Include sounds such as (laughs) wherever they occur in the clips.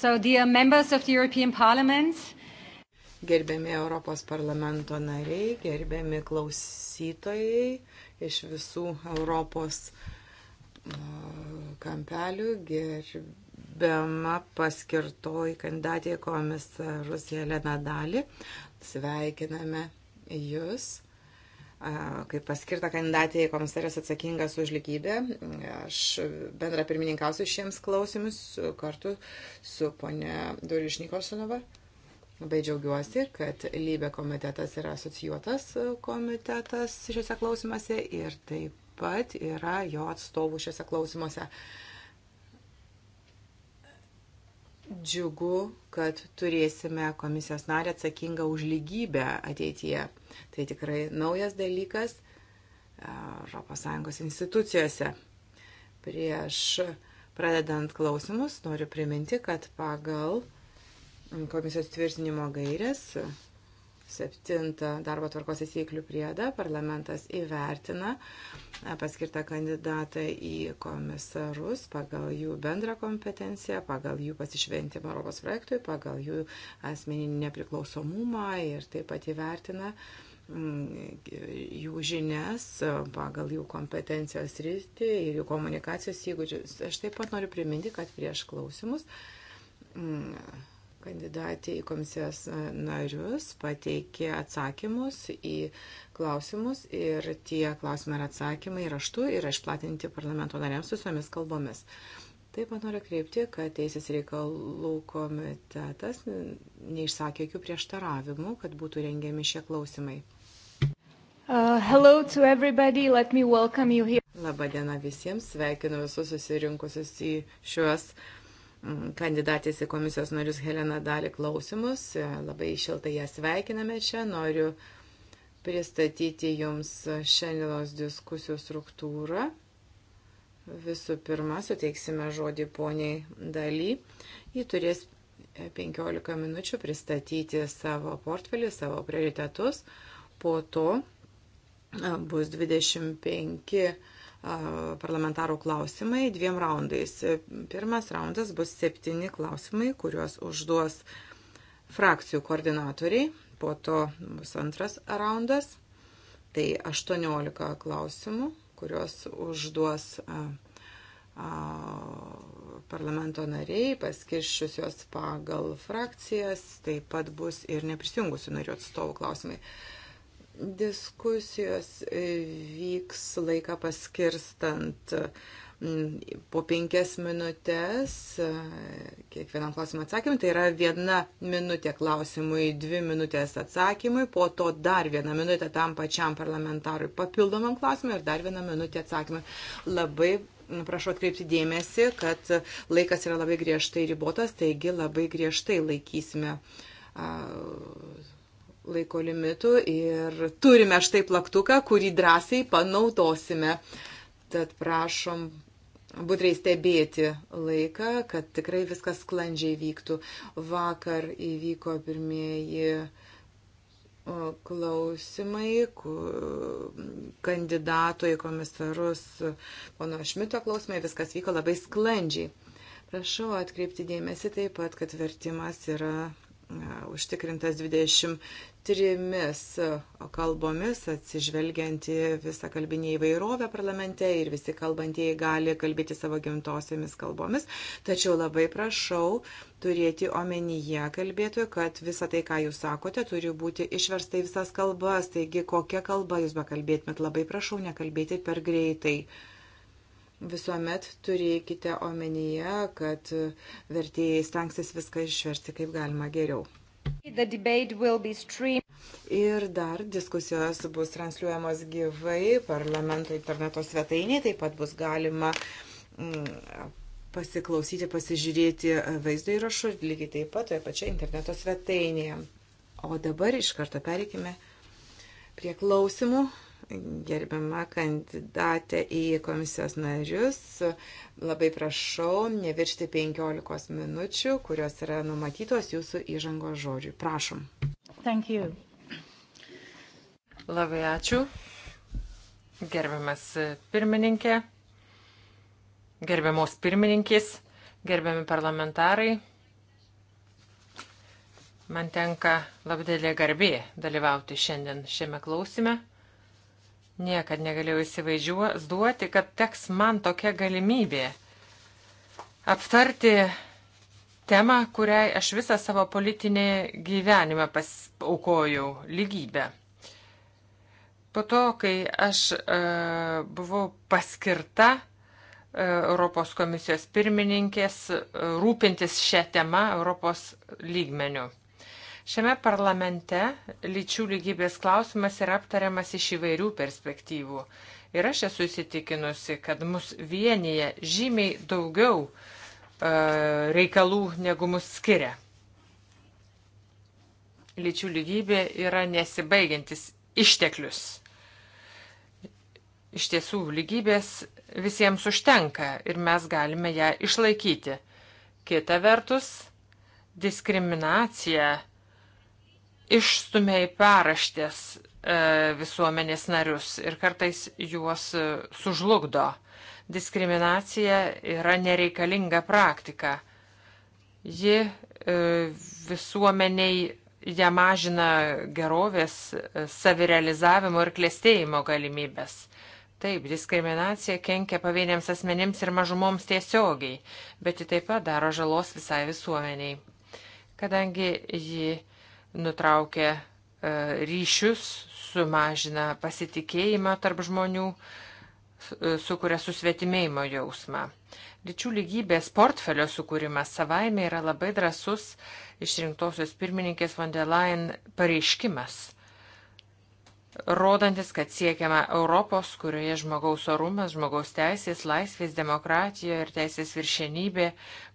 So, dear members of the European Parliament, Gerbiami Europos parlamento nariai, gerbiami klausytojai iš visų Europos kampelių, gerbiama paskirtoji kandidatė komisarus Jelena Dali, sveikiname Jūs kaip paskirta kandidatė į komisarės atsakingas už lygybę. Aš bendra pirmininkausiu šiems klausimus kartu su ponė Duriš Nikolsonova. Labai džiaugiuosi, kad lybė komitetas yra asocijuotas komitetas šiuose klausimuose ir taip pat yra jo atstovų šiuose klausimuose. Uh, Džiugu, kad turėsime komisijos narę atsakingą už lygybę ateityje. Tai tikrai naujas dalykas ES institucijose. Prieš pradedant klausimus noriu priminti, kad pagal komisijos tvirtinimo gairės septintą darbo tvarkos įsieklių priedą parlamentas įvertina paskirtą kandidatą į komisarus pagal jų bendrą kompetenciją, pagal jų pasišventimą Europos projektui, pagal jų asmeninį nepriklausomumą ir taip pat įvertina mm, jų žinias, pagal jų kompetencijos rytį ir jų komunikacijos įgūdžius. Aš taip pat noriu priminti, kad prieš klausimus mm, kandidatė į komisijos e, narius pateikė atsakymus į klausimus ir tie klausimai ir atsakymai raštu yra išplatinti parlamento nariams visomis kalbomis. Taip pat noriu kreipti, kad Teisės reikalų komitetas neišsakė jokių prieštaravimų, kad būtų rengiami šie klausimai. Uh, hello to everybody, let me welcome you here. Labadiena visiems, sveikinu visus susirinkusius į šiuos uh, kandidatės į komisijos narius Helena dalį klausimus. Labai šiltai ją sveikiname čia. Noriu pristatyti Jums šiandienos diskusijų struktūrą. Visų pirma, suteiksime žodį poniai daly. Ji turės 15 minučių pristatyti savo portfelį, savo prioritetus. Po to bus 25 parlamentarų klausimai dviem raundais. Pirmas raundas bus septyni klausimai, kuriuos užduos frakcijų koordinatoriai, po to bus antras raundas, tai 18 klausimų, kuriuos užduos parlamento nariai, paskirščius juos pagal frakcijas, taip pat bus ir neprisijungusių narių atstovų klausimai. Uh, Diskusijos e, vyks laiką paskirstant po penkias minutės e, kiekvienam klausimui atsakymui. Tai yra viena minutė klausimui, dvi minutės atsakymui, po to dar viena minutė tam pačiam parlamentarui papildomam klausimui ir dar viena minutė atsakymui. Labai prašau atkreipti dėmesį, kad laikas yra labai griežtai ribotas, taigi labai griežtai laikysime. Uh, laiko limitų ir turime štai plaktuką, kurį drąsiai panaudosime. Tad prašom budriai stebėti laiką, kad tikrai viskas sklandžiai vyktų. Vakar įvyko pirmieji klausimai kandidato į komisarus pono Šmito klausimai, viskas vyko labai sklandžiai. Prašau atkreipti dėmesį taip pat, kad vertimas yra užtikrintas 23 trimis kalbomis, atsižvelgianti visą kalbinį įvairovę parlamente ir visi kalbantieji gali kalbėti savo gimtosiomis kalbomis. Tačiau labai prašau turėti omenyje kalbėtojų, kad visa tai, ką jūs sakote, turi būti išversta į visas kalbas. Taigi, kokią kalbą jūs bekalbėtumėt, labai prašau nekalbėti per greitai. Visuomet turėkite omenyje, kad vertėjai stengsis viską išversti kaip galima geriau. Ir dar diskusijos bus transliuojamos gyvai parlamento interneto svetainėje, taip pat bus galima mm, pasiklausyti, pasižiūrėti vaizdo įrašų lygiai taip pat toje pačioje interneto svetainėje. O dabar iš karto pereikime prie klausimų gerbiama kandidatė į komisijos narius. Labai prašau neviršti 15 minučių, kurios yra numatytos jūsų įžango žodžiui. Prašom. Thank you. Labai ačiū. Gerbiamas pirmininkė, gerbiamos pirmininkės, gerbiami parlamentarai. Man tenka labai dėlė garbė dalyvauti šiandien šiame klausime. Niekad negalėjau įsivaizduoti, kad teks man tokia galimybė aptarti temą, kuriai aš visą savo politinį gyvenimą pasaukojau - lygybę. Po to, kai aš e, buvau paskirta e, Europos komisijos pirmininkės e, rūpintis šią temą Europos lygmeniu. Šiame parlamente lyčių lygybės klausimas yra aptariamas iš įvairių perspektyvų. Ir aš esu įsitikinusi, kad mus vienyje žymiai daugiau e, reikalų, negu mus skiria. Lyčių lygybė yra nesibaigiantis išteklius. Iš tiesų, lygybės visiems užtenka ir mes galime ją išlaikyti. Kita vertus, diskriminacija išstumia į paraštės e, visuomenės narius ir kartais juos e, sužlugdo. Diskriminacija yra nereikalinga praktika. Ji e, visuomeniai ją mažina gerovės, savirealizavimo ir klėstėjimo galimybės. Taip, diskriminacija kenkia pavieniams asmenims ir mažumoms tiesiogiai, bet ji taip pat daro žalos visai visuomeniai. Kadangi ji nutraukia e, ryšius, sumažina pasitikėjimą tarp žmonių, e, sukuria susvetimėjimo jausmą. Lyčių lygybės portfelio sukūrimas savaime yra labai drasus išrinktosios pirmininkės von der Leyen pareiškimas, rodantis, kad siekiama Europos, kurioje žmogaus orumas, žmogaus teisės, laisvės, demokratija ir teisės viršenybė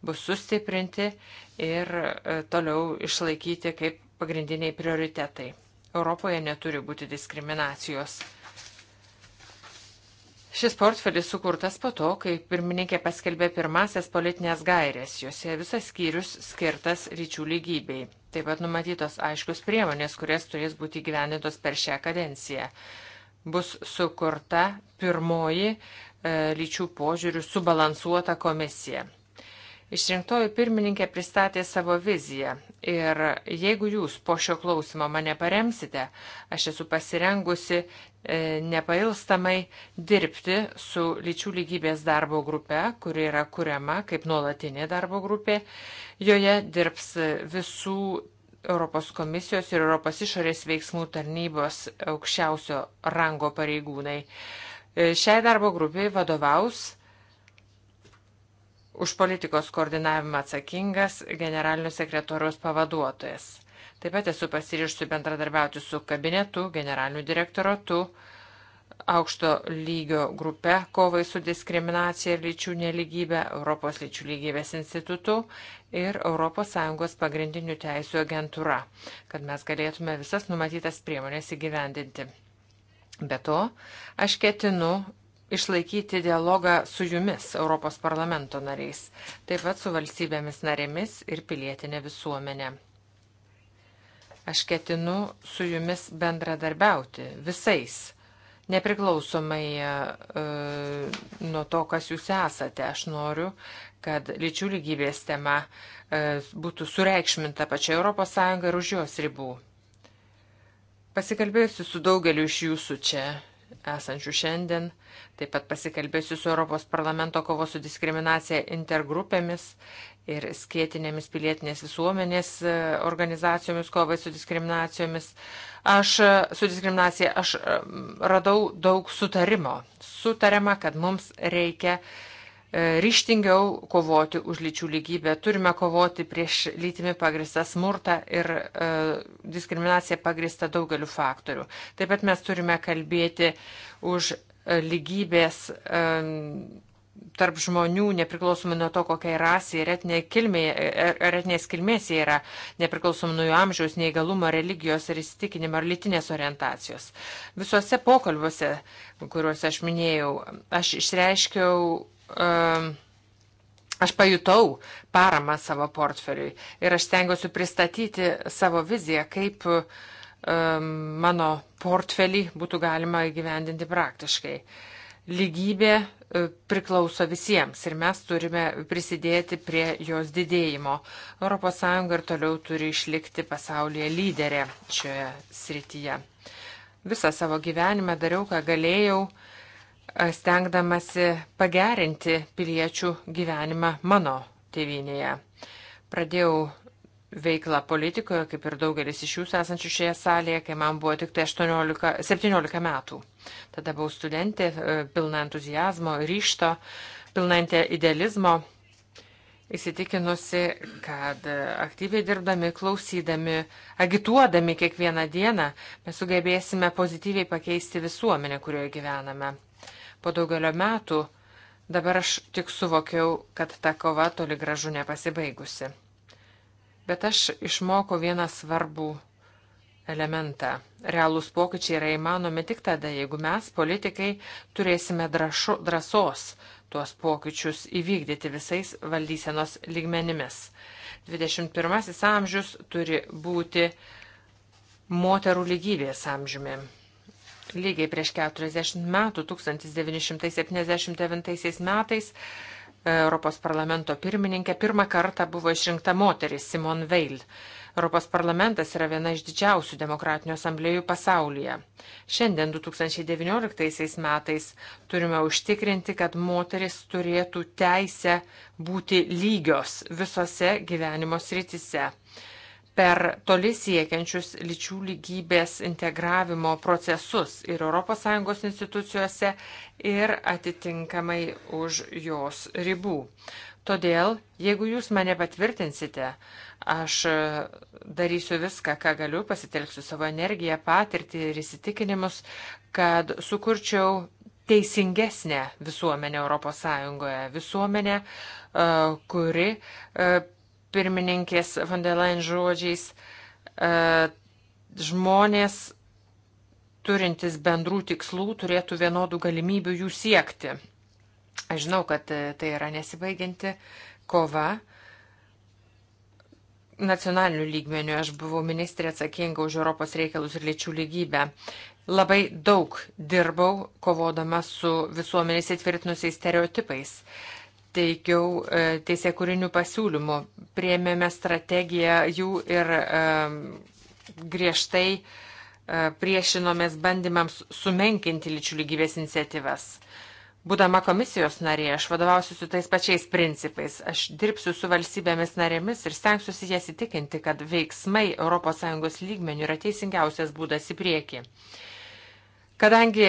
bus sustiprinti ir e, toliau išlaikyti kaip pagrindiniai prioritetai. Europoje neturi būti diskriminacijos. Šis portfelis sukurtas po to, kai pirmininkė paskelbė pirmasias politinės gairės, juose visas skyrius skirtas ryčių lygybei. Taip pat numatytos aiškius priemonės, kurias turės būti gyvenintos per šią kadenciją. Bus sukurta pirmoji e, lyčių požiūrių subalansuota komisija. Išrinktoji pirmininkė pristatė savo viziją ir jeigu jūs po šio klausimo mane paremsite, aš esu pasirengusi e, nepailstamai dirbti su lyčių lygybės darbo grupe, kuri yra kuriama kaip nuolatinė darbo grupė. Joje dirbs visų Europos komisijos ir Europos išorės veiksmų tarnybos aukščiausio rango pareigūnai. E, šiai darbo grupiai vadovaus už politikos koordinavimą atsakingas generalinio sekretoriaus pavaduotojas. Taip pat esu pasiryžusi bendradarbiauti su kabinetu, generaliniu direktoratu, aukšto lygio grupe kovai su diskriminacija ir lyčių neligybė, Europos lyčių lygybės institutu ir ES pagrindinių teisų agentūra, kad mes galėtume visas numatytas priemonės įgyvendinti. Be to, aš ketinu išlaikyti dialogą su jumis, Europos parlamento nariais, taip pat su valstybėmis narėmis ir pilietinė visuomenė. Aš ketinu su jumis bendradarbiauti visais, nepriklausomai e, nuo to, kas jūs esate. Aš noriu, kad lyčių lygybės tema e, būtų sureikšminta pačia ES ir už jos ribų. Pasikalbėsiu su daugeliu iš jūsų čia esančių šiandien. Taip pat pasikalbėsiu su Europos parlamento kovos su diskriminacija intergrupėmis ir skėtinėmis pilietinės visuomenės e, organizacijomis kovai su diskriminacijomis. Aš e, su diskriminacija aš e, radau daug sutarimo. Sutarėma, kad mums reikia uh, ryštingiau kovoti už lyčių lygybę. Turime kovoti prieš lytimi pagristą smurtą ir e, diskriminaciją pagristą daugeliu faktorių. Taip pat mes turime kalbėti už e, lygybės e, tarp žmonių, nepriklausomai nuo to, kokia rasė ir etinės kilmė, e, e, kilmės jie yra, nepriklausomai nuo jų amžiaus, neįgalumo, religijos ir įsitikinimo ar lytinės orientacijos. Visuose pokalbiuose, kuriuos aš minėjau, aš išreiškiau Ehm, aš pajutau paramą savo portfeliui ir aš stengiuosi pristatyti savo viziją, kaip ehm, mano portfelį būtų galima įgyvendinti praktiškai. Lygybė e, priklauso visiems ir mes turime prisidėti prie jos didėjimo. ES ir toliau turi išlikti pasaulyje lyderė šioje srityje. Visą savo gyvenimą dariau, ką galėjau stengdamasi pagerinti piliečių gyvenimą mano tėvynėje. Pradėjau veiklą politikoje, kaip ir daugelis iš jūsų esančių šioje salėje, kai man buvo tik tai 18, 17 metų. Tada buvau studentė, e, pilna entuzijazmo, ryšto, pilna idealizmo, įsitikinusi, kad e, aktyviai dirbdami, klausydami, agituodami kiekvieną dieną mes sugebėsime pozityviai pakeisti visuomenę, kurioje gyvename po daugelio metų, dabar aš tik suvokiau, kad ta kova toli gražu nepasibaigusi. Bet aš išmokau vieną svarbų elementą. Realūs pokyčiai yra įmanomi tik tada, jeigu mes, politikai, turėsime drašu, drąsos tuos pokyčius įvykdyti visais valdysenos lygmenimis. 21 amžius turi būti moterų lygybės amžiumi. Lygiai prieš 40 metų, 1979 metais, Europos parlamento pirmininkė pirmą kartą buvo išrinkta moteris Simon Veil. Europos parlamentas yra viena iš didžiausių demokratinių asamblėjų pasaulyje. Šiandien 2019 metais turime užtikrinti, kad moteris turėtų teisę būti lygios visose gyvenimo sritise per toli siekiančius lyčių lygybės integravimo procesus ir ES institucijose, ir atitinkamai už jos ribų. Todėl, jeigu jūs mane patvirtinsite, aš darysiu viską, ką galiu, pasitelksiu savo energiją, patirtį ir įsitikinimus, kad sukurčiau teisingesnę visuomenę ES, visuomenę, kuri pirmininkės Vandelain žodžiais, e, žmonės turintys bendrų tikslų turėtų vienodų galimybių jų siekti. Aš žinau, kad e, tai yra nesibaigianti kova. Nacionaliniu lygmeniu aš buvau ministrė atsakinga už Europos reikalus ir lyčių lygybę. Labai daug dirbau kovodama su visuomenės įtvirtinusiais stereotipais. Uh, teikiau e, teisėkūrinių pasiūlymų. Priemėme strategiją jų ir e, griežtai e, priešinomės bandymams sumenkinti lyčių lygybės iniciatyvas. Būdama komisijos narė, aš vadovausiu su tais pačiais principais. Aš dirbsiu su valstybėmis narėmis ir stengsiuosi jas įtikinti, kad veiksmai ES lygmenių yra teisingiausias būdas į priekį. Kadangi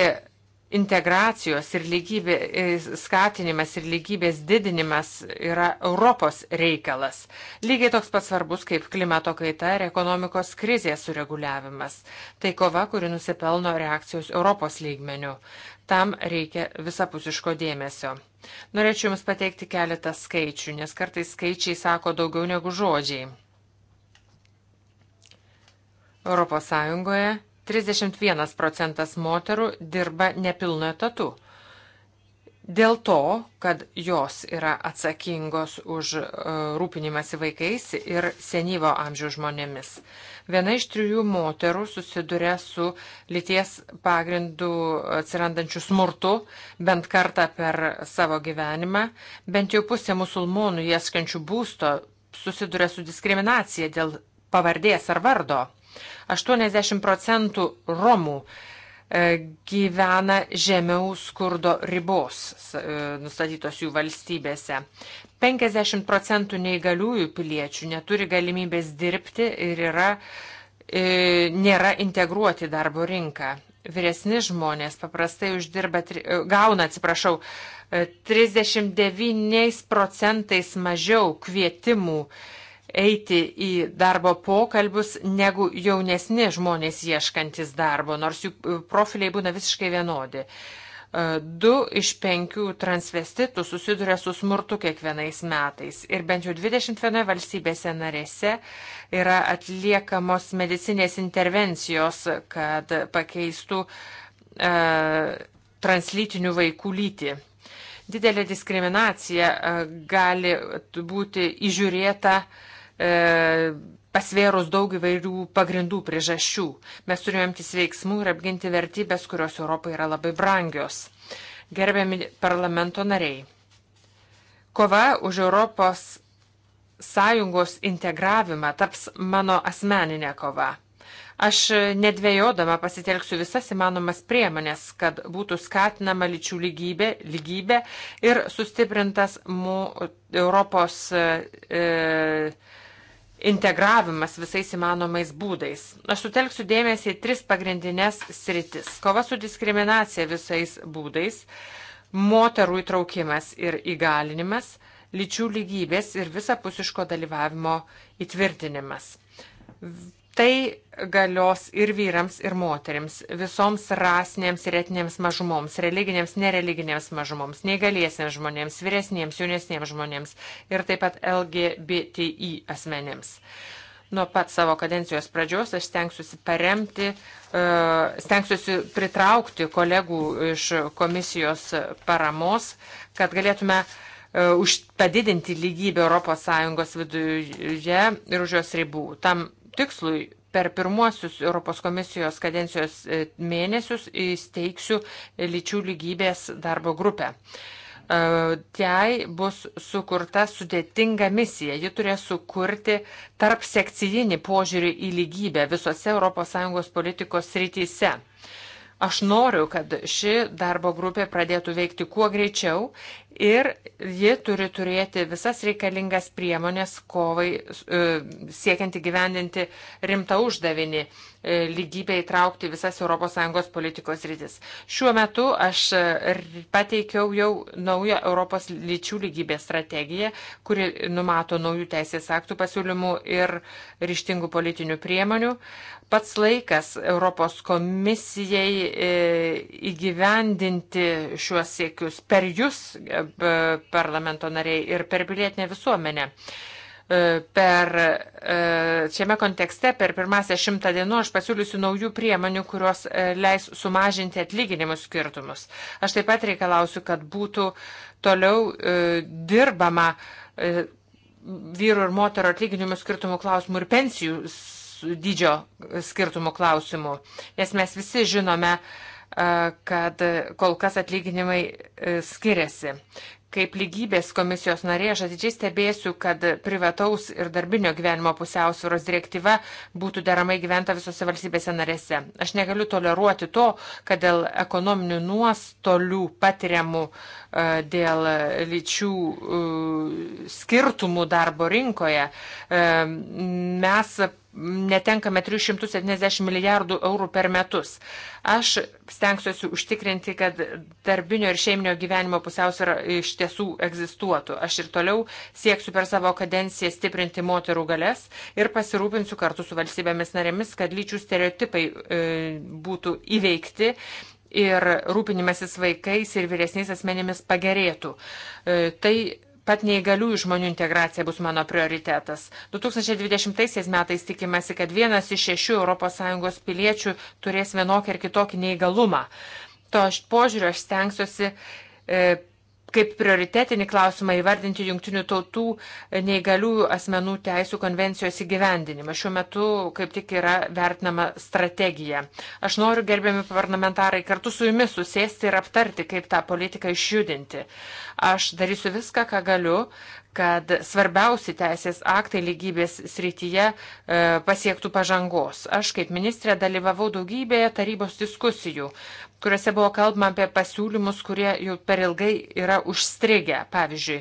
integracijos ir lygybė, e, skatinimas ir lygybės didinimas yra Europos reikalas. Lygiai toks pats svarbus kaip klimato kaita ir ekonomikos krizės sureguliavimas. Tai kova, kuri nusipelno reakcijos Europos lygmenių. Tam reikia visapusiško dėmesio. Norėčiau Jums pateikti keletą skaičių, nes kartais skaičiai sako daugiau negu žodžiai. Europos Sąjungoje 31 procentas moterų dirba nepilnu etatu. Dėl to, kad jos yra atsakingos už e, rūpinimąsi vaikais ir senyvo amžiaus žmonėmis. Viena iš trijų moterų susiduria su lyties pagrindų atsirandančiu smurtu bent kartą per savo gyvenimą. Bent jau pusė musulmonų ieškančių būsto susiduria su diskriminacija dėl pavardės ar vardo. 80 procentų Romų e, gyvena žemiau skurdo ribos e, nustatytos jų valstybėse. 50 procentų neįgaliųjų piliečių neturi galimybės dirbti ir yra, e, nėra integruoti darbo rinką. Vyresni žmonės paprastai uždirba, gauna, atsiprašau, 39 procentais mažiau kvietimų eiti į darbo pokalbius negu jaunesni žmonės ieškantis darbo, nors jų e, profiliai būna visiškai vienodi. E, du iš penkių transvestitų susiduria su smurtu kiekvienais metais ir bent jau 21 valstybėse narėse yra atliekamos medicinės intervencijos, kad pakeistų e, translytinių vaikų lytį didelė diskriminacija e, gali būti įžiūrėta uh, E, pasvėrus daug įvairių pagrindų priežasčių. Mes turime imtis veiksmų ir apginti vertybės, kurios Europoje yra labai brangios. Gerbiami parlamento nariai. Kova už Europos sąjungos integravimą taps mano asmeninė kova. Aš nedvėjodama pasitelksiu visas įmanomas priemonės, kad būtų skatinama lyčių lygybė, lygybė ir sustiprintas mu, Europos e, integravimas visais įmanomais būdais. Aš sutelksiu dėmesį į tris pagrindinės sritis. Kova su diskriminacija visais būdais, moterų įtraukimas ir įgalinimas, lyčių lygybės ir visapusiško dalyvavimo įtvirtinimas. Tai galios ir vyrams, ir moteriams, visoms rasinėms ir etinėms mažumoms, religinėms, nereliginėms mažumoms, neįgaliesiems žmonėms, vyresniems, jaunesniems žmonėms ir taip pat LGBTI asmenėms. Nuo pat savo kadencijos pradžios aš stengsiuosi paremti, e, stengsiuosi pritraukti kolegų iš komisijos paramos, kad galėtume e, už padidinti lygybę ES viduje ir už jos ribų. Tam tikslui per pirmuosius Europos komisijos kadencijos e, mėnesius įsteigsiu lyčių lygybės darbo grupę. E, Jai bus sukurta sudėtinga misija. Ji turės sukurti tarp sekcijinį požiūrį į lygybę visose ES politikos rytise. Aš noriu, kad ši darbo grupė pradėtų veikti kuo greičiau ir ji turi turėti visas reikalingas priemonės kovai e, siekiant įgyvendinti rimtą uždavinį e, lygybę įtraukti visas ES politikos rytis. Šiuo metu aš e, pateikiau jau naują Europos lyčių lygybės strategiją, kuri numato naujų teisės aktų pasiūlymų ir ryštingų politinių priemonių. Pats laikas Europos komisijai įgyvendinti šiuos siekius per jūs E, parlamento nariai ir per pilietinę visuomenę e, per e, šiame kontekste per pirmąsią šimtą dienų aš pasiūlysiu naujų priemonių, kurios leis sumažinti atlyginimų skirtumus. Aš taip pat reikalausiu, kad būtų toliau dirbama vyrų ir moterų atlyginimų skirtumų klausimų ir pensijų dydžio skirtumų klausimų, nes mes visi žinome, uh, kad kol kas atlyginimai e, skiriasi. Kaip lygybės komisijos narė, aš atidžiai stebėsiu, kad privataus ir darbinio gyvenimo pusiausvėros direktyva būtų deramai gyventa visose valstybėse narėse. Aš negaliu toleruoti to, kad dėl ekonominių nuostolių patiriamų uh, E, dėl lyčių e, skirtumų darbo rinkoje, e, mes netenkame 370 milijardų eurų per metus. Aš stengsiuosi užtikrinti, kad darbinio ir šeiminio gyvenimo pusiausvėra iš tiesų egzistuotų. Aš ir toliau sieksiu per savo kadenciją stiprinti moterų galės ir pasirūpinsiu kartu su valstybėmis narėmis, kad lyčių stereotipai e, būtų įveikti ir rūpinimasis vaikais ir vyresniais asmenėmis pagerėtų. E, tai pat neįgaliųjų žmonių integracija bus mano prioritetas. 2020 metais tikimasi, kad vienas iš šešių ES piliečių turės vienokį ar kitokį neįgalumą. To aš požiūriu aš stengsiuosi e, kaip prioritetinį klausimą įvardinti Junktinių tautų neįgaliųjų asmenų teisų konvencijos įgyvendinimą. Šiuo metu kaip tik yra vertinama strategija. Aš noriu, gerbiami parlamentarai, kartu su jumis susėsti ir aptarti, kaip tą politiką išjudinti. Aš darysiu viską, ką galiu, kad svarbiausi teisės aktai lygybės srityje e, pasiektų pažangos. Aš kaip ministrė dalyvavau daugybėje tarybos diskusijų kuriuose buvo kalbama apie pasiūlymus, kurie jau per ilgai yra užstrigę. Pavyzdžiui,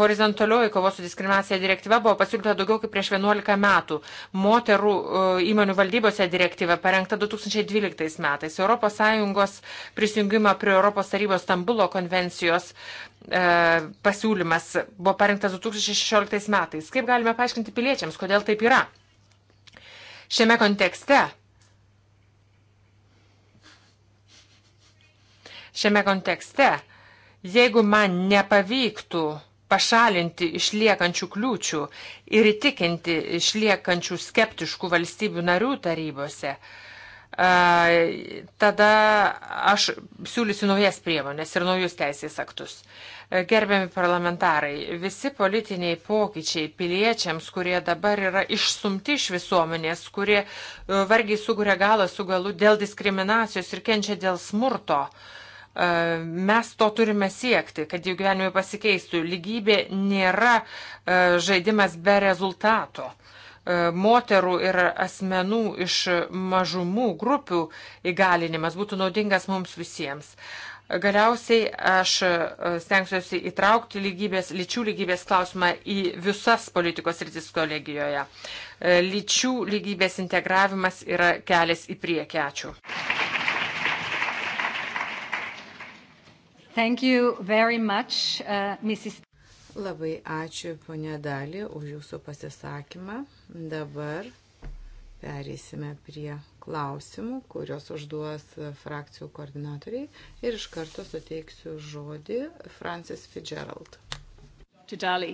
horizontalioji kovos su diskriminacija direktyva buvo pasiūlyta daugiau kaip prieš 11 metų, moterų e, įmonių valdybose direktyva parengta 2012 metais, ES prisijungimo prie ES Stambulo konvencijos e, pasiūlymas buvo parengtas 2016 metais. Kaip galime paaiškinti piliečiams, kodėl taip yra? Šiame kontekste Šiame kontekste, jeigu man nepavyktų pašalinti išliekančių kliūčių ir įtikinti išliekančių skeptiškų valstybių narių tarybose, tada aš siūlysiu naujas priemonės ir naujus teisės aktus. Gerbiami parlamentarai, visi politiniai pokyčiai piliečiams, kurie dabar yra išsumti iš visuomenės, kurie vargiai suguria galą su galu dėl diskriminacijos ir kenčia dėl smurto, uh, E, mes to turime siekti, kad jų gyvenimai pasikeistų. Lygybė nėra e, žaidimas be rezultato. E, moterų ir asmenų iš mažumų grupių įgalinimas būtų naudingas mums visiems. Galiausiai aš stengsiuosi įtraukti lygybės, lyčių lygybės klausimą į visas politikos rytis kolegijoje. Lyčių lygybės integravimas yra kelias į priekį. Ačiū. Thank you very much, uh, Mrs. Labai ačiū, ponė Dali, už jūsų pasisakymą. Dabar perėsime prie klausimų, kurios užduos frakcijų koordinatoriai ir iš karto suteiksiu žodį Francis Fitzgerald. To Dali,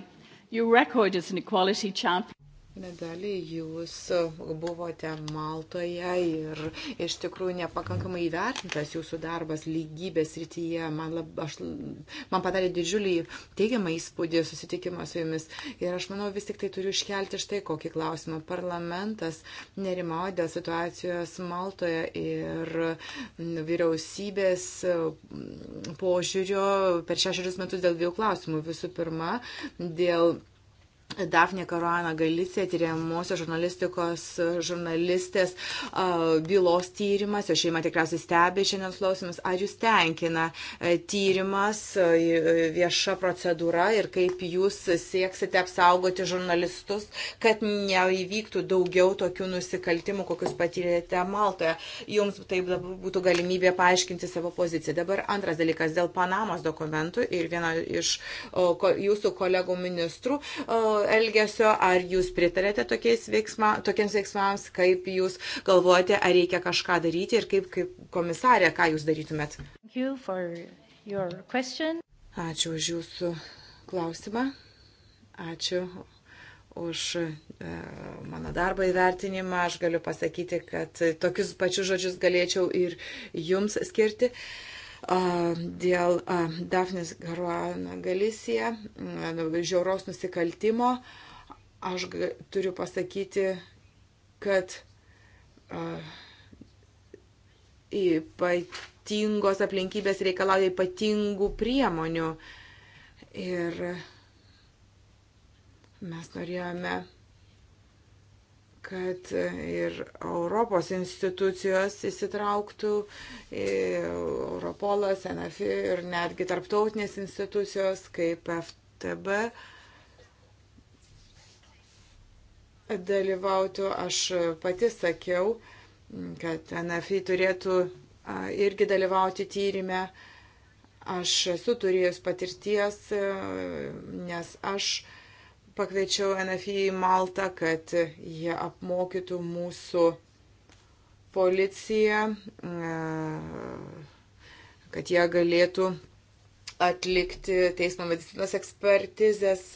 your record as an equality champion medalį. Jūs buvote Maltoje ir iš tikrųjų nepakankamai įvertintas jūsų darbas lygybės rytyje. Man, lab, aš, man padarė didžiulį teigiamą įspūdį susitikimas su jumis. Ir aš manau vis tik tai turiu iškelti štai kokį klausimą. Parlamentas nerimauja dėl situacijos Maltoje ir vyriausybės požiūrio per šešerius metus dėl dviejų klausimų. Visų pirma, dėl Dafne Karuana Galicija, tyriamosios žurnalistikos žurnalistės bylos tyrimas, jo šeima tikriausiai stebi šiandien klausimus, ar jūs tenkina e, tyrimas, e, vieša procedūra ir kaip jūs sieksite apsaugoti žurnalistus, kad neįvyktų daugiau tokių nusikaltimų, kokius patyrėte Maltoje. Jums taip būtų galimybė paaiškinti savo poziciją. Dabar antras dalykas dėl Panamos dokumentų ir vieno iš jūsų kolegų ministrų elgesio, ar jūs pritarėte veiksma, tokiems veiksmams, kaip jūs galvojate, ar reikia kažką daryti ir kaip, kaip komisarė, ką jūs darytumėt. You Ačiū už jūsų klausimą. Ačiū už e, mano darbo įvertinimą. Aš galiu pasakyti, kad tokius pačius žodžius galėčiau ir jums skirti. Uh, dėl Dafnis Garuana Galicija, žiauros nusikaltimo, aš turiu pasakyti, kad ypatingos aplinkybės reikalauja ypatingų priemonių. Ir mes norėjome kad ir Europos institucijos įsitrauktų, Europolas, NFI ir netgi tarptautinės institucijos kaip FTB dalyvautų. Aš pati sakiau, kad NFI turėtų irgi dalyvauti tyrimę. Aš esu turėjus patirties, nes aš uh, pakviečiau NFI į Maltą, kad jie apmokytų mūsų policiją, e, kad jie galėtų atlikti teismo medicinos ekspertizės.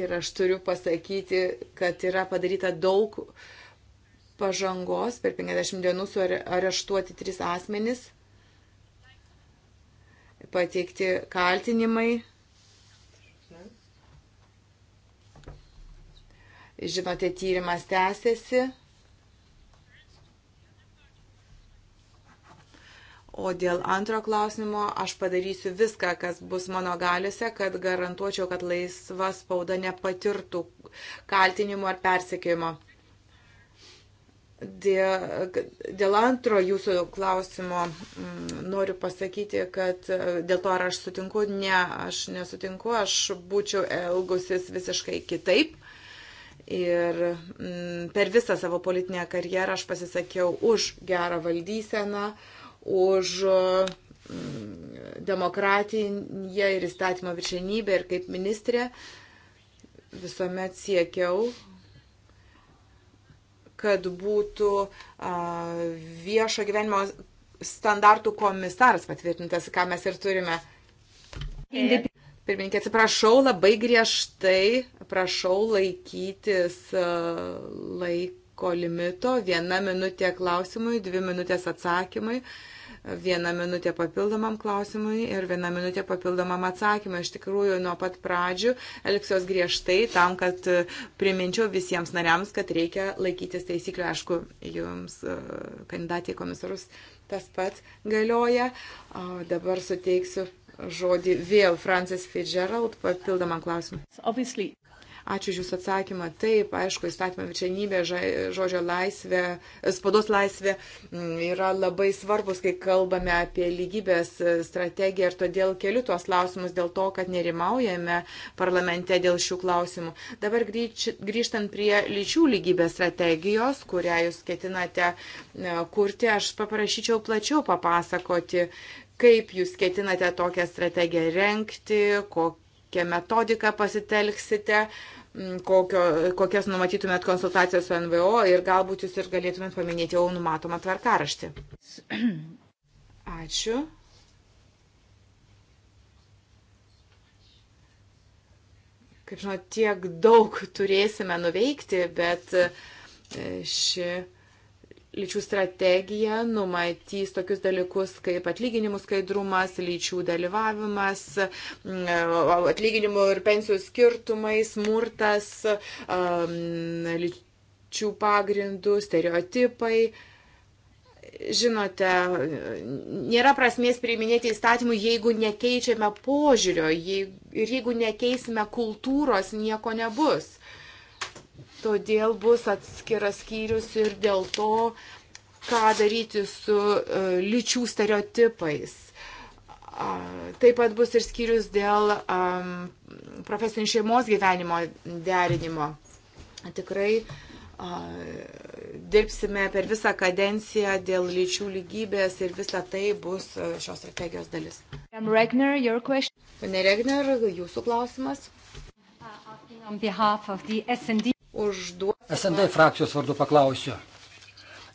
Ir aš turiu pasakyti, kad yra padaryta daug pažangos. Per 50 dienų suareštuoti trys asmenys, pateikti kaltinimai Žinote, tyrimas tęsiasi. O dėl antro klausimo aš padarysiu viską, kas bus mano galiuose, kad garantuočiau, kad laisva spauda nepatirtų kaltinimo ar persekėjimo. Dėl, dėl antro jūsų klausimo mm, noriu pasakyti, kad e, dėl to ar aš sutinku, ne, aš nesutinku, aš būčiau elgusis visiškai kitaip. Ir mm, per visą savo politinę karjerą aš pasisakiau už gerą valdyseną, už mm, demokratiją ir įstatymo viršenybę ir kaip ministrė visuomet siekiau, kad būtų viešo gyvenimo standartų komisaras patvirtintas, ką mes ir turime. Pirmininkė, atsiprašau, labai griežtai prašau laikytis e, laiko limito. Viena minutė klausimui, dvi minutės atsakymui, viena minutė papildomam klausimui ir viena minutė papildomam atsakymui. Iš tikrųjų, nuo pat pradžių elgsiuos griežtai tam, kad e, priminčiau visiems nariams, kad reikia laikytis taisyklių. Aišku, jums e, kandidatė į komisarus tas pats galioja. O dabar suteiksiu žodį vėl Francis Fitzgerald papildomą klausimą. Obviously. Ačiū Jūsų atsakymą. Taip, aišku, įstatymą viršenybė, žodžio laisvė, spados laisvė mm, yra labai svarbus, kai kalbame apie lygybės e, strategiją ir todėl keliu tuos klausimus dėl to, kad nerimaujame parlamente dėl šių klausimų. Dabar grįž, grįžtant prie lyčių lygybės strategijos, kurią Jūs ketinate e, kurti, aš paprašyčiau plačiau papasakoti, kaip jūs ketinate tokią strategiją renkti, kokią metodiką pasitelksite, kokio, kokias numatytumėt konsultacijas su NVO ir galbūt jūs ir galėtumėt paminėti jau numatomą tvarkaraštį. (clears throat) Ačiū. Kaip žinot, tiek daug turėsime nuveikti, bet e, ši. Ši lyčių strategija numatys tokius dalykus kaip atlyginimų skaidrumas, lyčių dalyvavimas, mm, atlyginimų ir pensijų skirtumai, smurtas, lyčių pagrindų, stereotipai žinote, nėra prasmės priiminėti įstatymų, jeigu nekeičiame požiūrio jeigu, ir jeigu nekeisime kultūros, nieko nebus. Todėl bus atskiras skyrius ir dėl to, ką daryti su uh, lyčių stereotipais. Uh, taip pat bus ir skyrius dėl um, profesinio šeimos gyvenimo derinimo. Tikrai uh, dirbsime per visą kadenciją dėl lyčių lygybės ir visa tai bus e, šios strategijos dalis. Regner, Pane Regner, jūsų klausimas. Uh, užduoti. SND frakcijos vardu paklausiu.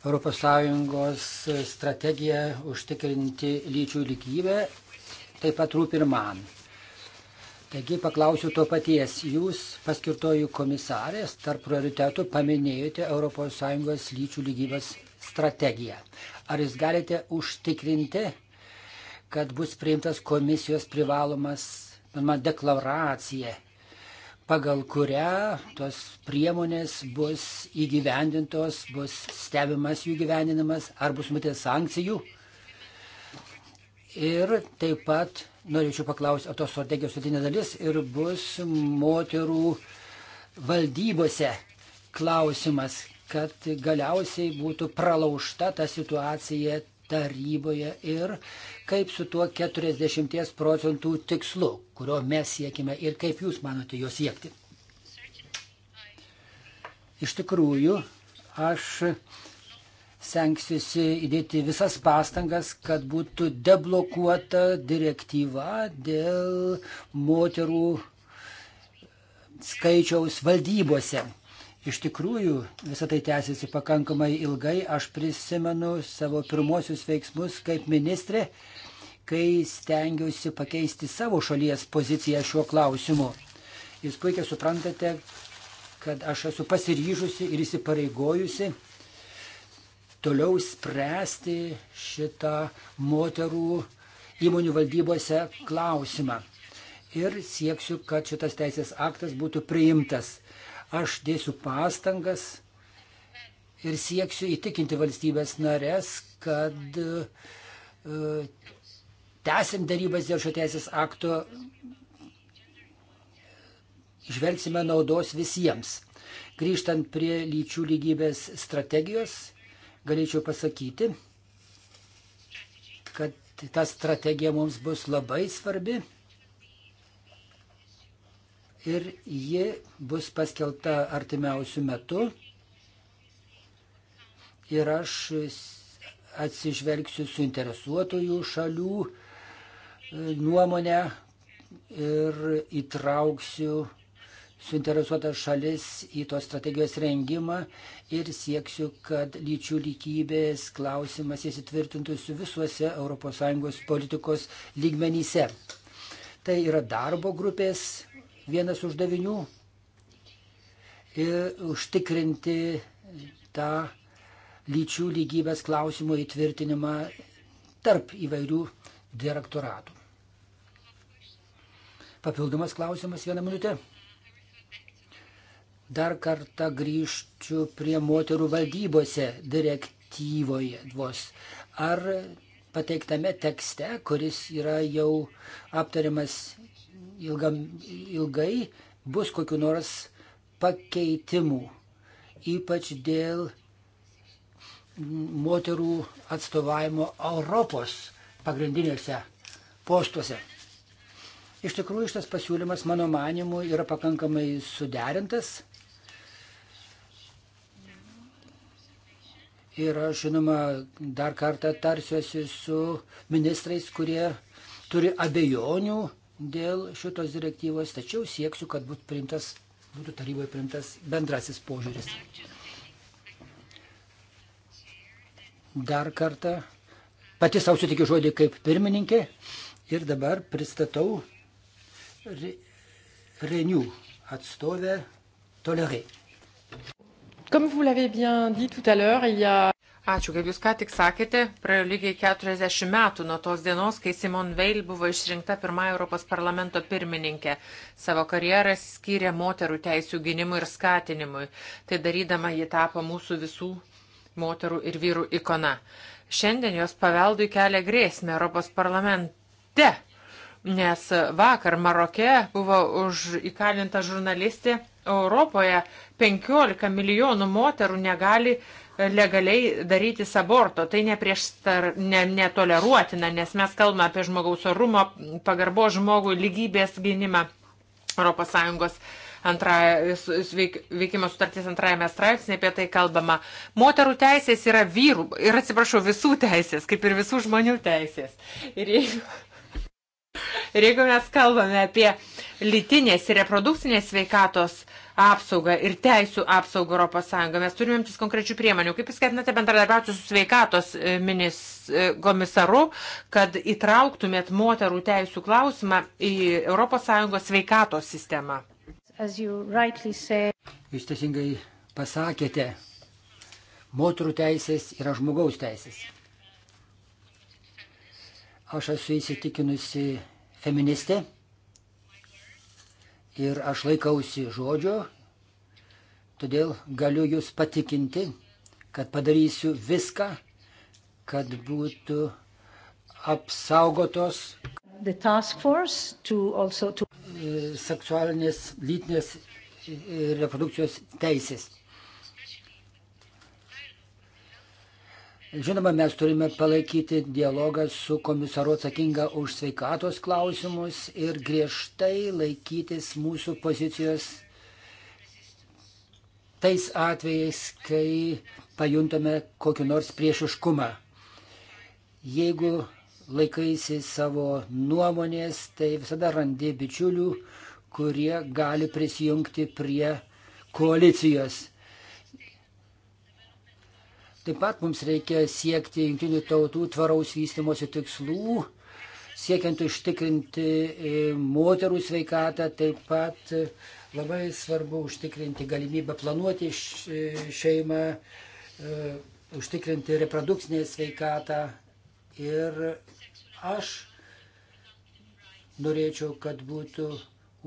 ES strategija užtikrinti lyčių lygybę taip pat rūpi ir man. Taigi paklausiu to paties. Jūs paskirtojų komisarės tarp prioritetų paminėjote ES lyčių lygybės strategiją. Ar jūs galite užtikrinti, kad bus priimtas komisijos privalomas man deklaracija pagal kurią tos priemonės bus įgyvendintos, bus stebimas jų gyveninimas ar bus matęs sankcijų. Ir taip pat norėčiau paklausti, o tos strategijos sudėtinė dalis ir bus moterų valdybose klausimas, kad galiausiai būtų pralaužta ta situacija taryboje ir kaip su tuo 40 procentų tikslu, kurio mes siekime ir kaip jūs manote jo siekti. Iš tikrųjų, aš stengsiuosi įdėti visas pastangas, kad būtų deblokuota direktyva dėl moterų skaičiaus valdybose. Iš tikrųjų, visą tai tęsiasi pakankamai ilgai. Aš prisimenu savo pirmosius veiksmus kaip ministrė kai stengiausi pakeisti savo šalies poziciją šiuo klausimu. Jūs puikiai suprantate, kad aš esu pasiryžusi ir įsipareigojusi toliau spręsti šitą moterų įmonių valdybose klausimą. Ir sieksiu, kad šitas teisės aktas būtų priimtas. Aš dėsiu pastangas ir sieksiu įtikinti valstybės narės, kad e, tęsim darybas dėl šio teisės akto, žvelgsime naudos visiems. Grįžtant prie lyčių lygybės strategijos, galėčiau pasakyti, kad ta strategija mums bus labai svarbi ir ji bus paskelta artimiausių metų. Ir aš atsižvelgsiu suinteresuotojų šalių nuomonę ir įtrauksiu suinteresuotas šalis į tos strategijos rengimą ir sieksiu, kad lyčių lygybės klausimas įsitvirtintų su visuose ES politikos lygmenyse. Tai yra darbo grupės vienas uždavinių ir užtikrinti tą lyčių lygybės klausimų įtvirtinimą tarp įvairių direktoratų. Papildomas klausimas vieną minutę. Dar kartą grįžčiau prie moterų valdybose direktyvoje vos. Ar pateiktame tekste, kuris yra jau aptariamas ilgam, ilgai, bus kokiu nors pakeitimų, ypač dėl moterų atstovavimo Europos pagrindinėse postuose. Iš tikrųjų šitas pasiūlymas, mano manimu, yra pakankamai suderintas. Ir aš, žinoma, dar kartą tarsiuosi su ministrais, kurie turi abejonių dėl šitos direktyvos, tačiau sieksiu, kad būtų, priimtas, būtų taryboje priimtas bendrasis požiūris. Dar kartą pati savo sutikiu žodį kaip pirmininkė ir dabar pristatau Renių atstovę Tolerai. Ačiū, kaip Jūs ką tik sakėte, praėjo lygiai 40 metų nuo tos dienos, kai Simon Veil buvo išrinkta pirmąją Europos parlamento pirmininkę. Savo karjerą skyrė moterų teisų gynimui ir skatinimui. Tai darydama ji tapo mūsų visų moterų ir vyrų ikona. Šiandien jos paveldui kelia grėsmę Europos parlamente. Nes vakar Maroke buvo už įkalinta žurnalistė Europoje 15 milijonų moterų negali e, legaliai daryti aborto. Tai neprieštar, ne, netoleruotina, nes mes kalbame apie žmogaus orumo, pagarbo žmogui, lygybės gynimą ES antrąją veikimo sutarties antrajame straipsnėje apie tai kalbama. Moterų teisės yra vyrų, ir atsiprašau, visų teisės, kaip ir visų žmonių teisės. Ir jeigu Ir jeigu mes kalbame apie lytinės ir reprodukcinės sveikatos apsaugą ir teisų apsaugą ES, mes turime imtis konkrečių priemonių. Kaip jūs ketinate bendradarbiauti su sveikatos e, minis e, komisaru, kad įtrauktumėt moterų teisų klausimą į ES sveikatos sistemą? Say... Jūs teisingai pasakėte, moterų teisės yra žmogaus teisės. Aš esu įsitikinusi feministė ir aš laikausi žodžio, todėl galiu jūs patikinti, kad padarysiu viską, kad būtų apsaugotos to also to... seksualinės lytinės reprodukcijos teisės. Žinoma, mes turime palaikyti dialogą su komisaru atsakinga už sveikatos klausimus ir griežtai laikytis mūsų pozicijos tais atvejais, kai pajuntame kokį nors priešiškumą. Jeigu laikaisi savo nuomonės, tai visada randi bičiulių, kurie gali prisijungti prie koalicijos. Taip pat mums reikia siekti jungtinių tautų tvaraus vystimosi tikslų, siekiant užtikrinti e, moterų sveikatą, taip pat e, labai svarbu užtikrinti galimybę planuoti e, šeimą, užtikrinti reprodukcinę sveikatą. Ir aš norėčiau, kad būtų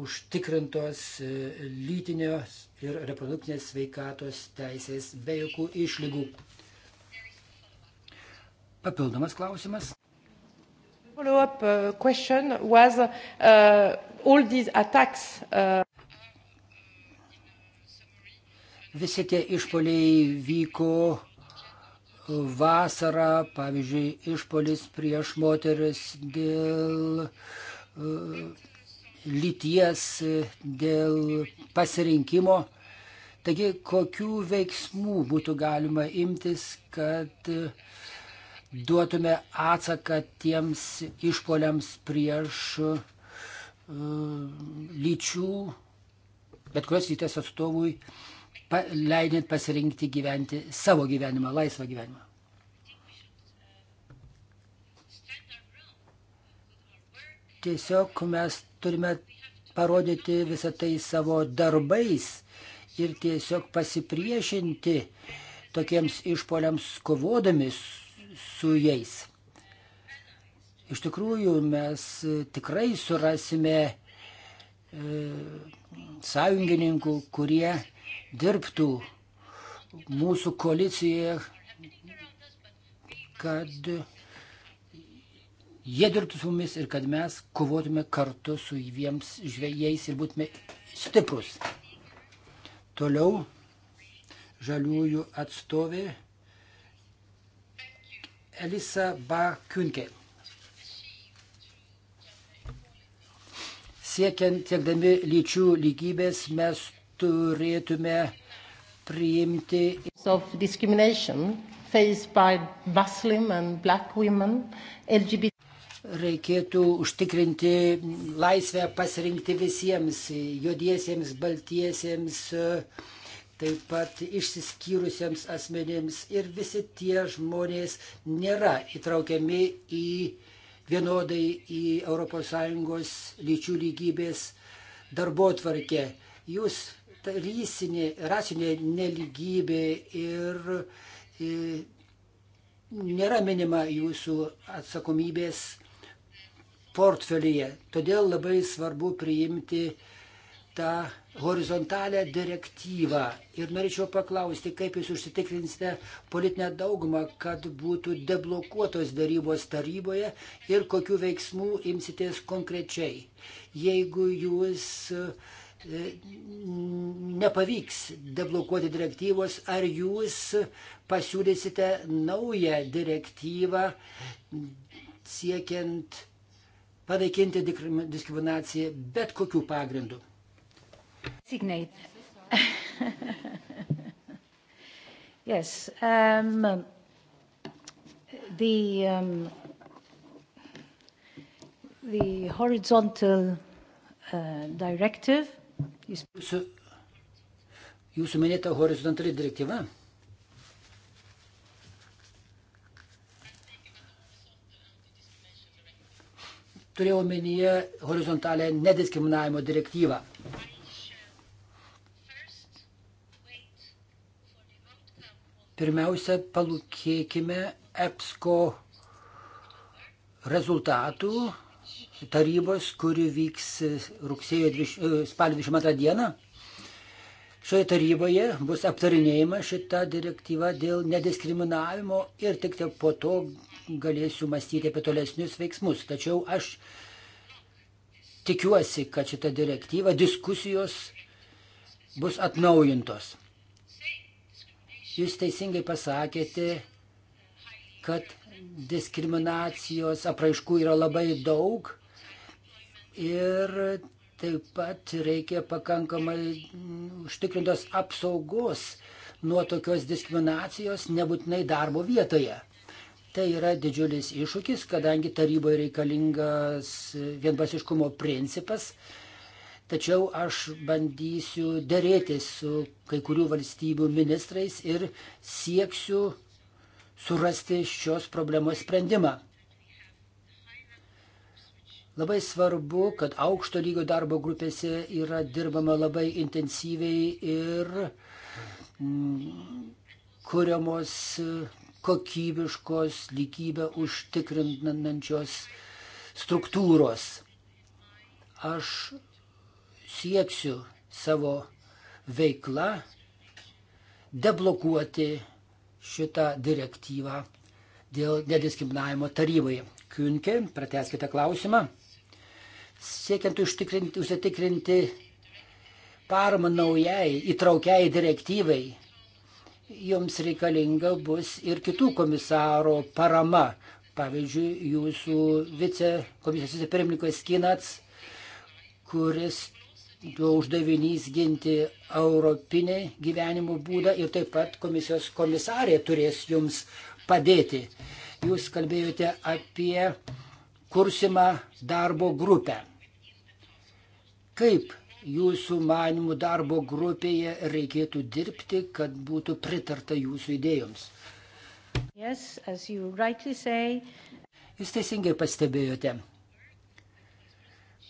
užtikrintos lytinės ir reprodukcinės sveikatos teisės be jokių išlygų. Papildomas klausimas. Follow-up uh, question was uh, all these attacks. Uh... Visi tie išpoliai vyko vasarą, pavyzdžiui, išpolis prieš moteris dėl uh, lyties, dėl pasirinkimo. Taigi, kokių veiksmų būtų galima imtis, kad uh, duotume atsaką tiems išpoliams prieš uh, lyčių, bet kurios lyties atstovui, pa, leidint pasirinkti gyventi savo gyvenimą, laisvą gyvenimą. Tiesiog mes turime parodyti visą tai savo darbais ir tiesiog pasipriešinti tokiems išpoliams kovodami su jais. Iš tikrųjų, mes tikrai surasime e, sąjungininkų, kurie dirbtų mūsų koalicijoje, kad jie dirbtų su mumis ir kad mes kovotume kartu su jiems žvėjais ir būtume stiprus. Toliau žaliųjų atstovė Elisa Bakiunkė. Siekiant, siekdami lyčių lygybės, mes turėtume priimti. Reikėtų užtikrinti laisvę pasirinkti visiems, juodiesiems, baltiesiems, uh, taip pat išsiskyrusiems asmenėms ir visi tie žmonės nėra įtraukiami į vienodai į ES lyčių lygybės darbo tvarkę. Jūs ta rysinė, rasinė neligybė ir, ir nėra minima jūsų atsakomybės portfelyje. Todėl labai svarbu priimti uh, tą horizontalę direktyvą. Ir norėčiau paklausti, kaip jūs užsitikrinsite politinę daugumą, kad būtų deblokuotos darybos taryboje ir kokiu veiksmu imsitės konkrečiai. Jeigu jūs e, nepavyks deblokuoti direktyvos, ar jūs pasiūlysite naują direktyvą siekiant panaikinti diskriminaciją bet kokiu pagrindu. Signate. (laughs) yes. Um, the, um, the horizontal uh, directive is... Jūsų, jūsų minėta horizontali direktyva turėjau omenyje horizontalę nediskriminavimo direktyvą. Pirmiausia, palūkėkime EPSCO rezultatų tarybos, kuri vyks rugsėjo 20, e, spalio 22 dieną. Šioje taryboje bus aptarinėjama šita direktyva dėl nediskriminavimo ir tik po to galėsiu mąstyti apie tolesnius veiksmus. Tačiau aš tikiuosi, kad šita direktyva diskusijos bus atnaujintos. Jūs teisingai pasakėte, kad diskriminacijos apraiškų yra labai daug ir taip pat reikia pakankamai užtikrintos apsaugos nuo tokios diskriminacijos nebūtinai darbo vietoje. Tai yra didžiulis iššūkis, kadangi taryboje reikalingas vienbasiškumo principas, Tačiau aš bandysiu dėrėtis su kai kurių valstybių ministrais ir sieksiu surasti šios problemos sprendimą. Labai svarbu, kad aukšto lygio darbo grupėse yra dirbama labai intensyviai ir mm, kuriamos kokybiškos lygybę užtikrinančios struktūros. Aš sieksiu savo veikla deblokuoti šitą direktyvą dėl nediskriminavimo tarybai. Kiunke, prateskite klausimą. Siekiant užtikrinti, užsitikrinti paramą naujai įtraukiai direktyvai, jums reikalinga bus ir kitų komisaro parama. Pavyzdžiui, jūsų vice, komisijos vicepirmininkas Kinats, kuris jo uždavinys ginti europinį gyvenimo būdą ir taip pat komisijos komisarė turės jums padėti. Jūs kalbėjote apie kursimą darbo grupę. Kaip jūsų manimų darbo grupėje reikėtų dirbti, kad būtų pritarta jūsų idėjoms? Yes, say... Jūs teisingai pastebėjote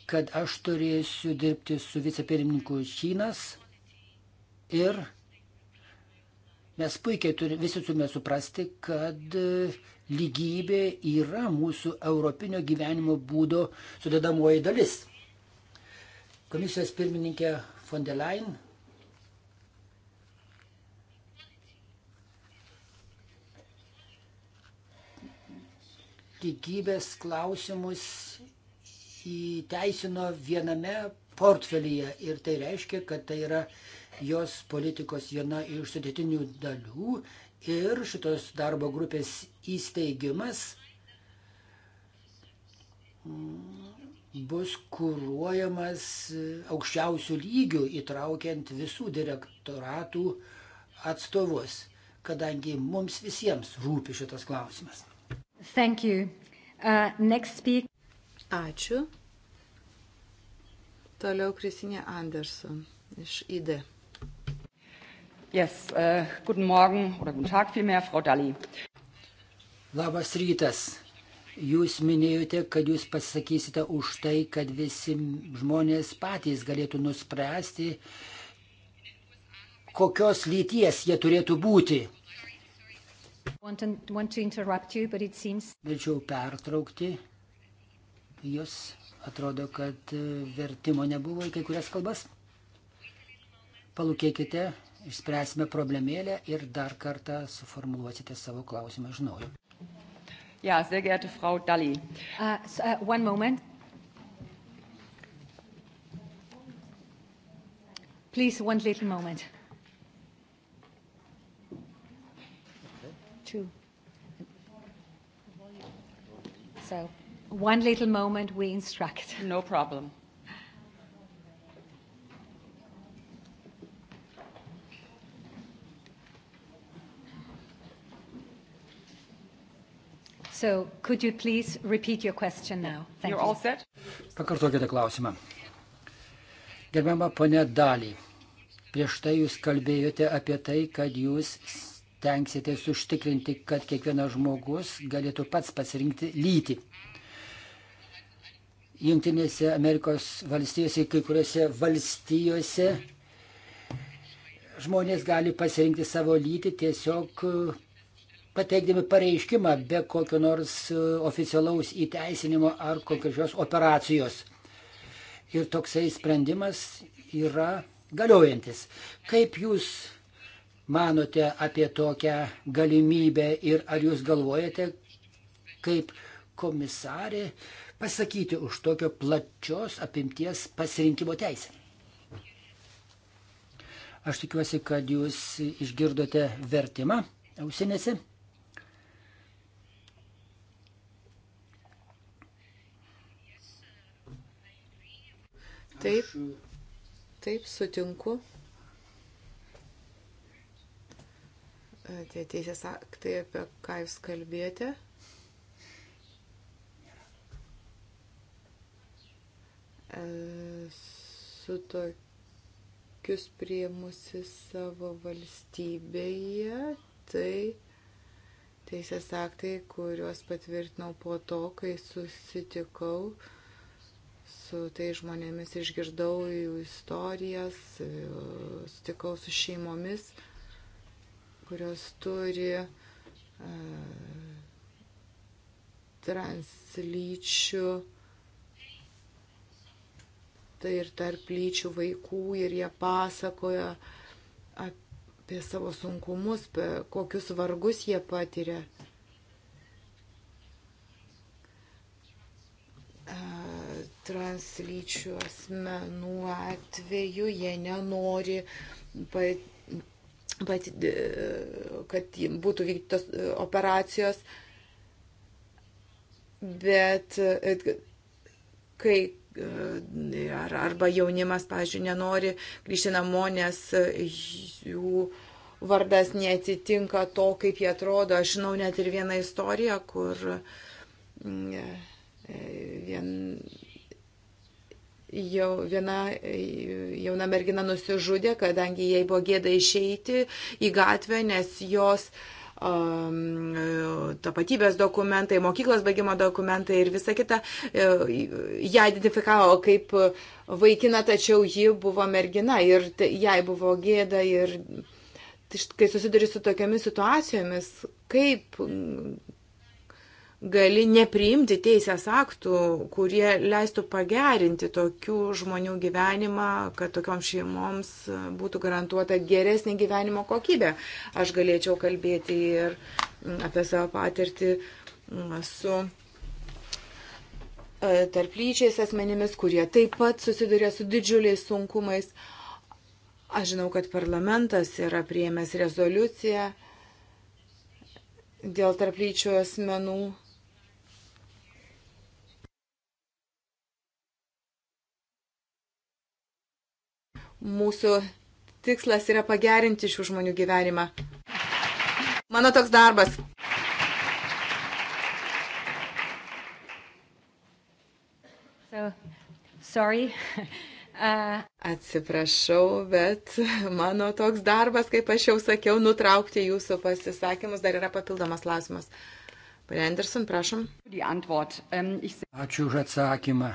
kad aš turėsiu dirbti su vicepirmininku Šynas ir mes puikiai turi, visi turime suprasti, kad e, lygybė yra mūsų europinio gyvenimo būdo sudedamoji dalis. Komisijos pirmininkė von der Leyen lygybės klausimus įteisino viename portfelyje ir tai reiškia, kad tai yra jos politikos viena iš sudėtinių dalių ir šitos darbo grupės įsteigimas bus kūruojamas aukščiausių lygių įtraukiant visų direktoratų atstovus, kadangi mums visiems rūpi šitas klausimas. Thank you. Uh, next speak. Ačiū. Toliau Kristinė Anderson iš IDE. Yes, uh, guten Morgen oder guten Tag vielmehr, Frau Dalli. Labas rytas. Jūs minėjote, kad jūs pasakysite už tai, kad visi žmonės patys galėtų nuspręsti, kokios lyties jie turėtų būti. Want to, want to you, seems... Norėčiau pertraukti, Jūs atrodo, kad e, vertimo nebuvo į kai kurias kalbas. Palūkėkite, išspręsime problemėlę ir dar kartą suformuluosite savo klausimą iš naujo. Ja, sehr geehrte Frau Dalli. Uh, so, uh, one moment. Please, one little moment. Two. So. One little moment, we instruct. No problem. So, could you please repeat your question now? Thank You're you. all set? Pakartokite klausimą. Gerbiama ponė Dalį, prieš tai jūs kalbėjote apie tai, kad jūs tenksitės užtikrinti, kad kiekvienas žmogus galėtų pats pasirinkti lytį. Junktinėse Amerikos valstijose, kai kuriuose valstijose žmonės gali pasirinkti savo lytį tiesiog e, pateikdami pareiškimą be kokio nors e, oficialaus įteisinimo ar kokios operacijos. Ir toksai sprendimas yra galiojantis. Kaip jūs manote apie tokią galimybę ir ar jūs galvojate, kaip komisarė, pasakyti už tokio plačios apimties pasirinkimo teisę. Aš tikiuosi, kad jūs išgirdote vertimą ausinėse. Taip, taip sutinku. Tie teisės aktai, apie ką jūs kalbėjote. E, su tokius priemusi savo valstybėje, tai teisės aktai, kuriuos patvirtinau po to, kai susitikau su tai žmonėmis, išgirdau jų istorijas, e, sutikau su šeimomis, kurios turi uh, translyčių uh, tai ir tarp lyčių vaikų ir jie pasakoja apie savo sunkumus, apie kokius vargus jie patiria. Translyčių asmenų atveju jie nenori pat, pat, e, kad būtų vykdytos e, operacijos, bet e, kai ar, arba jaunimas, pavyzdžiui, nenori grįžti namo, nes jų vardas netitinka to, kaip jie atrodo. Aš žinau net ir vieną istoriją, kur mm, e, vien, jau, viena jauna mergina nusižudė, kadangi jai buvo gėda išeiti į gatvę, nes jos uh, Um, tapatybės dokumentai, mokyklos baigimo dokumentai ir visa kita. E, ją identifikavo kaip vaikina, tačiau ji buvo mergina ir jai buvo gėda ir tai kai susiduri su tokiamis situacijomis, kaip gali nepriimti teisės aktų, kurie leistų pagerinti tokių žmonių gyvenimą, kad tokioms šeimoms būtų garantuota geresnė gyvenimo kokybė. Aš galėčiau kalbėti ir mm, apie savo patirtį mm, su e, tarplyčiais asmenimis, kurie taip pat susiduria su didžiuliais sunkumais. Aš žinau, kad parlamentas yra priėmęs rezoliuciją dėl tarplyčių asmenų Mūsų tikslas yra pagerinti šių žmonių gyvenimą. Mano toks darbas. So, sorry. (laughs) Uh... Atsiprašau, bet mano toks darbas, kaip aš jau sakiau, nutraukti jūsų pasisakymus dar yra papildomas klausimas. Pane Anderson, prašom. Ähm, Ačiū už atsakymą.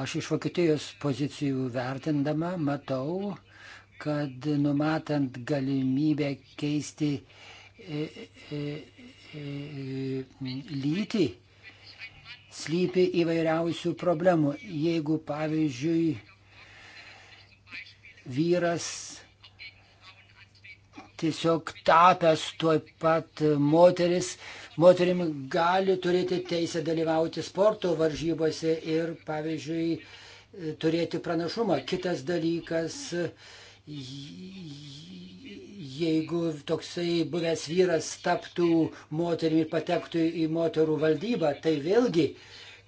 Aš iš Vokietijos pozicijų vertindama matau, kad numatant galimybę keisti e, e, e, lytį, slypi įvairiausių problemų. Jeigu, pavyzdžiui, vyras tiesiog tapęs tuo pat moteris, moterim gali turėti teisę dalyvauti sporto varžybose ir, pavyzdžiui, turėti pranašumą. Kitas dalykas, jeigu toksai buvęs vyras taptų moterį ir patektų į moterų valdybą, tai vėlgi,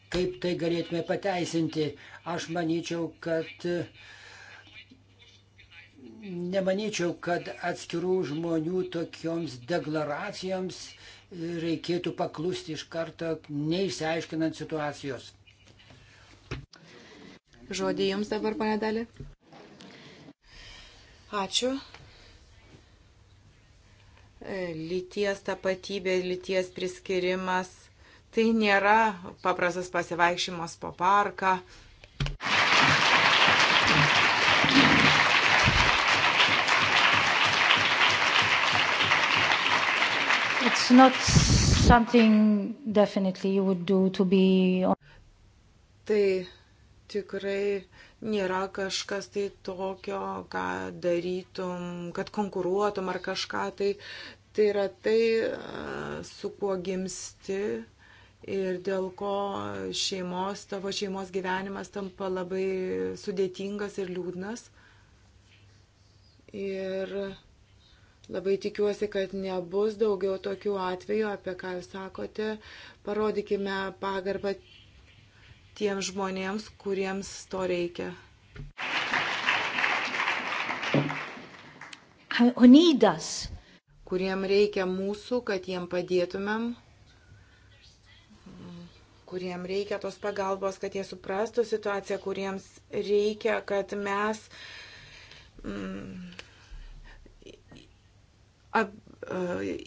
kaip tai galėtume pateisinti, aš manyčiau, kad nemanyčiau, kad atskirų žmonių tokioms deklaracijoms reikėtų paklusti iš karto, neišsiaiškinant situacijos. Žodį jums dabar, pane Dali. Ačiū. E, lyties tapatybė, lyties priskirimas. Tai nėra paprastas pasivaikščiojimas po parką. Pa not something definitely you would do to be. Tai tikrai nėra kažkas tai tokio, ką darytum, kad konkuruotum ar kažką. Tai, tai yra tai, e, su kuo gimsti ir dėl ko šeimos, tavo šeimos gyvenimas tampa labai sudėtingas ir liūdnas. Ir Labai tikiuosi, kad nebus daugiau tokių atvejų, apie ką jūs sakote. Parodykime pagarbą tiems žmonėms, kuriems to reikia. Onydas. Kuriem reikia mūsų, kad jiem padėtumėm. Kuriem reikia tos pagalbos, kad jie suprastų situaciją, kuriems reikia, kad mes. Mm, E,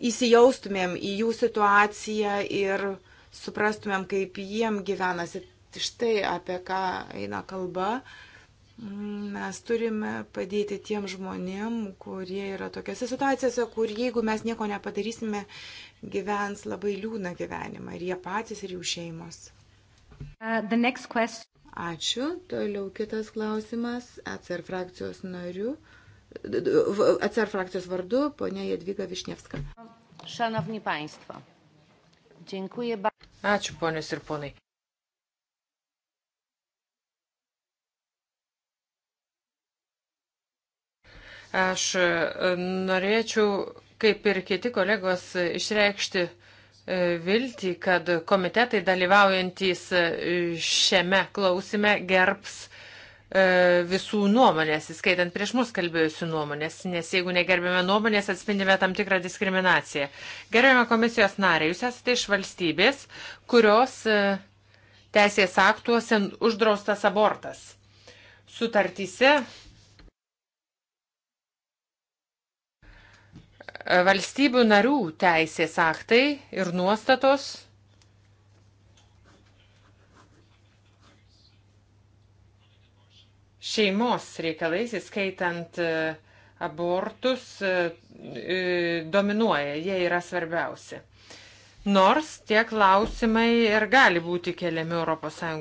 įsijaustumėm į jų situaciją ir suprastumėm, kaip jiem gyvenasi. Štai apie ką eina kalba. Mes turime padėti tiem žmonėm, kurie yra tokiose situacijose, kur jeigu mes nieko nepadarysime, gyvens labai liūdną gyvenimą ir jie patys ir jų šeimos. Uh, Ačiū. Toliau kitas klausimas. ECR frakcijos nariu atsar frakcijos vardu, ponia Jadviga Višnievska. Šanovni paistvo. Dziękuję bardzo. Ačiū, ponios ir ponai. Aš e, norėčiau, kaip ir kiti kolegos, išreikšti e, viltį, kad komitetai dalyvaujantys e, šiame klausime gerbs E, visų nuomonės, įskaitant prieš mus kalbėjusių nuomonės, nes jeigu negerbėme nuomonės, atspindime tam tikrą diskriminaciją. Gerbėme komisijos narį, jūs esate iš valstybės, kurios e, teisės aktuose uždraustas abortas. Sutartyse e, valstybių narių teisės aktai ir nuostatos šeimos reikalais, įskaitant e, abortus, e, e, dominuoja, jie yra svarbiausi. Nors tie klausimai ir gali būti keliami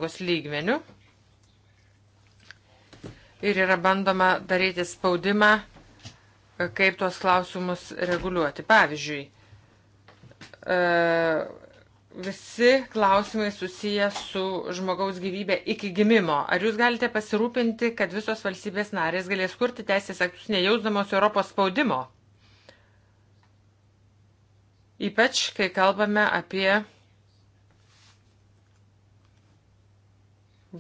ES lygmenių. Ir yra bandoma daryti spaudimą, kaip tuos klausimus reguliuoti. Pavyzdžiui, visi klausimai susiję su žmogaus gyvybė iki gimimo. Ar jūs galite pasirūpinti, kad visos valstybės narės galės kurti teisės aktus nejausdamos Europos spaudimo? Ypač, kai kalbame apie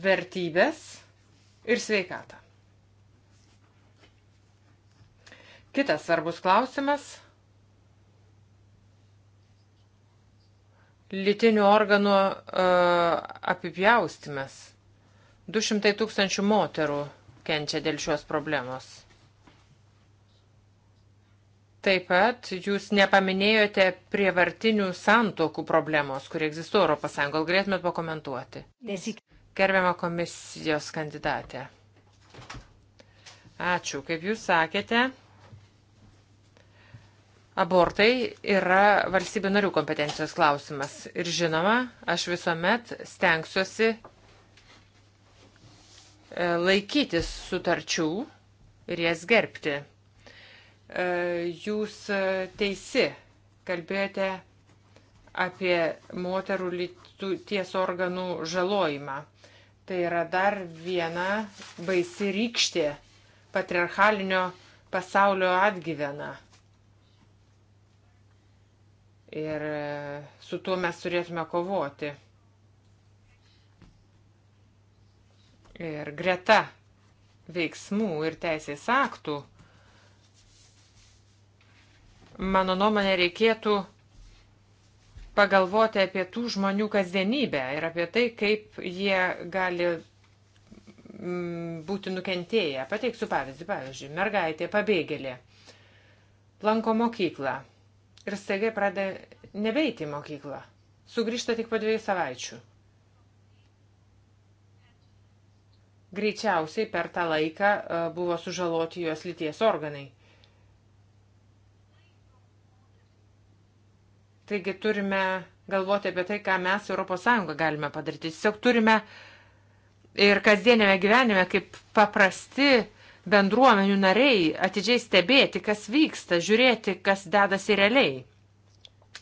vertybės ir sveikatą. Kitas svarbus klausimas lytinių organų uh, e, apipjaustimas. 200 tūkstančių moterų kenčia dėl šios problemos. Taip pat jūs nepaminėjote prievartinių santokų problemos, kurie egzistuoja ES. Gal galėtumėt pakomentuoti? Gerbiama komisijos kandidatė. Ačiū. Kaip jūs sakėte, Abortai yra valstybių narių kompetencijos klausimas. Ir žinoma, aš visuomet stengsiuosi e, laikytis sutarčių ir jas gerbti. E, jūs e, teisi, kalbėjote apie moterų ties organų žalojimą. Tai yra dar viena baisi rykštė patriarchalinio pasaulio atgyvena Ir e, su tuo mes turėtume kovoti. Ir greta veiksmų ir teisės aktų, mano nuomonė, reikėtų pagalvoti apie tų žmonių kasdienybę ir apie tai, kaip jie gali mm, būti nukentėję. Pateiksiu pavyzdį, pavyzdžiui, mergaitė pabėgėlė, lanko mokyklą ir staiga pradeda nebeiti į mokyklą. Sugryžta tik po dviejų savaičių. Greičiausiai per tą laiką e, buvo sužaloti jos lyties organai. Taigi turime galvoti apie tai, ką mes ES galime padaryti. Tiesiog turime ir kasdienėme gyvenime kaip paprasti bendruomenių nariai atidžiai stebėti, kas vyksta, žiūrėti, kas dedasi realiai.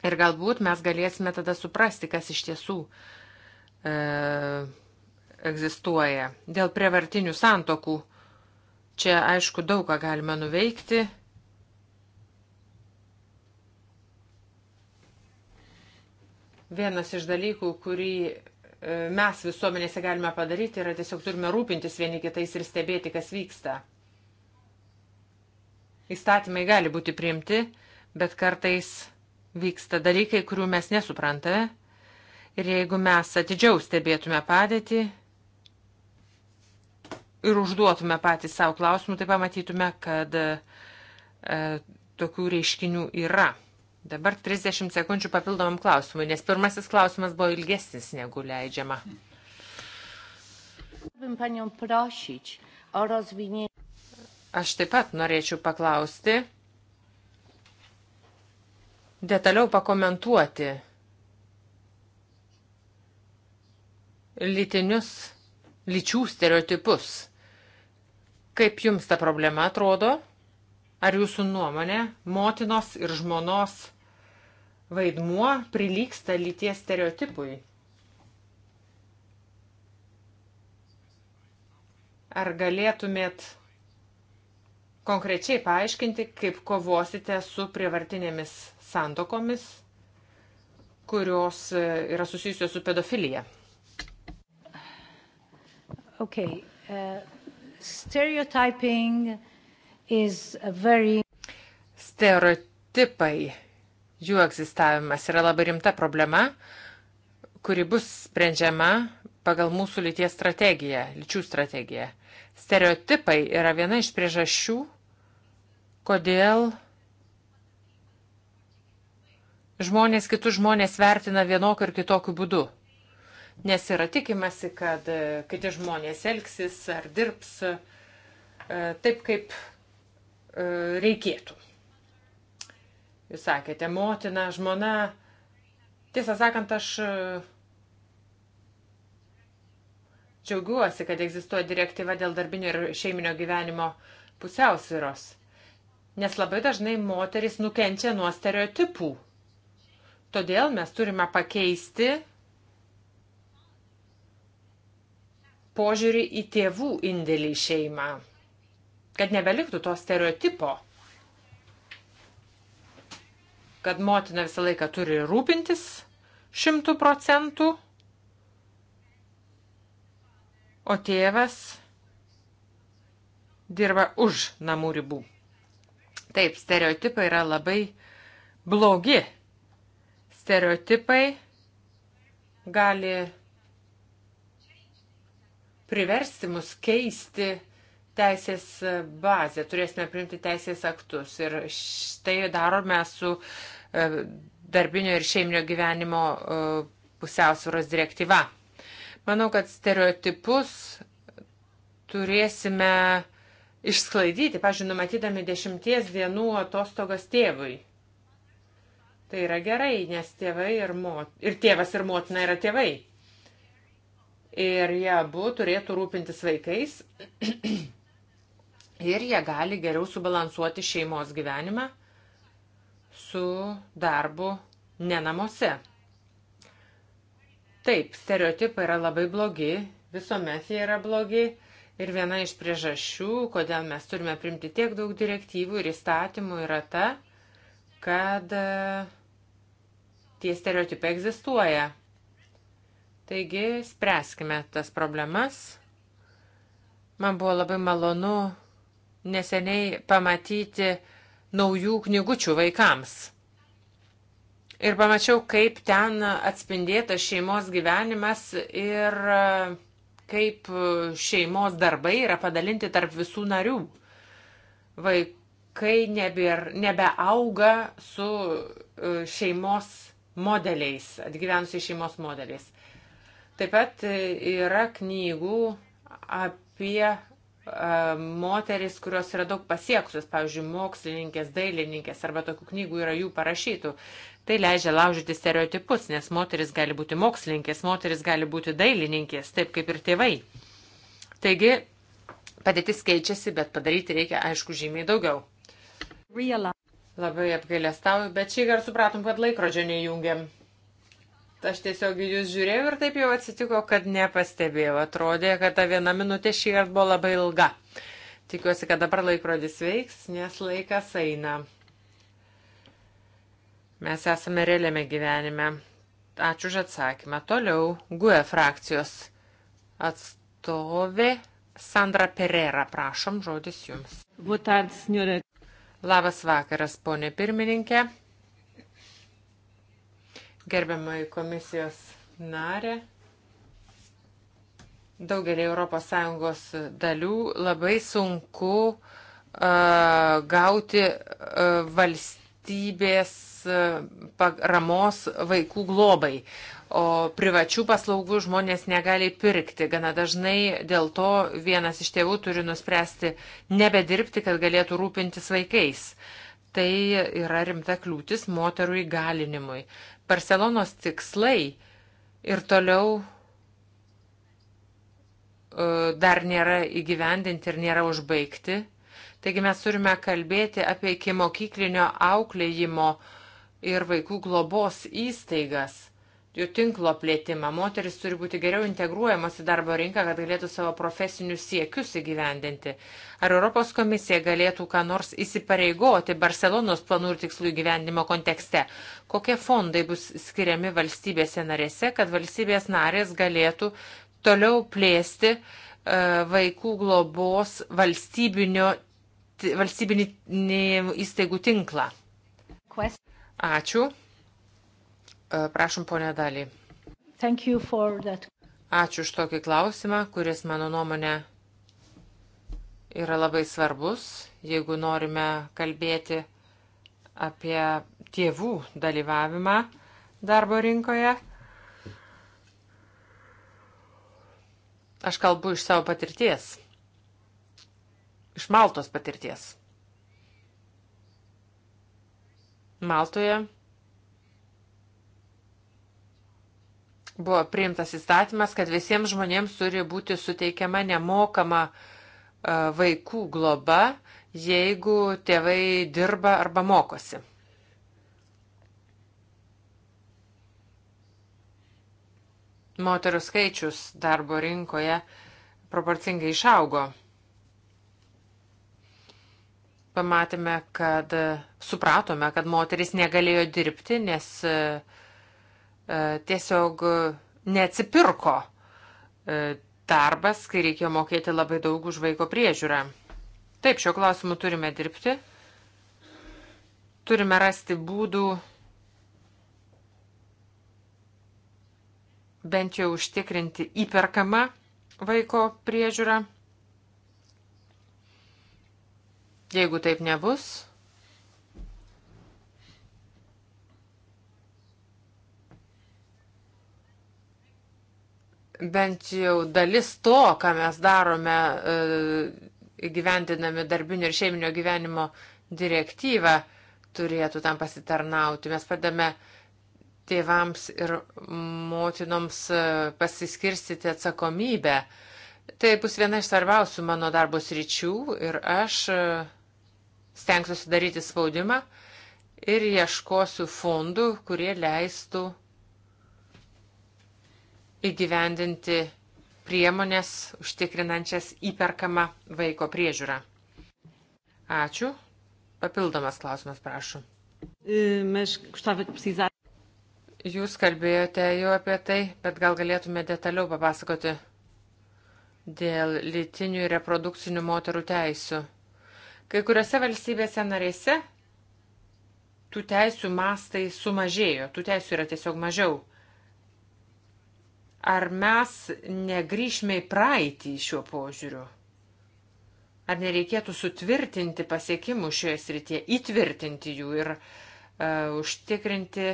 Ir galbūt mes galėsime tada suprasti, kas iš tiesų e, egzistuoja. Dėl prievartinių santokų čia aišku daug ką galime nuveikti. Vienas iš dalykų, kurį e, mes visuomenėse galime padaryti, yra tiesiog turime rūpintis vieni kitais ir stebėti, kas vyksta. Įstatymai gali būti priimti, bet kartais vyksta dalykai, kurių mes nesuprantame. Ir jeigu mes atidžiau stebėtume padėtį ir užduotume patys savo klausimų, tai pamatytume, kad e, tokių reiškinių yra. Dabar 30 sekundžių papildomam klausimui, nes pirmasis klausimas buvo ilgesnis negu leidžiama. Aš taip pat norėčiau paklausti, detaliau pakomentuoti lytinius, lyčių stereotipus. Kaip jums ta problema atrodo? Ar jūsų nuomonė motinos ir žmonos vaidmuo prilyksta lyties stereotipui? Ar galėtumėt konkrečiai paaiškinti, kaip kovosite su prievartinėmis santokomis, kurios e, yra susijusios su pedofilija. Okay. Uh, stereotyping is a very... Stereotipai, jų egzistavimas yra labai rimta problema, kuri bus sprendžiama pagal mūsų lyties strategiją, lyčių strategiją. Stereotipai yra viena iš priežasčių, kodėl žmonės kitus žmonės vertina vienokiu ir kitokiu būdu. Nes yra tikimasi, kad e, kiti žmonės elgsis ar dirbs e, taip, kaip e, reikėtų. Jūs sakėte, motina, žmona. Tiesą sakant, aš Džiaugiuosi, kad egzistuoja direktyva dėl darbinio ir šeiminio gyvenimo pusiausviros, nes labai dažnai moteris nukenčia nuo stereotipų. Todėl mes turime pakeisti požiūrį į tėvų indėlį į šeimą, kad nebeliktų to stereotipo, kad motina visą laiką turi rūpintis šimtų procentų o tėvas dirba už namų ribų. Taip, stereotipai yra labai blogi. Stereotipai gali priversti mus keisti teisės bazę, turėsime priimti teisės aktus ir tai darome su e, darbinio ir šeiminio gyvenimo e, pusiausvėros direktyva. Manau, kad stereotipus turėsime išsklaidyti, pažiūrėjau, numatydami dešimties dienų atostogas tėvui. Tai yra gerai, nes tėvai ir, mot... ir tėvas ir motina yra tėvai. Ir jie abu turėtų rūpintis vaikais. (clears throat) ir jie gali geriau subalansuoti šeimos gyvenimą su darbu ne namuose. Taip, stereotipai yra labai blogi, visuomet jie yra blogi. Ir viena iš priežasčių, kodėl mes turime primti tiek daug direktyvų ir įstatymų, yra ta, kad e, tie stereotipai egzistuoja. Taigi, spręskime tas problemas. Man buvo labai malonu neseniai pamatyti naujų knygučių vaikams. Ir pamačiau, kaip ten atspindėta šeimos gyvenimas ir e, kaip šeimos darbai yra padalinti tarp visų narių. Vaikai nebėr, nebeauga su e, šeimos modeliais, atgyvenusiais šeimos modeliais. Taip pat e, yra knygų apie moteris, kurios yra daug pasiekusios, pavyzdžiui, mokslininkės, dailininkės, arba tokių knygų yra jų parašytų. Tai leidžia laužyti stereotipus, nes moteris gali būti mokslininkės, moteris gali būti dailininkės, taip kaip ir tėvai. Taigi, padėtis keičiasi, bet padaryti reikia, aišku, žymiai daugiau. Real. Labai apgailestauju, bet šį kartą supratom, kad laikrodžio neįjungiam. Aš tiesiog jūs žiūrėjau ir taip jau atsitiko, kad nepastebėjau. Atrodė, kad ta viena minutė šį kartą buvo labai ilga. Tikiuosi, kad dabar laikrodis veiks, nes laikas eina. Mes esame realiame gyvenime. Ačiū už atsakymą. Toliau GUE frakcijos atstovė Sandra Perera. Prašom, žodis jums. Labas vakaras, ponė pirmininkė. Gerbiamai komisijos narė. Daugelį ES dalių labai sunku uh, gauti uh, valstybės E, paramos vaikų globai. O privačių paslaugų žmonės negali pirkti. Gana dažnai dėl to vienas iš tėvų turi nuspręsti nebedirbti, kad galėtų rūpintis vaikais. Tai yra rimta kliūtis moterų įgalinimui. Barcelonos tikslai ir toliau e, dar nėra įgyvendinti ir nėra užbaigti. Taigi mes turime kalbėti apie iki mokyklinio auklėjimo uh, ir vaikų globos įstaigas, jų tinklo plėtimą. Moteris turi būti geriau integruojamos į darbo rinką, kad galėtų savo profesinius siekius įgyvendinti. Ar Europos komisija galėtų ką nors įsipareigoti Barcelonos planų ir tikslų įgyvendimo kontekste? Kokie fondai bus skiriami valstybėse narėse, kad valstybės narės galėtų toliau plėsti e, vaikų globos valstybinio, valstybinį įstaigų tinklą? Ačiū. E, prašom, ponė Dalį. Ačiū už tokį klausimą, kuris, mano nuomonė, yra labai svarbus, jeigu norime kalbėti apie tėvų dalyvavimą darbo rinkoje. Aš kalbu iš savo patirties, iš Maltos patirties. Maltoje buvo priimtas įstatymas, kad visiems žmonėms turi būti suteikiama nemokama e, vaikų globa, jeigu tėvai dirba arba mokosi. Moterų skaičius darbo rinkoje proporcingai išaugo pamatėme, kad supratome, kad moteris negalėjo dirbti, nes e, e, tiesiog neatsipirko e, darbas, kai reikėjo mokėti labai daug už vaiko priežiūrą. Taip, šio klausimu turime dirbti. Turime rasti būdų bent jau užtikrinti įperkamą vaiko priežiūrą. Jeigu taip nebus, bent jau dalis to, ką mes darome e, įgyvendinami darbinio ir šeiminio gyvenimo direktyvą, turėtų tam pasitarnauti. Mes padame tėvams ir motinoms e, pasiskirstyti atsakomybę. Uh, Tai bus viena iš svarbiausių mano darbo sričių ir aš e, stengsiuosi daryti spaudimą ir ieškosiu fondų, kurie leistų įgyvendinti priemonės užtikrinančias įperkamą vaiko priežiūrą. Ačiū. Papildomas klausimas, prašau. E, Jūs kalbėjote jau apie tai, bet gal galėtume detaliau papasakoti dėl lytinių ir reprodukcinių moterų teisių. Kai kuriuose valstybėse narėse tų teisių mastai sumažėjo, tų teisių yra tiesiog mažiau. Ar mes negryžme į praeitį šiuo požiūriu? Ar nereikėtų sutvirtinti pasiekimų šioje srityje, įtvirtinti jų ir uh, užtikrinti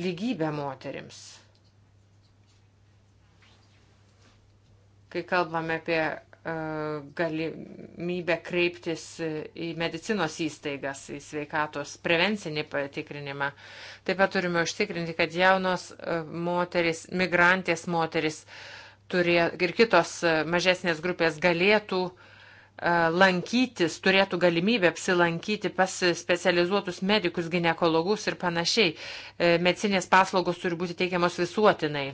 lygybę moterims? kai kalbame apie e, galimybę kreiptis į medicinos įstaigas, į sveikatos prevencinį patikrinimą. Taip pat turime užtikrinti, kad jaunos e, moteris, migrantės moteris turė, ir kitos e, mažesnės grupės galėtų lankytis, turėtų galimybę apsilankyti pas specializuotus medikus, gynekologus ir panašiai. Medicinės paslaugos turi būti teikiamos visuotinai.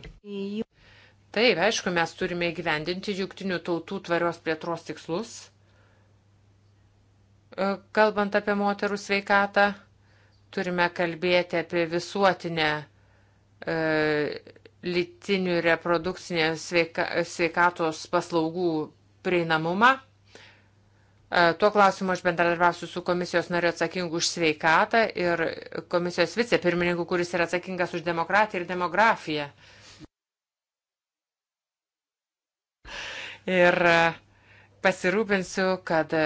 Taip, aišku, mes turime įgyvendinti jungtinių tautų tvarios plėtros tikslus, e, kalbant apie moterų sveikatą, turime kalbėti apie visuotinę e, lytinių reprodukcinės sveika, sveikatos paslaugų prieinamumą. E, tuo klausimu aš bendradarbiausiu su komisijos nariu atsakingu už sveikatą ir komisijos vicepirmininku, kuris yra atsakingas už demokratiją ir demografiją. Uh, ir e, pasirūpinsiu, kad e,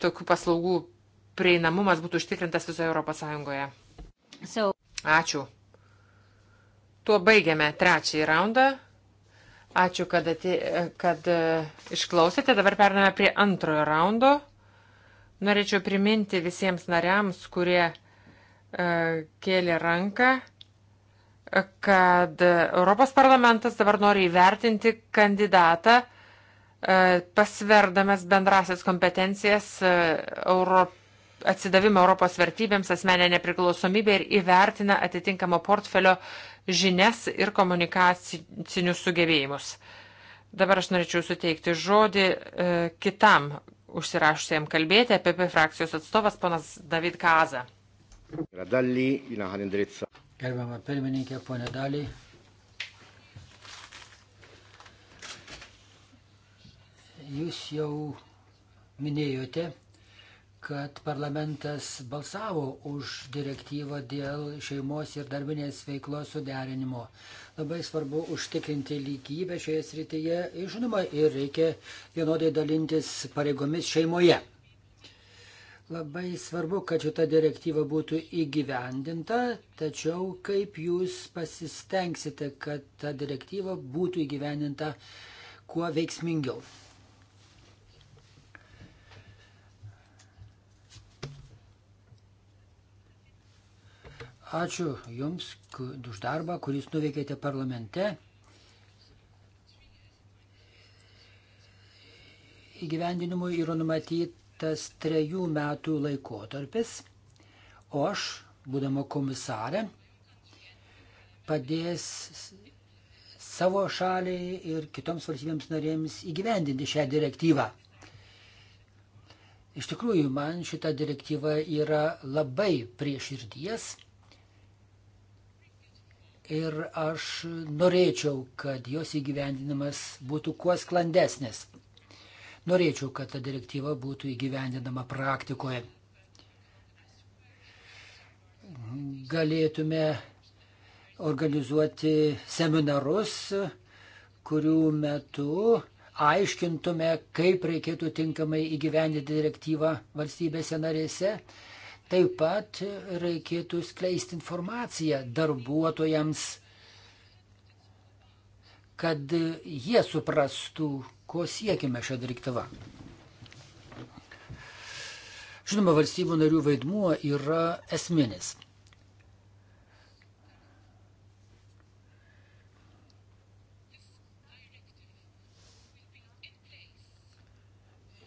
tokių paslaugų prieinamumas būtų užtikrintas visoje Europos Sąjungoje. So. Ačiū. Tuo baigiame trečiąjį raundą. Ačiū, kad, atė, kad e, išklausėte. Dabar pername prie antrojo raundo. Norėčiau priminti visiems nariams, kurie uh, kėlė ranką kad Europos parlamentas dabar nori įvertinti kandidatą, e, pasverdamas bendrasias kompetencijas e, Europos atsidavimą Europos vertybėms, asmenę nepriklausomybę ir įvertina atitinkamo portfelio žinias ir komunikacinius sugebėjimus. Dabar aš norėčiau suteikti žodį e, kitam užsirašusiem kalbėti, APP e frakcijos atstovas ponas David Kaza. Gerbama pirmininkė, ponė Daliai. Jūs jau minėjote, kad parlamentas balsavo už direktyvą dėl šeimos ir darbinės veiklos suderinimo. Labai svarbu užtikrinti lygybę šioje srityje ir žinoma, ir reikia vienodai dalintis pareigomis šeimoje. Labai svarbu, kad šita direktyva būtų įgyvendinta, tačiau kaip jūs pasistengsite, kad ta direktyva būtų įgyvendinta kuo veiksmingiau? Ačiū Jums už darbą, kuris nuveikėte parlamente. Įgyvendinimui yra numatyti tas trejų metų laikotarpis, o aš, būdama komisarė, padės savo šaliai ir kitoms valstybėms narėms įgyvendinti šią direktyvą. Iš tikrųjų, man šita direktyva yra labai prie širdies ir aš norėčiau, kad jos įgyvendinimas būtų kuo sklandesnis. Norėčiau, kad ta direktyva būtų įgyvendinama praktikoje. Galėtume organizuoti seminarus, kurių metu aiškintume, kaip reikėtų tinkamai įgyvendinti direktyvą valstybėse narėse. Taip pat reikėtų skleisti informaciją darbuotojams, kad jie suprastų, ko siekime šią direktyvą. Žinoma, valstybių narių vaidmuo yra esminis.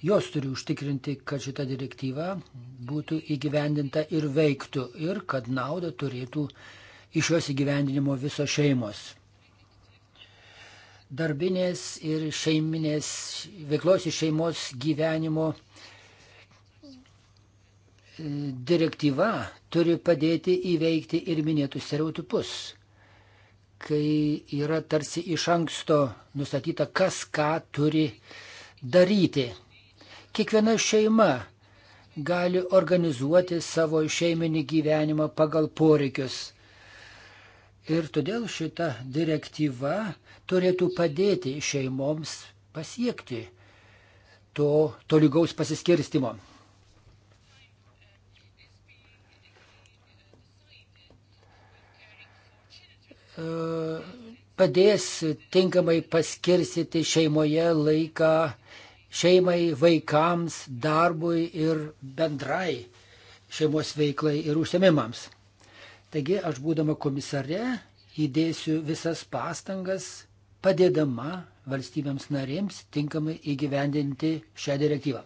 Jos turi užtikrinti, kad šita direktyva būtų įgyvendinta ir veiktų ir kad naudą turėtų iš jos įgyvendinimo visos šeimos darbinės ir šeiminės veiklos iš šeimos gyvenimo e, direktyva turi padėti įveikti ir minėtus stereotipus, kai yra tarsi iš anksto nustatyta, kas ką turi daryti. Kiekviena šeima gali organizuoti savo šeiminį gyvenimą pagal poreikius. Ir todėl šita direktyva turėtų padėti šeimoms pasiekti to tolygaus pasiskirstimo. E, padės tinkamai paskirstyti šeimoje laiką šeimai, vaikams, darbui ir bendrai šeimos veiklai ir užsiemimams. Taigi aš būdama komisare įdėsiu visas pastangas padėdama valstybėms narėms tinkamai įgyvendinti šią direktyvą.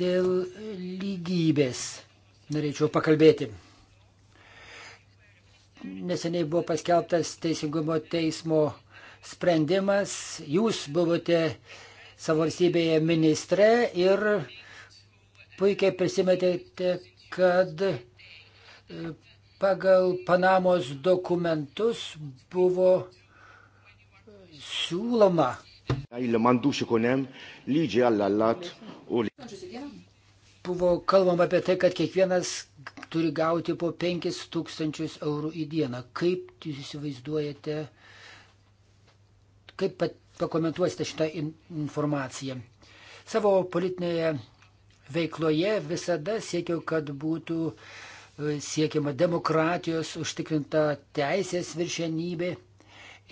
Dėl lygybės norėčiau pakalbėti. Neseniai buvo paskelbtas Teisingumo teismo sprendimas. Jūs buvote savo valstybėje ministre ir puikiai prisimetėte, kad e, pagal Panamos dokumentus buvo siūloma. Buvo kalbama apie tai, kad kiekvienas turi gauti po 5000 eurų į dieną. Kaip jūs įsivaizduojate, kaip pat pakomentuosite šitą informaciją. Savo politinėje veikloje visada siekiau, kad būtų e, siekiama demokratijos, užtikrinta teisės viršenybė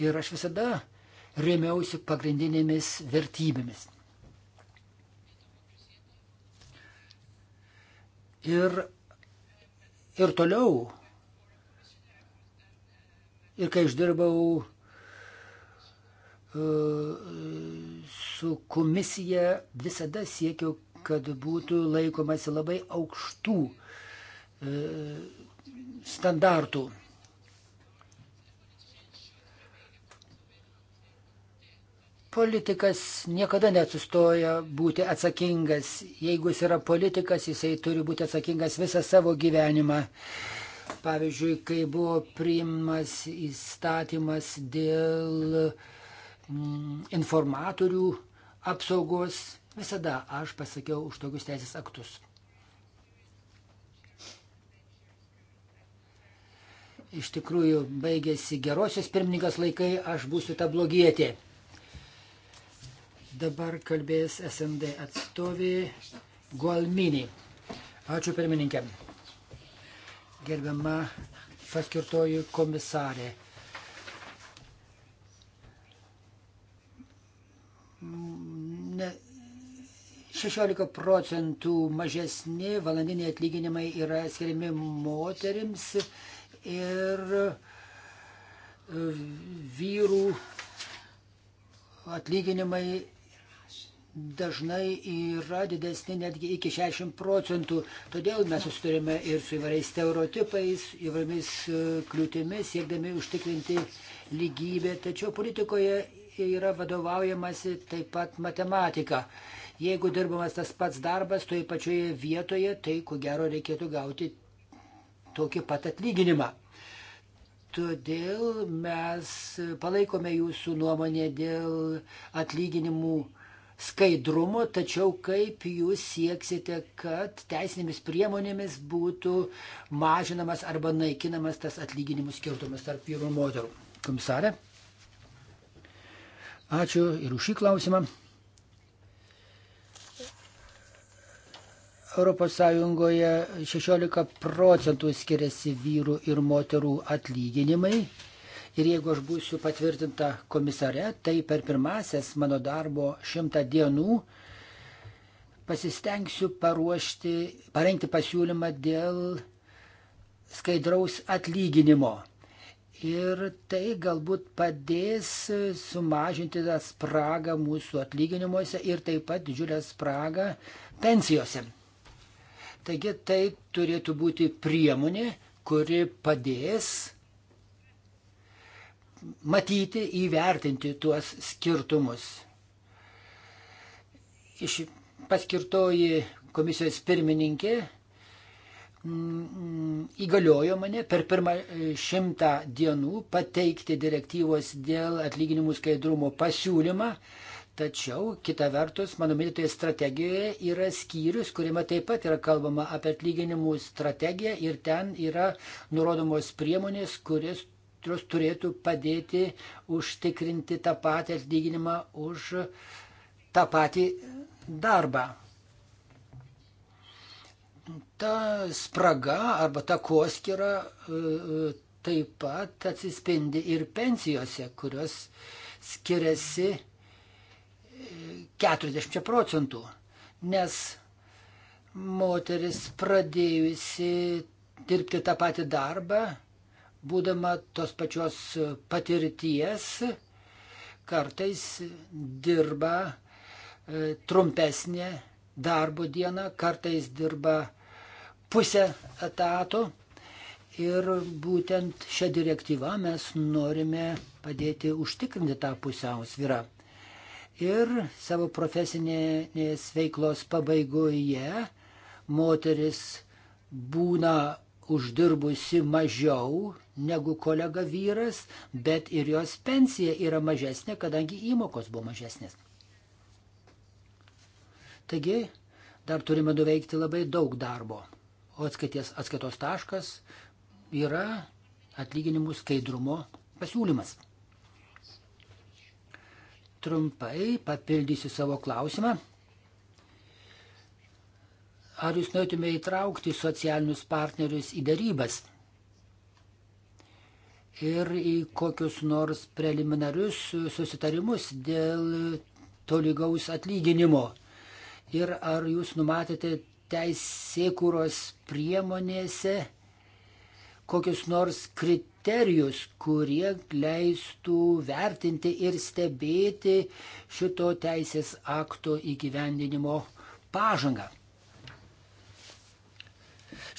ir aš visada rėmiausi pagrindinėmis vertybėmis. Ir, ir toliau, ir kai aš dirbau E, su komisija visada siekiau, kad būtų laikomasi labai aukštų e, standartų. Politikas niekada nesustoja būti atsakingas. Jeigu jis yra politikas, jisai turi būti atsakingas visą savo gyvenimą. Pavyzdžiui, kai buvo priimamas įstatymas dėl uh, Mm, informatorių apsaugos. Visada aš pasakiau už tokius teisės aktus. Iš tikrųjų, baigėsi gerosios pirmininkas laikai, aš būsiu ta blogietė. Dabar kalbės SND atstovė Gualmini. Ačiū pirmininkė. Gerbiama paskirtoji komisarė. ne, 16 procentų mažesni valandiniai atlyginimai yra skiriami moterims ir e, vyrų atlyginimai dažnai yra didesni netgi iki 60 procentų. Todėl mes susidurime ir su įvairiais stereotipais, įvairiomis e, kliūtimis, siekdami užtikrinti lygybę. Tačiau politikoje reiškia yra vadovaujamasi taip pat matematika. Jeigu dirbamas tas pats darbas toje pačioje vietoje, tai ko gero reikėtų gauti tokį pat atlyginimą. Todėl mes palaikome jūsų nuomonę dėl atlyginimų skaidrumo, tačiau kaip jūs sieksite, kad teisinėmis priemonėmis būtų mažinamas arba naikinamas tas atlyginimų skirtumas tarp vyrų ir moterų. Komisarė? Ačiū ir už šį klausimą. ES 16 procentų skiriasi vyrų ir moterų atlyginimai. Ir jeigu aš būsiu patvirtinta komisare, tai per pirmasias mano darbo šimtą dienų pasistengsiu paruošti, parengti pasiūlymą dėl skaidraus atlyginimo. Ir tai galbūt padės sumažinti tą spragą mūsų atlyginimuose ir taip pat didžiulę spragą pensijose. Taigi tai turėtų būti priemonė, kuri padės matyti, įvertinti tuos skirtumus. Iš paskirtoji komisijos pirmininkė įgaliojo mane per pirmą e, šimtą dienų pateikti direktyvos dėl atlyginimų skaidrumo pasiūlymą. Tačiau, kita vertus, mano minėtoje strategijoje yra skyrius, kuriame taip pat yra kalbama apie atlyginimų strategiją ir ten yra nurodomos priemonės, kuris kurios turėtų padėti užtikrinti tą patį atlyginimą už tą patį darbą ta spraga arba ta koskira e, e, taip pat atsispindi ir pensijose, kurios skiriasi 40 e, procentų, nes moteris pradėjusi dirbti tą patį darbą, būdama tos pačios patirties, kartais dirba trumpesnė darbo diena, kartais dirba pusę etato ir būtent šią direktyvą mes norime padėti užtikrinti tą pusiausvyrą. Ir savo profesinės veiklos pabaigoje moteris būna uždirbusi mažiau negu kolega vyras, bet ir jos pensija yra mažesnė, kadangi įmokos buvo mažesnės. Taigi, dar turime nuveikti labai daug darbo o atskaities, atskaitos taškas yra atlyginimų skaidrumo pasiūlymas. Trumpai papildysiu savo klausimą. Ar jūs norėtume įtraukti socialinius partnerius į darybas? Ir į kokius nors preliminarius susitarimus dėl tolygaus atlyginimo? Ir ar jūs numatėte teisėkūros priemonėse kokius nors kriterijus, kurie leistų vertinti ir stebėti šito teisės akto įgyvendinimo pažangą.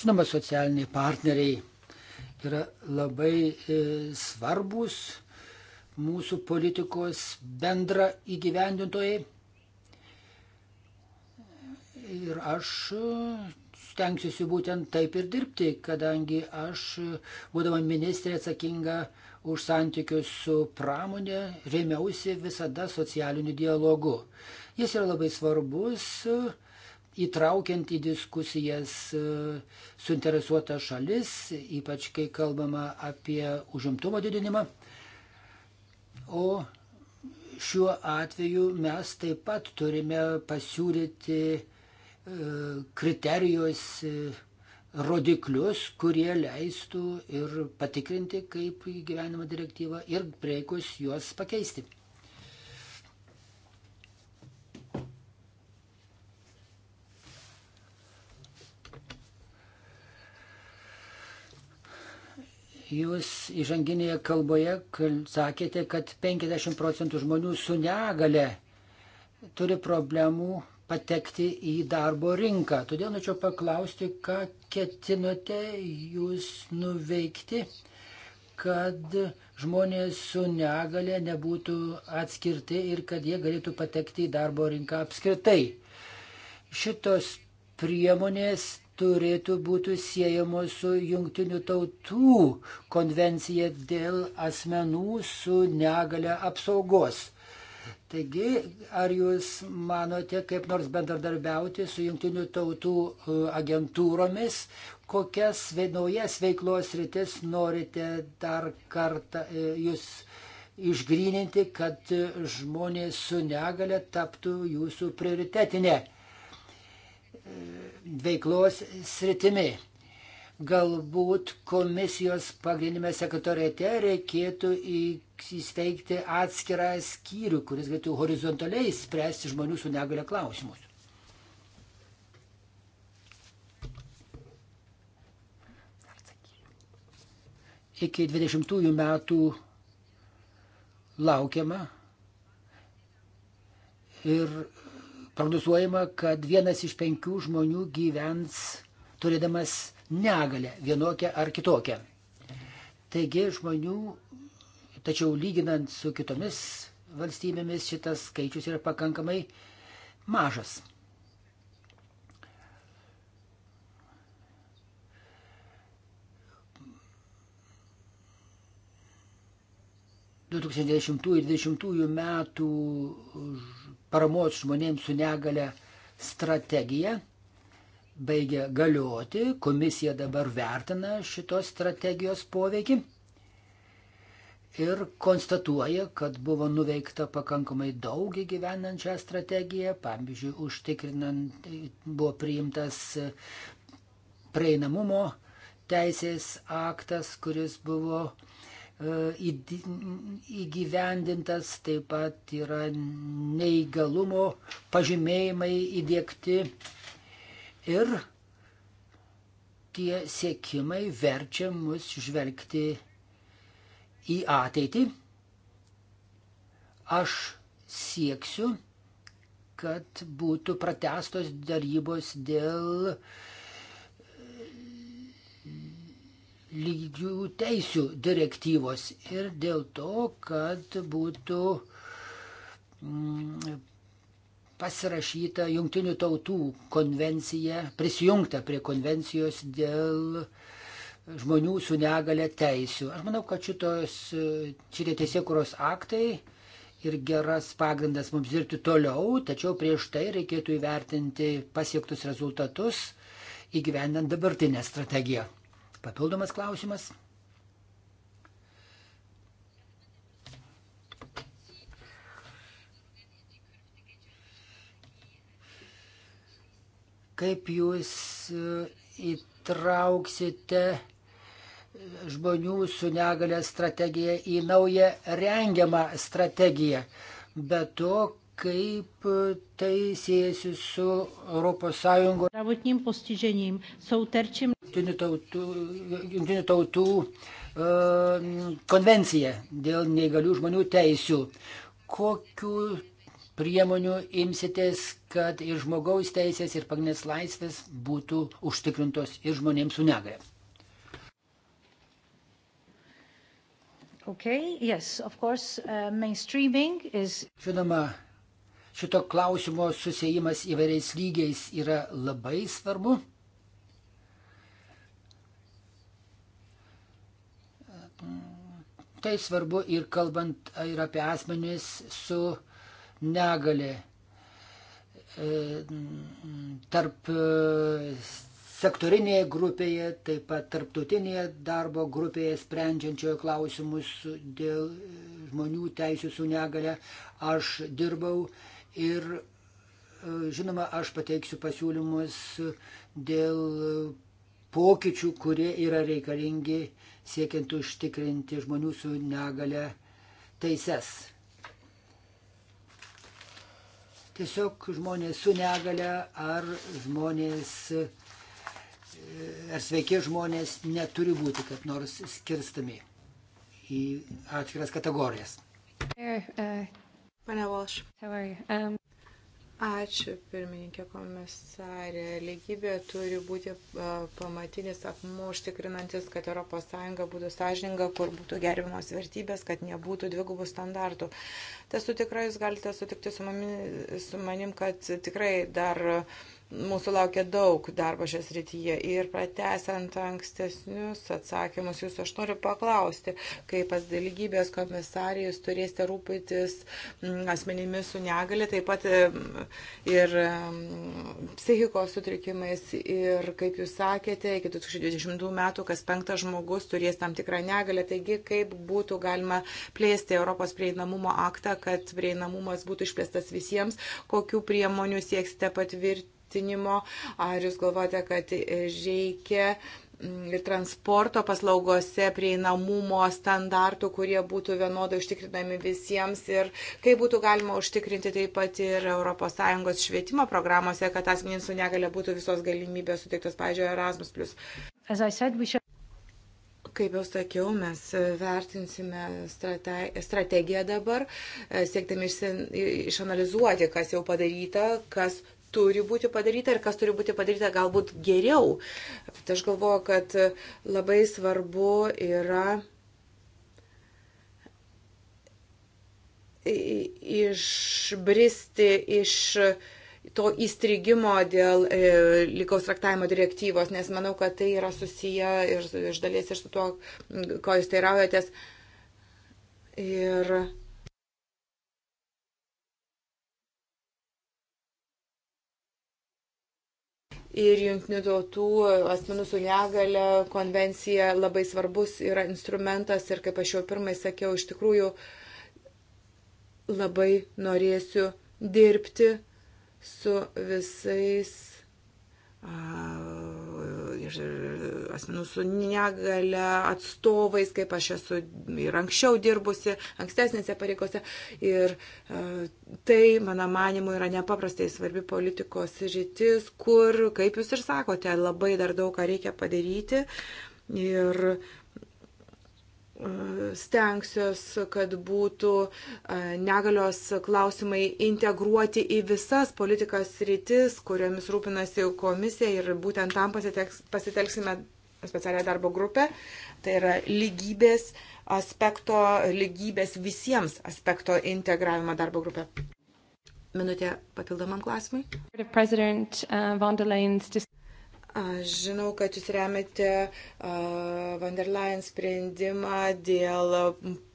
Žinoma, socialiniai partneriai yra labai e, svarbus mūsų politikos bendra įgyvendintojai ir aš e, stengsiuosi būtent taip ir dirbti, kadangi aš, e, būdama ministrė atsakinga už santykius su pramonė, rėmiausi visada socialiniu dialogu. Jis yra labai svarbus, e, įtraukiant į diskusijas suinteresuotas šalis, ypač kai kalbama apie užimtumo didinimą. O šiuo atveju mes taip pat turime pasiūlyti E, kriterijus, e, rodiklius, kurie leistų ir patikrinti, kaip įgyvenama direktyva ir prieikus juos pakeisti. Jūs įžanginėje kalboje sakėte, kad 50 procentų žmonių su negale turi problemų patekti į darbo rinką. Todėl norėčiau paklausti, ką ketinote jūs nuveikti, kad žmonės su negale nebūtų atskirti ir kad jie galėtų patekti į darbo rinką apskritai. Šitos priemonės turėtų būti siejamos su jungtinių tautų konvencija dėl asmenų su negale apsaugos. Taigi, ar jūs manote kaip nors bendradarbiauti su jungtinių tautų e, agentūromis, kokias naujas veiklos rytis norite dar kartą e, jūs išgryninti, kad e, žmonės su negale taptų jūsų prioritetinė veiklos sritimi? Galbūt komisijos pagrindinėme sekretoriate reikėtų į įsteigti atskirą skyrių, kuris galėtų horizontaliai spręsti žmonių su negale klausimus. Iki 20 metų laukiama ir prognozuojama, kad vienas iš penkių žmonių gyvens turėdamas negalę vienokią ar kitokią. Taigi žmonių Tačiau lyginant su kitomis valstybėmis šitas skaičius yra pakankamai mažas. ir 2020 metų paramos žmonėms su negale strategija baigia galioti. Komisija dabar vertina šitos strategijos poveikį ir konstatuoja, kad buvo nuveikta pakankamai daug įgyvenant šią strategiją, pavyzdžiui, užtikrinant buvo priimtas prieinamumo teisės aktas, kuris buvo e, įgyvendintas, taip pat yra neįgalumo pažymėjimai įdėkti ir tie siekimai verčia mus žvelgti į ateitį aš sieksiu, kad būtų pratestos darybos dėl e, lygių teisių direktyvos ir dėl to, kad būtų mm, pasirašyta Junktinių tautų konvencija, prisijungta prie konvencijos dėl uh, žmonių su negale teisių. Aš manau, kad šitos, šitie teisėkuros aktai ir geras pagrindas mums dirbti toliau, tačiau prieš tai reikėtų įvertinti pasiektus rezultatus įgyvendant dabartinę strategiją. Papildomas klausimas. Kaip jūs e, įtrauksite žmonių su negale strategiją į naują rengiamą strategiją. Be to, kaip tai siejasi su ES. Pravotnim postiženim, sautarčim. Junktinių tautų, jungtinių tautų e, konvencija dėl neįgalių žmonių teisių. Kokiu priemonių imsitės, kad ir žmogaus teisės, ir pagrindinės laisvės būtų užtikrintos ir žmonėms su negale. Okay, yes, of course, uh, mainstreaming is. Žinoma, šito klausimo susijimas įvairiais lygiais yra labai svarbu. Tai svarbu ir kalbant ir apie asmenys su negalė. E, tarp e, sektorinėje grupėje, taip pat tarptautinėje darbo grupėje sprendžiančioje klausimus dėl žmonių teisų su negale. Aš dirbau ir žinoma, aš pateiksiu pasiūlymus dėl pokyčių, kurie yra reikalingi siekiant užtikrinti žmonių su negale teises. Tiesiog žmonės su negale ar žmonės uh, ar sveiki žmonės neturi būti kaip nors skirstami į atskiras kategorijas. Pane uh, Walsh. Um... Ačiū, pirmininkė komisarė. Lygybė turi būti uh, pamatinis akmuo užtikrinantis, kad ES būtų sąžininga, kur būtų gerbiamos vertybės, kad nebūtų dvigubų standartų. Tesu tikrai, jūs galite sutikti su, mami, su manim, kad tikrai dar uh, Mūsų laukia daug darbo šias rytyje ir pratesiant ankstesnius atsakymus, jūs aš noriu paklausti, kaip pas dalygybės komisarijus turėsite rūpytis mm, asmenimis su negali, taip pat mm, ir mm, psichikos sutrikimais ir, kaip jūs sakėte, iki 2020 metų kas penktas žmogus turės tam tikrą negalę, taigi kaip būtų galima plėsti Europos prieinamumo aktą, kad prieinamumas būtų išplėstas visiems, kokių priemonių sieksite patvirtinti vertinimo, ar jūs galvojate, kad reikia ir mm, transporto paslaugose prieinamumo standartų, kurie būtų vienodai užtikrinami visiems ir kaip būtų galima užtikrinti taip pat ir ES švietimo programuose, kad asmenys su negale būtų visos galimybės suteiktos, pavyzdžiui, Erasmus. Should... Kaip jau sakiau, mes vertinsime strate strategiją dabar, e, siekdami išanalizuoti, kas jau padaryta, kas turi būti padaryta ir kas turi būti padaryta galbūt geriau. Bet tai aš galvoju, kad labai svarbu yra išbristi iš to įstrigimo dėl e, lygaus traktavimo direktyvos, nes manau, kad tai yra susiję ir iš dalies ir su tuo, ko jūs teiraujatės. Ir ir jungtinių tautų asmenų su negale konvencija labai svarbus yra instrumentas ir kaip aš jau pirmai sakiau, iš tikrųjų labai norėsiu dirbti su visais ir e, asmenų su negale atstovais, kaip aš esu ir anksčiau dirbusi, ankstesnėse pareigose. Ir e, tai, mano manimu, yra nepaprastai svarbi politikos rytis, kur, kaip jūs ir sakote, labai dar daug ką reikia padaryti. Ir uh, stengsiuos, kad būtų e, negalios klausimai integruoti į visas politikas rytis, kuriomis rūpinasi komisija ir būtent tam pasitelksime specialią darbo grupę. Tai yra lygybės aspekto, lygybės visiems aspekto integravimo darbo grupę. Minutė papildomam klausimui. Aš žinau, kad jūs remiate uh, Van der Leyen sprendimą dėl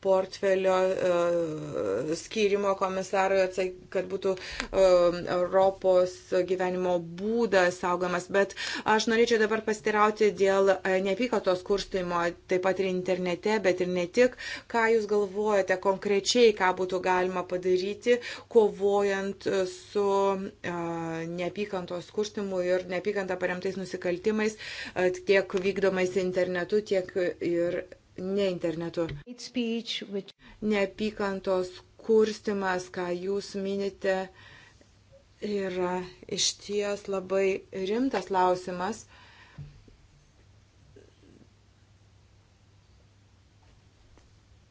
portfelio uh, skirimo komisarui, kad būtų uh, Europos gyvenimo būdas saugomas. Bet aš norėčiau dabar pastirauti dėl uh, neapykatos kurstimo, taip pat ir internete, bet ir ne tik. Ką jūs galvojate konkrečiai, ką būtų galima padaryti, kovojant su uh, neapykantos kurstimu ir neapykantą paremtais nusikaltimais? nusikaltimais, tiek vykdomais internetu, tiek ir ne internetu. Neapykantos kurstimas, ką jūs minite, yra iš ties labai rimtas klausimas.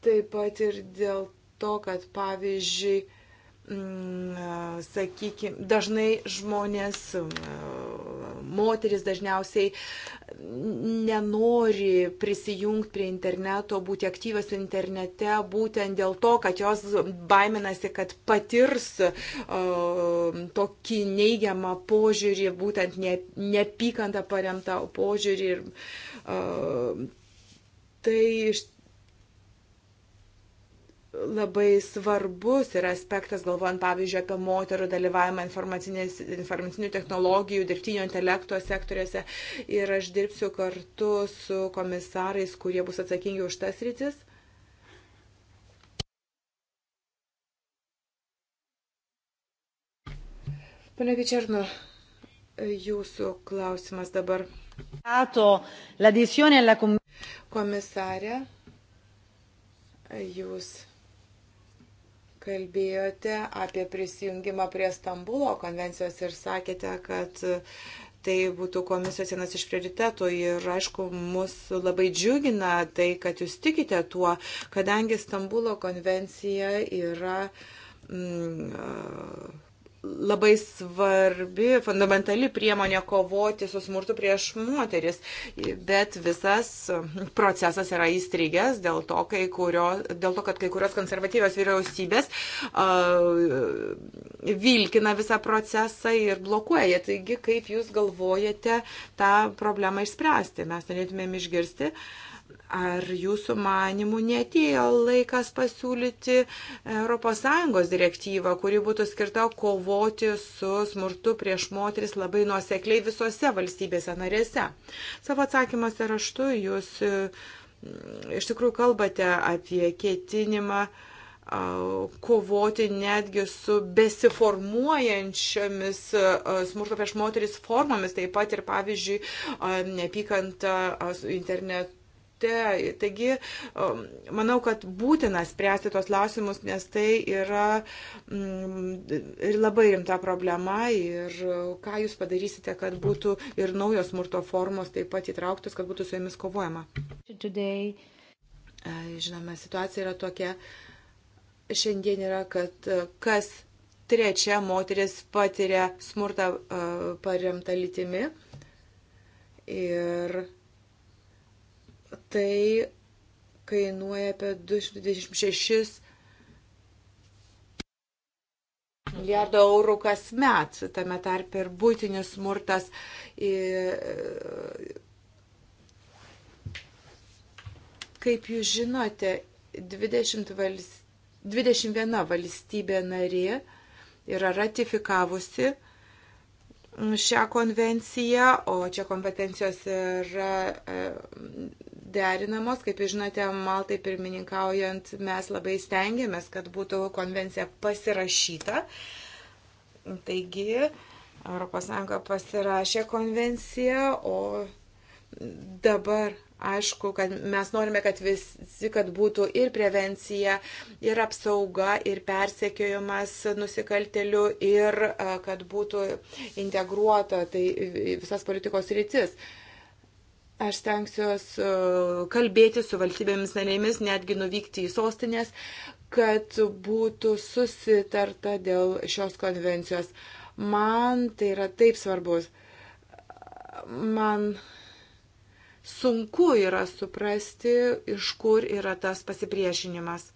Taip pat ir dėl to, kad pavyzdžiui, mm, sakykime, dažnai žmonės mm, moteris dažniausiai nenori prisijungti prie interneto, būti aktyvas internete, būtent dėl to, kad jos baiminasi, kad patirs uh, tokį neigiamą požiūrį, būtent ne, nepykantą paremtą požiūrį. Ir, uh, tai iš labai svarbus yra aspektas, galvojant pavyzdžiui apie moterų dalyvavimą informacinių technologijų, dirbtinio intelekto sektoriuose. Ir aš dirbsiu kartu su komisarais, kurie bus atsakingi už tas rytis. Pane Vičerno, jūsų klausimas dabar. Komisarė, jūs kalbėjote apie prisijungimą prie Stambulo konvencijos ir sakėte, kad tai būtų komisijos vienas iš prioritetų ir aišku, mus labai džiugina tai, kad jūs tikite tuo, kadangi Stambulo konvencija yra. Mm, labai svarbi, fundamentali priemonė kovoti su smurtu prieš moteris, bet visas procesas yra įstrigęs dėl to, kurio, dėl to kad kai kurios konservatyvios vyriausybės uh, vilkina visą procesą ir blokuoja. Taigi, kaip jūs galvojate tą problemą išspręsti? Mes norėtumėm išgirsti. Uh, Ar jūsų manimų netėjo laikas pasiūlyti ES direktyvą, kuri būtų skirta kovoti su smurtu prieš moteris labai nuosekliai visose valstybėse narėse? Savo atsakymuose raštu jūs mm, iš tikrųjų kalbate apie ketinimą kovoti netgi su besiformuojančiomis smurto prieš moteris formomis, taip pat ir, pavyzdžiui, nepykanta internetu rate. Taigi, um, manau, kad būtina spręsti tos klausimus, nes tai yra mm, ir labai rimta problema. Ir uh, ką jūs padarysite, kad būtų ir naujos smurto formos taip pat įtrauktos, kad būtų su jomis kovojama? Today. Žinoma, situacija yra tokia. Šiandien yra, kad uh, kas trečia moteris patiria smurtą uh, paremtą lytimi. Ir tai kainuoja apie 226 milijardo eurų kas met, tame tarp ir būtinis smurtas. Kaip jūs žinote, 20 valst... 21 valstybė narė yra ratifikavusi šią konvenciją, o čia kompetencijos yra e, derinamos. Kaip žinote, Maltai pirmininkaujant mes labai stengiamės, kad būtų konvencija pasirašyta. Taigi, ES pasirašė konvenciją, o dabar aišku, kad mes norime, kad visi, kad būtų ir prevencija, ir apsauga, ir persekiojimas nusikaltelių, ir kad būtų integruota tai visas politikos rytis. Aš stengsiuosi e, kalbėti su valstybėmis narėmis, netgi nuvykti į sostinės, kad būtų susitarta dėl šios konvencijos. Man tai yra taip svarbus. Man sunku yra suprasti, iš kur yra tas pasipriešinimas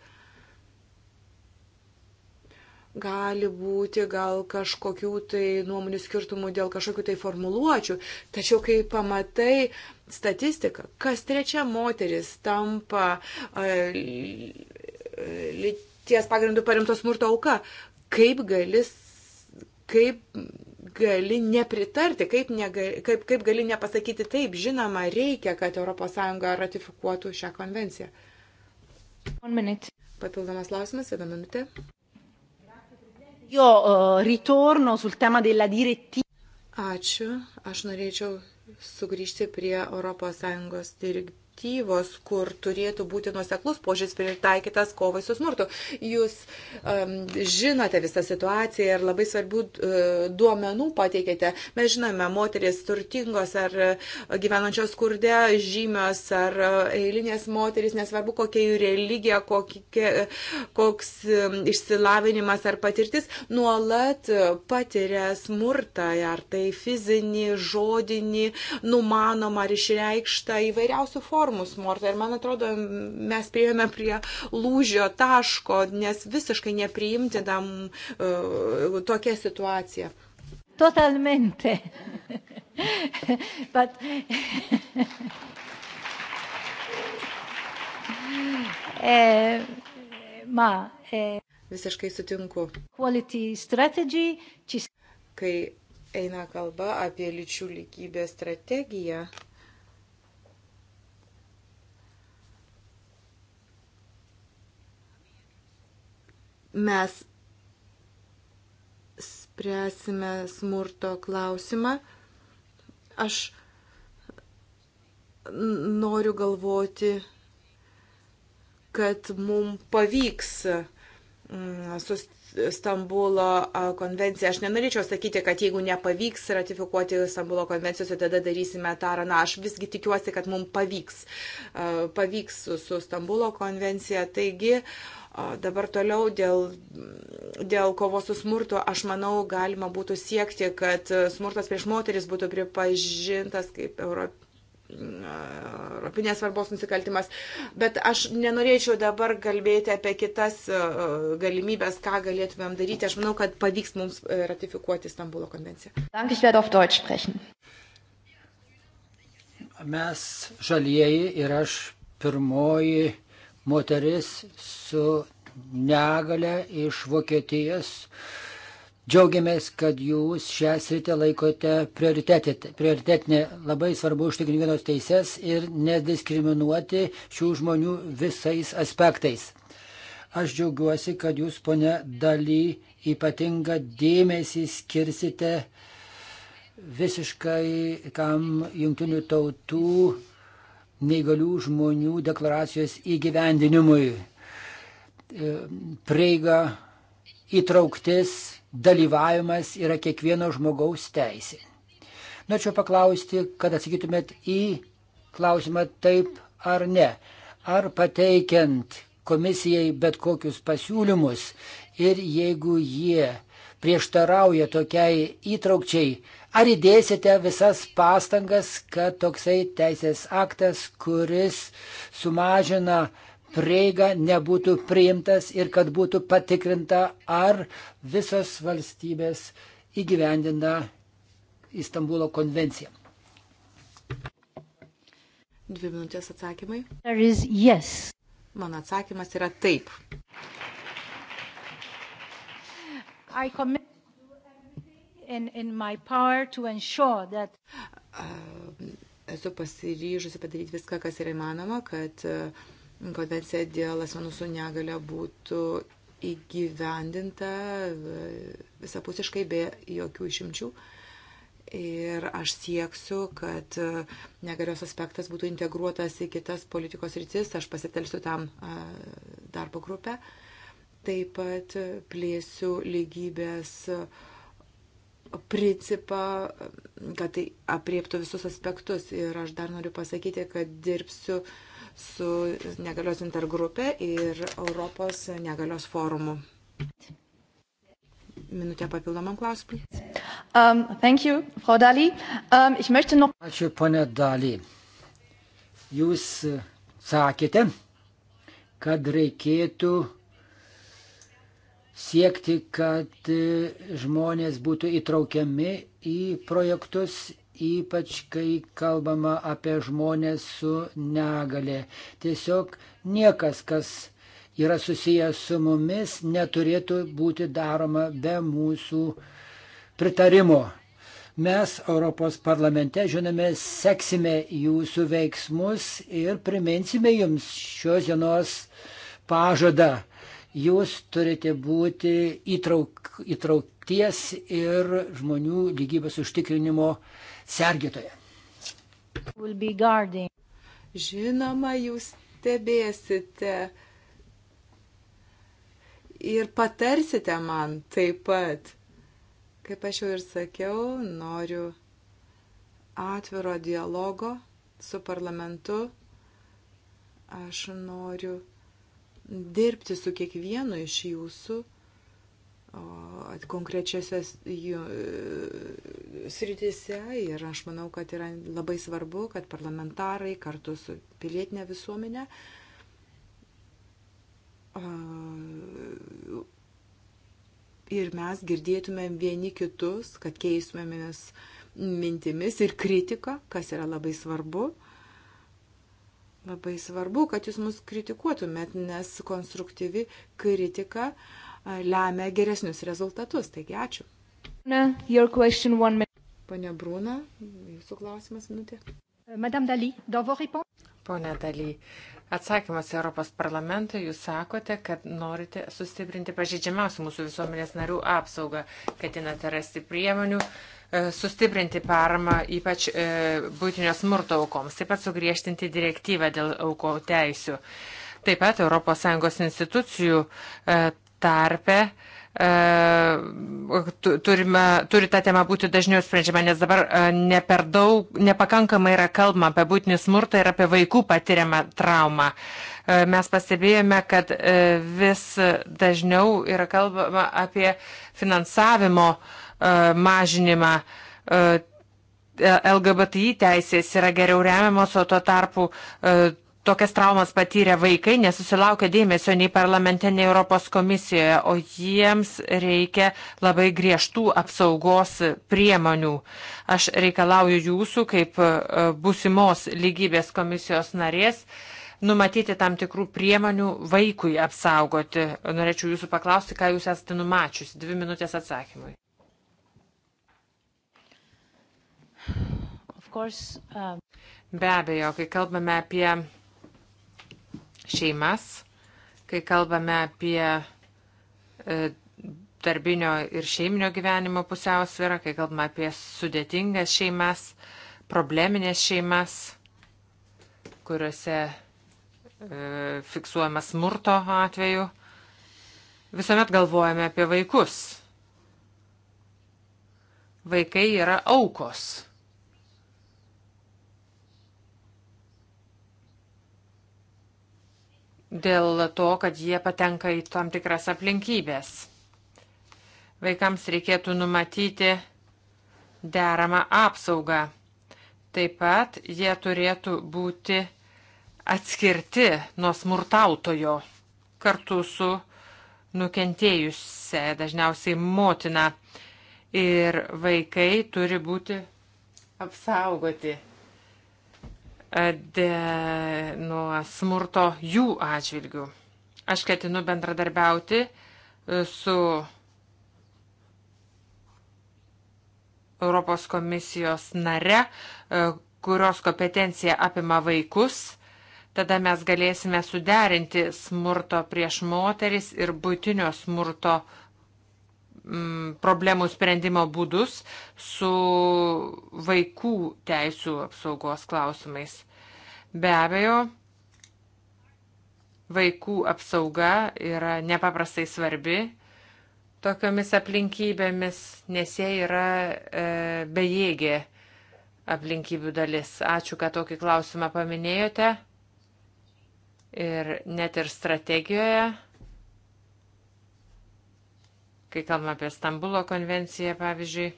gali būti gal kažkokių tai nuomonių skirtumų dėl kažkokių tai formuluočių, tačiau kai pamatai statistiką, kas trečia moteris tampa lyties pagrindų paremtos smurto auka, kaip gali, kaip gali nepritarti, kaip, negali, kaip, kaip gali nepasakyti taip, žinoma, reikia, kad ES ratifikuotų šią konvenciją. Papildomas klausimas, vieną minutę. Io uh, ritorno sul tema della direttiva. Ačiū. Aš norėčiau sugrįžti prie ES dir direktyvos, kur turėtų būti nuoseklus požiūris pritaikytas kovai su smurtu. Jūs um, žinote visą situaciją ir labai svarbių uh, duomenų pateikėte. Mes žinome, moteris turtingos ar e, gyvenančios skurde, žymios ar e, eilinės moteris, nesvarbu kokia jų religija, kokie, koks um, išsilavinimas ar patirtis, nuolat patiria smurtą, ar tai fizinį, žodinį, numanomą ar išreikštą įvairiausių formų reformus, Morta. Ir man atrodo, mes prieėjome prie lūžio taško, nes visiškai nepriimtinam uh, tokia situacija. Totalmente. But... (laughs) eh, ma, eh, Visiškai sutinku. Quality strategy, kai eina kalba apie lyčių lygybės strategiją, mes spręsime smurto klausimą. Aš noriu galvoti, kad mums pavyks mm, sus, Stambulo konvenciją. Aš nenorėčiau sakyti, kad jeigu nepavyks ratifikuoti Stambulo konvencijos, tada darysime tą ar aną. Aš visgi tikiuosi, kad mums pavyks. Pavyks su Stambulo konvencija. Taigi, uh, Dabar toliau dėl, dėl kovos su smurtu, aš manau, galima būtų siekti, kad smurtas prieš moteris būtų pripažintas kaip Europos europinės svarbos nusikaltimas. Bet aš nenorėčiau dabar kalbėti apie kitas e, galimybės, ką galėtumėm daryti. Aš manau, kad pavyks mums e, ratifikuoti Stambulo konvenciją. Dank, ich werde auf Deutsch sprechen. Mes žalieji ir aš pirmoji moteris su negale iš Vokietijos. Džiaugiamės, kad jūs šią sritę laikote prioritetinė. Labai svarbu užtikrinti vienos teises ir nediskriminuoti šių žmonių visais aspektais. Aš džiaugiuosi, kad jūs, ponia Daly, ypatingą dėmesį skirsite visiškai kam jungtinių tautų neįgalių žmonių deklaracijos įgyvendinimui. E, prieiga, įtrauktis, dalyvavimas yra kiekvieno žmogaus teisė. Norėčiau paklausti, kad atsakytumėt į klausimą taip ar ne. Ar pateikiant komisijai bet kokius pasiūlymus ir jeigu jie prieštarauja tokiai įtraukčiai, Ar įdėsite visas pastangas, kad toksai teisės aktas, kuris sumažina prieiga nebūtų priimtas ir kad būtų patikrinta, ar visos valstybės įgyvendina Istanbulo konvenciją. Dvi minutės atsakymai. Yes. Mano atsakymas yra taip. I commit in, in my power to ensure that. Ehm, esu pasiryžusi padaryti viską, kas yra įmanoma, kad ehm, konvencija dėl asmenų su negale būtų įgyvendinta e, visapusiškai be jokių išimčių. Ir aš sieksiu, kad e, negalios aspektas būtų integruotas į kitas politikos rytis, aš pasitelsiu tam e, darbo grupę. Taip pat plėsiu lygybės uh, principą, kad tai apriektų visus aspektus. Ir aš dar noriu pasakyti, kad dirbsiu su negalios intergrupė ir Europos negalios forumu. Minutė papildomam klausimui. Um, thank you, Frau Dali. Um, ich möchte noch... Ačiū, ponė Dali. Jūs uh, sakėte, kad reikėtų siekti, kad e, žmonės būtų įtraukiami į projektus, ypač kai kalbama apie žmonės su negale. Tiesiog niekas, kas yra susijęs su mumis, neturėtų būti daroma be mūsų pritarimo. Mes Europos parlamente, žinome, seksime jūsų veiksmus ir priminsime jums šios dienos pažadą jūs turite būti įtrauk, įtraukties ir žmonių lygybės užtikrinimo sergėtoje. Žinoma, jūs stebėsite ir patarsite man taip pat. Kaip aš jau ir sakiau, noriu atviro dialogo su parlamentu. Aš noriu dirbti su kiekvienu iš jūsų konkrečiose e, sritise ir aš manau, kad yra labai svarbu, kad parlamentarai kartu su pilietinė visuomenė ir mes girdėtumėm vieni kitus, kad keistumėmės mintimis ir kritiką, kas yra labai svarbu. Uh, Labai svarbu, kad jūs mus kritikuotumėt, nes konstruktyvi kritika lemia geresnius rezultatus. Taigi ačiū. Pane Brūna, jūsų klausimas minutė. Madame Daly, dans vos réponses. Pone Daly, Atsakymas Europos parlamentui, jūs sakote, kad norite sustiprinti pažydžiamiausių mūsų visuomenės narių apsaugą, ketinate rasti priemonių, e, sustiprinti paramą ypač e, būtinio smurto aukoms, taip pat sugriežtinti direktyvą dėl auko teisių. Taip pat ES institucijų e, tarpe E, turime, turi tą temą būti dažniau sprendžiama, nes dabar e, ne per daug, nepakankamai yra kalbama apie būtinį smurtą ir apie vaikų patiriamą traumą. E, mes pastebėjome, kad vis dažniau yra kalbama apie finansavimo mažinimą. LGBTI teisės yra geriau remiamos, o tuo tarpu tokias traumas patyrę vaikai nesusilaukia dėmesio nei parlamente, nei Europos komisijoje, o jiems reikia labai griežtų apsaugos priemonių. Aš reikalauju jūsų, kaip e, būsimos lygybės komisijos narės, numatyti tam tikrų priemonių vaikui apsaugoti. Norėčiau jūsų paklausti, ką jūs esate numačiusi. Dvi minutės atsakymui. Um, Be abejo, kai kalbame apie šeimas, kai kalbame apie e, darbinio ir šeiminio gyvenimo pusiausvyrą, kai kalbame apie sudėtingas šeimas, probleminės šeimas, kuriuose e, fiksuojamas smurto atveju. Visuomet galvojame apie vaikus. Vaikai yra aukos dėl to, kad jie patenka į tam tikras aplinkybės. Vaikams reikėtų numatyti deramą apsaugą. Taip pat jie turėtų būti atskirti nuo smurtautojo kartu su nukentėjusią, dažniausiai motina. Ir vaikai turi būti apsaugoti de, nuo smurto jų atžvilgių. Aš ketinu bendradarbiauti e, su Europos komisijos nare, e, kurios kompetencija apima vaikus. Tada mes galėsime suderinti smurto prieš moteris ir būtinio smurto m, mm, problemų sprendimo būdus su vaikų teisų apsaugos klausimais. Be abejo, vaikų apsauga yra nepaprastai svarbi tokiomis aplinkybėmis, nes jie yra e, bejėgė aplinkybių dalis. Ačiū, kad tokį klausimą paminėjote. Ir net ir strategijoje kai kalbame apie Stambulo konvenciją, pavyzdžiui,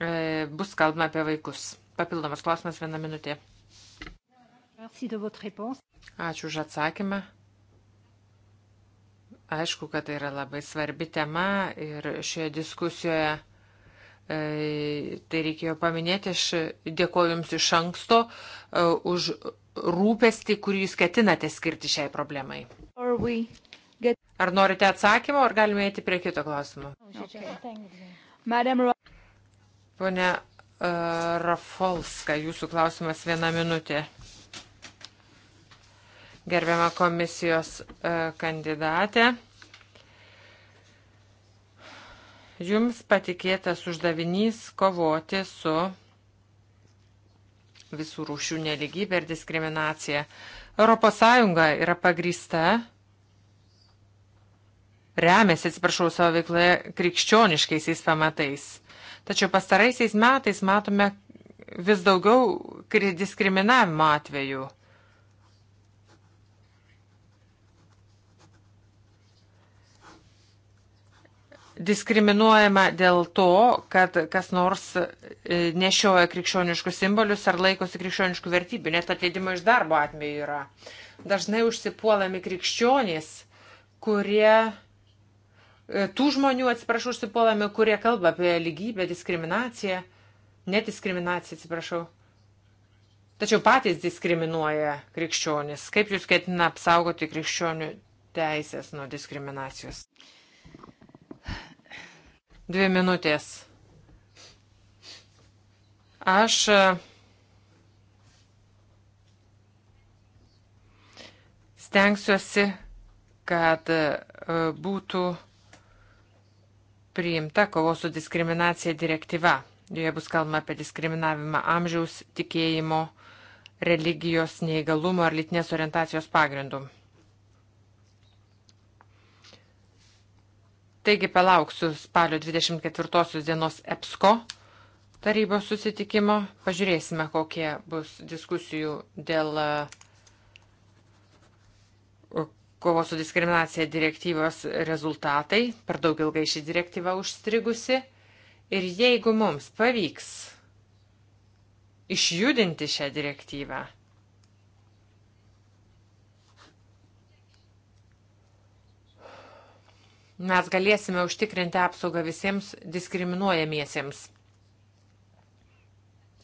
e, bus kalbama apie vaikus. Papildomas klausimas vieną minutę. Ačiū už atsakymą. Aišku, kad tai yra labai svarbi tema ir šioje diskusijoje e, tai reikėjo paminėti. Aš dėkoju Jums iš anksto e, už rūpestį, kurį Jūs ketinate skirti šiai problemai. Ar norite atsakymo, ar galime eiti prie kito klausimo? Okay. Pone uh, Rafalska, jūsų klausimas viena minutė. Gerbiama komisijos uh, kandidatė. Jums patikėtas uždavinys kovoti su visų rūšių neligybė ir diskriminacija. ES yra pagrįsta remiasi, atsiprašau, savo veikloje krikščioniškaisiais pamatais. Tačiau pastaraisiais metais matome vis daugiau diskriminavimo atvejų. diskriminuojama dėl to, kad kas nors e, nešioja krikščioniškus simbolius ar laikosi krikščioniškų vertybių, net atleidimo iš darbo atveju yra. Dažnai užsipuolami krikščionys, kurie E, tų žmonių, atsiprašau, užsipuolami, kurie kalba apie lygybę, diskriminaciją, nediskriminaciją, atsiprašau. Tačiau patys diskriminuoja krikščionis. Kaip jūs ketina apsaugoti krikščionių teisės nuo diskriminacijos? Dvi minutės. Aš e, stengsiuosi, kad e, būtų uh, priimta kovos su diskriminacija direktyva. Joje bus kalbama apie diskriminavimą amžiaus, tikėjimo, religijos, neįgalumo ar litinės orientacijos pagrindų. Taigi palauksiu spalio 24 dienos EPSCO tarybos susitikimo. Pažiūrėsime, kokie bus diskusijų dėl uh, kovos su diskriminacija direktyvos rezultatai, per daug ilgai ši direktyva užstrigusi. Ir jeigu mums pavyks išjudinti šią direktyvą, mes galėsime užtikrinti apsaugą visiems diskriminuojamiesiems,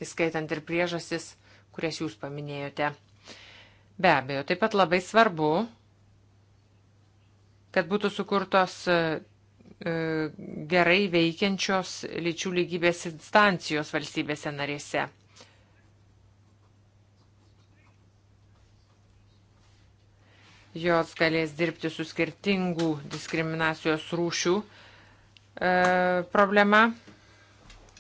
įskaitant ir priežasis, kurias jūs paminėjote. Be abejo, taip pat labai svarbu, kad būtų sukurtos e, e, gerai veikiančios lyčių lygybės instancijos valstybėse narėse. Jos galės dirbti su skirtingų diskriminacijos rūšių e, problema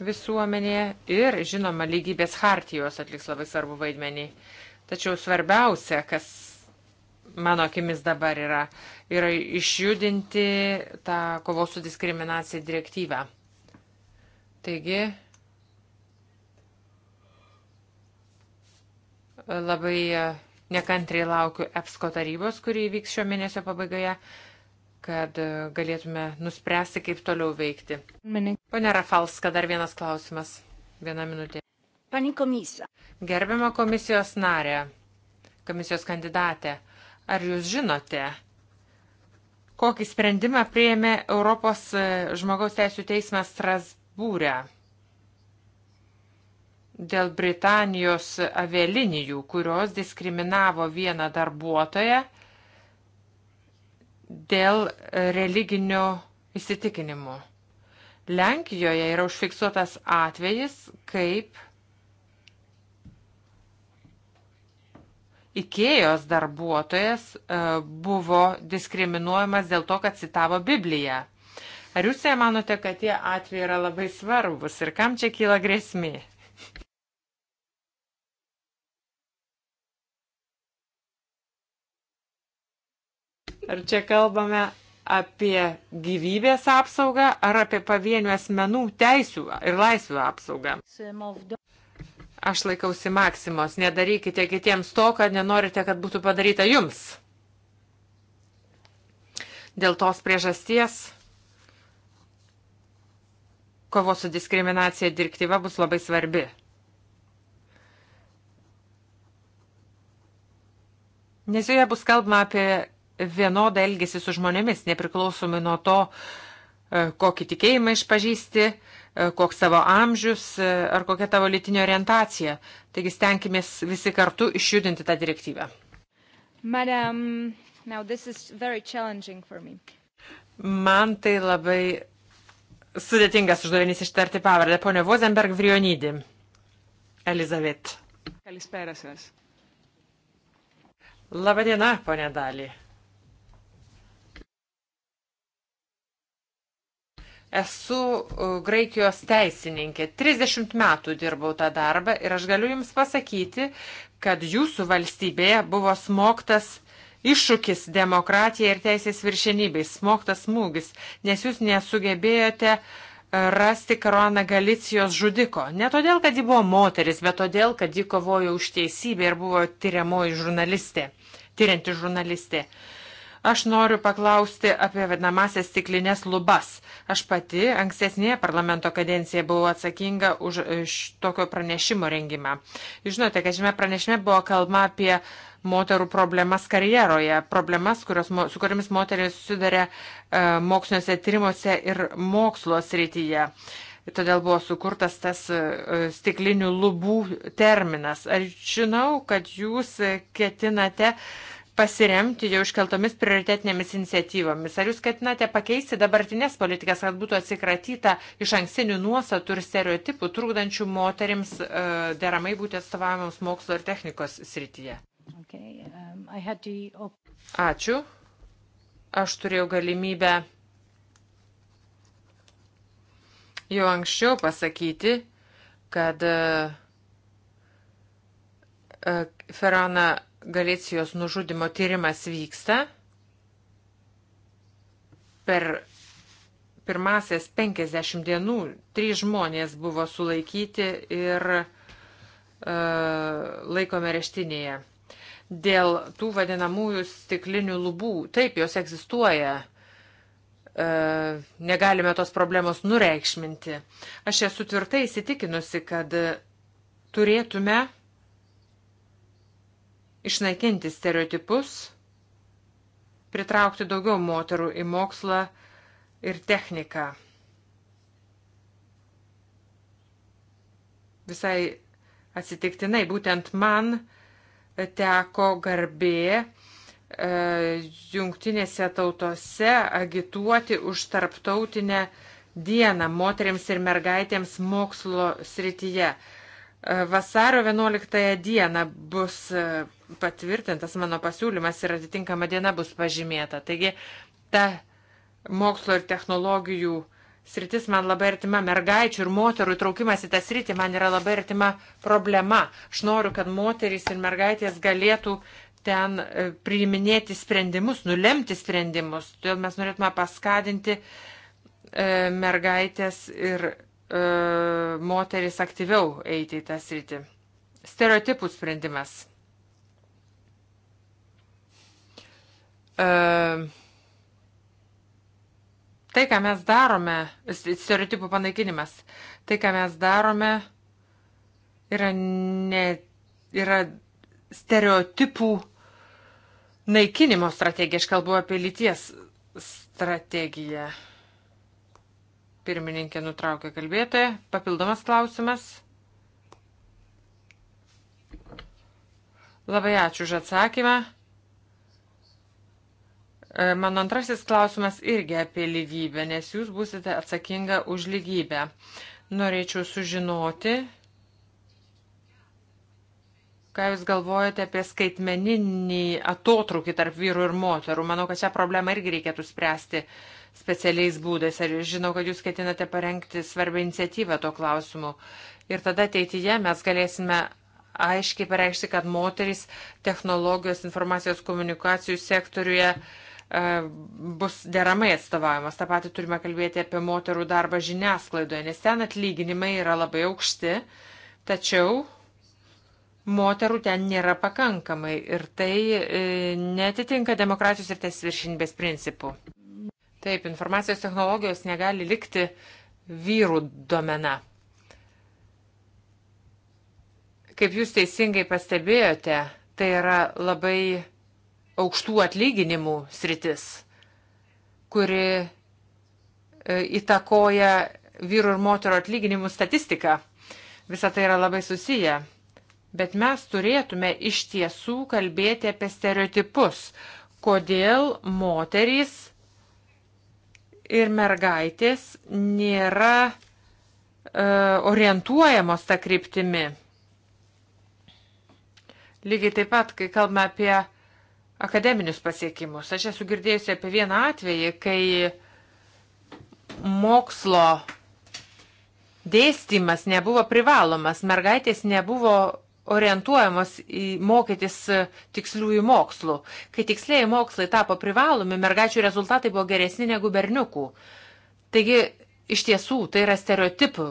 visuomenėje ir, žinoma, lygybės hartijos atliks labai svarbu vaidmenį. Tačiau svarbiausia, kas mano akimis dabar yra, yra išjudinti tą kovos su diskriminacija direktyvą. Taigi, labai nekantriai laukiu EPSCO tarybos, kurį vyks šio mėnesio pabaigoje, kad galėtume nuspręsti, kaip toliau veikti. Pone Rafalska, dar vienas klausimas. Viena minutė. Pani komisija. Gerbiama komisijos narė, komisijos kandidatė. Ar jūs žinote, kokį sprendimą prieėmė Europos e, žmogaus teisų teismas Strasbūrė dėl Britanijos avialinijų, kurios diskriminavo vieną darbuotoją dėl e, religinio įsitikinimo? Lenkijoje yra užfiksuotas atvejis, kaip Ikėjos darbuotojas e, buvo diskriminuojamas dėl to, kad citavo Bibliją. Ar jūs manote, kad tie atvejai yra labai svarbus ir kam čia kyla grėsmė? Ar čia kalbame apie gyvybės apsaugą ar apie pavienių asmenų teisų ir laisvių apsaugą? Aš laikausi maksimos, nedarykite kitiems to, kad nenorite, kad būtų padaryta jums. Dėl tos priežasties kovos su diskriminacija direktyva bus labai svarbi. Nes joje bus kalbama apie vienodą elgesį su žmonėmis, nepriklausomai nuo to, e, kokį tikėjimą išpažįsti, uh, E, koks tavo amžius e, ar kokia tavo lytinė orientacija. Taigi stenkimės visi kartu išjudinti tą direktyvę. Madam, Man tai labai sudėtingas uždavinys ištarti pavardę. Pone Vozenberg Vrionydį. Elizabet. Labadiena, ponė Dali. Esu e, Graikijos teisininkė. 30 metų dirbau tą darbą ir aš galiu Jums pasakyti, kad Jūsų valstybėje buvo smoktas iššūkis demokratijai ir teisės viršenybei, smoktas smūgis, nes Jūs nesugebėjote rasti Karuaną Galicijos žudiko. Ne todėl, kad ji buvo moteris, bet todėl, kad ji kovojo už teisybę ir buvo tyriamoji žurnalistė, tyrianti žurnalistė. Uh, Aš noriu paklausti apie vadinamasias stiklinės lubas. Aš pati ankstesnėje parlamento kadencijoje buvau atsakinga už e, tokio pranešimo rengimą. Jūs žinote, kad šiame pranešime buvo kalba apie moterų problemas karjeroje, problemas, kurios, su kuriamis moteris susidarė e, moksliniuose tyrimuose ir mokslo srityje. Todėl buvo sukurtas tas e, stiklinių lubų terminas. Ar žinau, kad jūs ketinate uh, pasiremti jau iškeltomis prioritetinėmis iniciatyvomis. Ar jūs ketinate pakeisti dabartinės politikas, kad būtų atsikratyta iš anksinių nuostatų ir stereotipų, trukdančių moterims uh, deramai būti atstovavimams mokslo ir technikos srityje? Okay, um, to... Ačiū. Aš turėjau galimybę jau anksčiau pasakyti, kad uh, e, e, Ferana Galicijos nužudimo tyrimas vyksta. Per pirmasias 50 dienų trys žmonės buvo sulaikyti ir e, laikomi reštinėje. Dėl tų vadinamųjų stiklinių lubų, taip jos egzistuoja, e, negalime tos problemos nureikšminti. Aš esu tvirtai įsitikinusi, kad turėtume išnaikinti stereotipus, pritraukti daugiau moterų į mokslą ir techniką. Visai atsitiktinai būtent man teko garbė e, jungtinėse tautose agituoti už tarptautinę dieną moteriams ir mergaitėms mokslo srityje. E, vasario 11 dieną bus e, patvirtintas mano pasiūlymas ir atitinkama diena bus pažymėta. Taigi ta mokslo ir technologijų sritis man labai artima, mergaičių ir moterų įtraukimas į tą sritį man yra labai artima problema. Aš noriu, kad moterys ir mergaitės galėtų ten e, priiminėti sprendimus, nulemti sprendimus. Todėl mes norėtume paskadinti mergaitės ir E, moteris aktyviau eiti į tą sritį. Stereotipų sprendimas. E, tai, ką mes darome, stereotipų panaikinimas, tai, ką mes darome, yra, ne, yra stereotipų naikinimo strategija. Aš kalbu apie lyties strategiją. Pirmininkė nutraukė kalbėtoją. Papildomas klausimas. Labai ačiū už atsakymą. E, mano antrasis klausimas irgi apie lygybę, nes jūs būsite atsakinga už lygybę. Norėčiau sužinoti, ką Jūs galvojate apie skaitmeninį atotrukį tarp vyrų ir moterų? Manau, kad šią problemą irgi reikėtų spręsti. Uh, specialiais būdais. Ar žinau, kad jūs ketinate parengti svarbę iniciatyvą tuo klausimu. Ir tada ateityje mes galėsime aiškiai pareikšti, kad moterys technologijos, informacijos, komunikacijų sektoriuje e, bus deramai atstovavimas. Ta pati turime kalbėti apie moterų darbą žiniasklaidoje, nes ten atlyginimai yra labai aukšti, tačiau moterų ten nėra pakankamai ir tai e, netitinka demokratijos ir tiesviršinybės principų. Taip, informacijos technologijos negali likti vyrų domena. Kaip jūs teisingai pastebėjote, tai yra labai aukštų atlyginimų sritis, kuri e, įtakoja vyrų ir moterų atlyginimų statistiką. Visa tai yra labai susiję. Bet mes turėtume iš tiesų kalbėti apie stereotipus, kodėl moterys ir mergaitės nėra e, orientuojamos tą kryptimį. Lygiai taip pat, kai kalbame apie akademinius pasiekimus. Aš esu girdėjusi apie vieną atvejį, kai mokslo dėstymas nebuvo privalomas, mergaitės nebuvo orientuojamos į mokytis e, tiksliųjų mokslų. Kai tikslėjai mokslai tapo privalomi, mergaičių rezultatai buvo geresni negu berniukų. Taigi, iš tiesų, tai yra stereotipų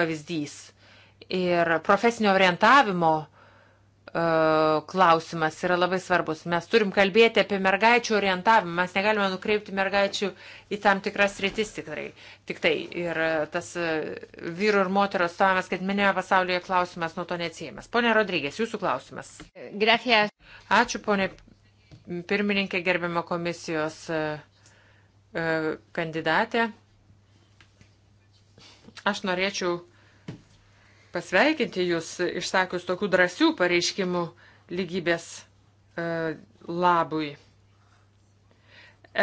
pavyzdys. Ir profesinio orientavimo E, klausimas yra labai svarbus. Mes turim kalbėti apie mergaičių orientavimą. Mes negalime nukreipti mergaičių į tam tikras rytis tikrai. Tik tai. Ir e, tas e, vyru ir moterų atstovavimas, kad minėjo pasaulyje klausimas, nuo to neatsiejamas. Pone Rodrygės, jūsų klausimas. Gracias. Ačiū, ponė pirmininkė, gerbiama komisijos kandidatė. Aš norėčiau pasveikinti Jūs išsakius tokių drąsių pareiškimų lygybės e, labui.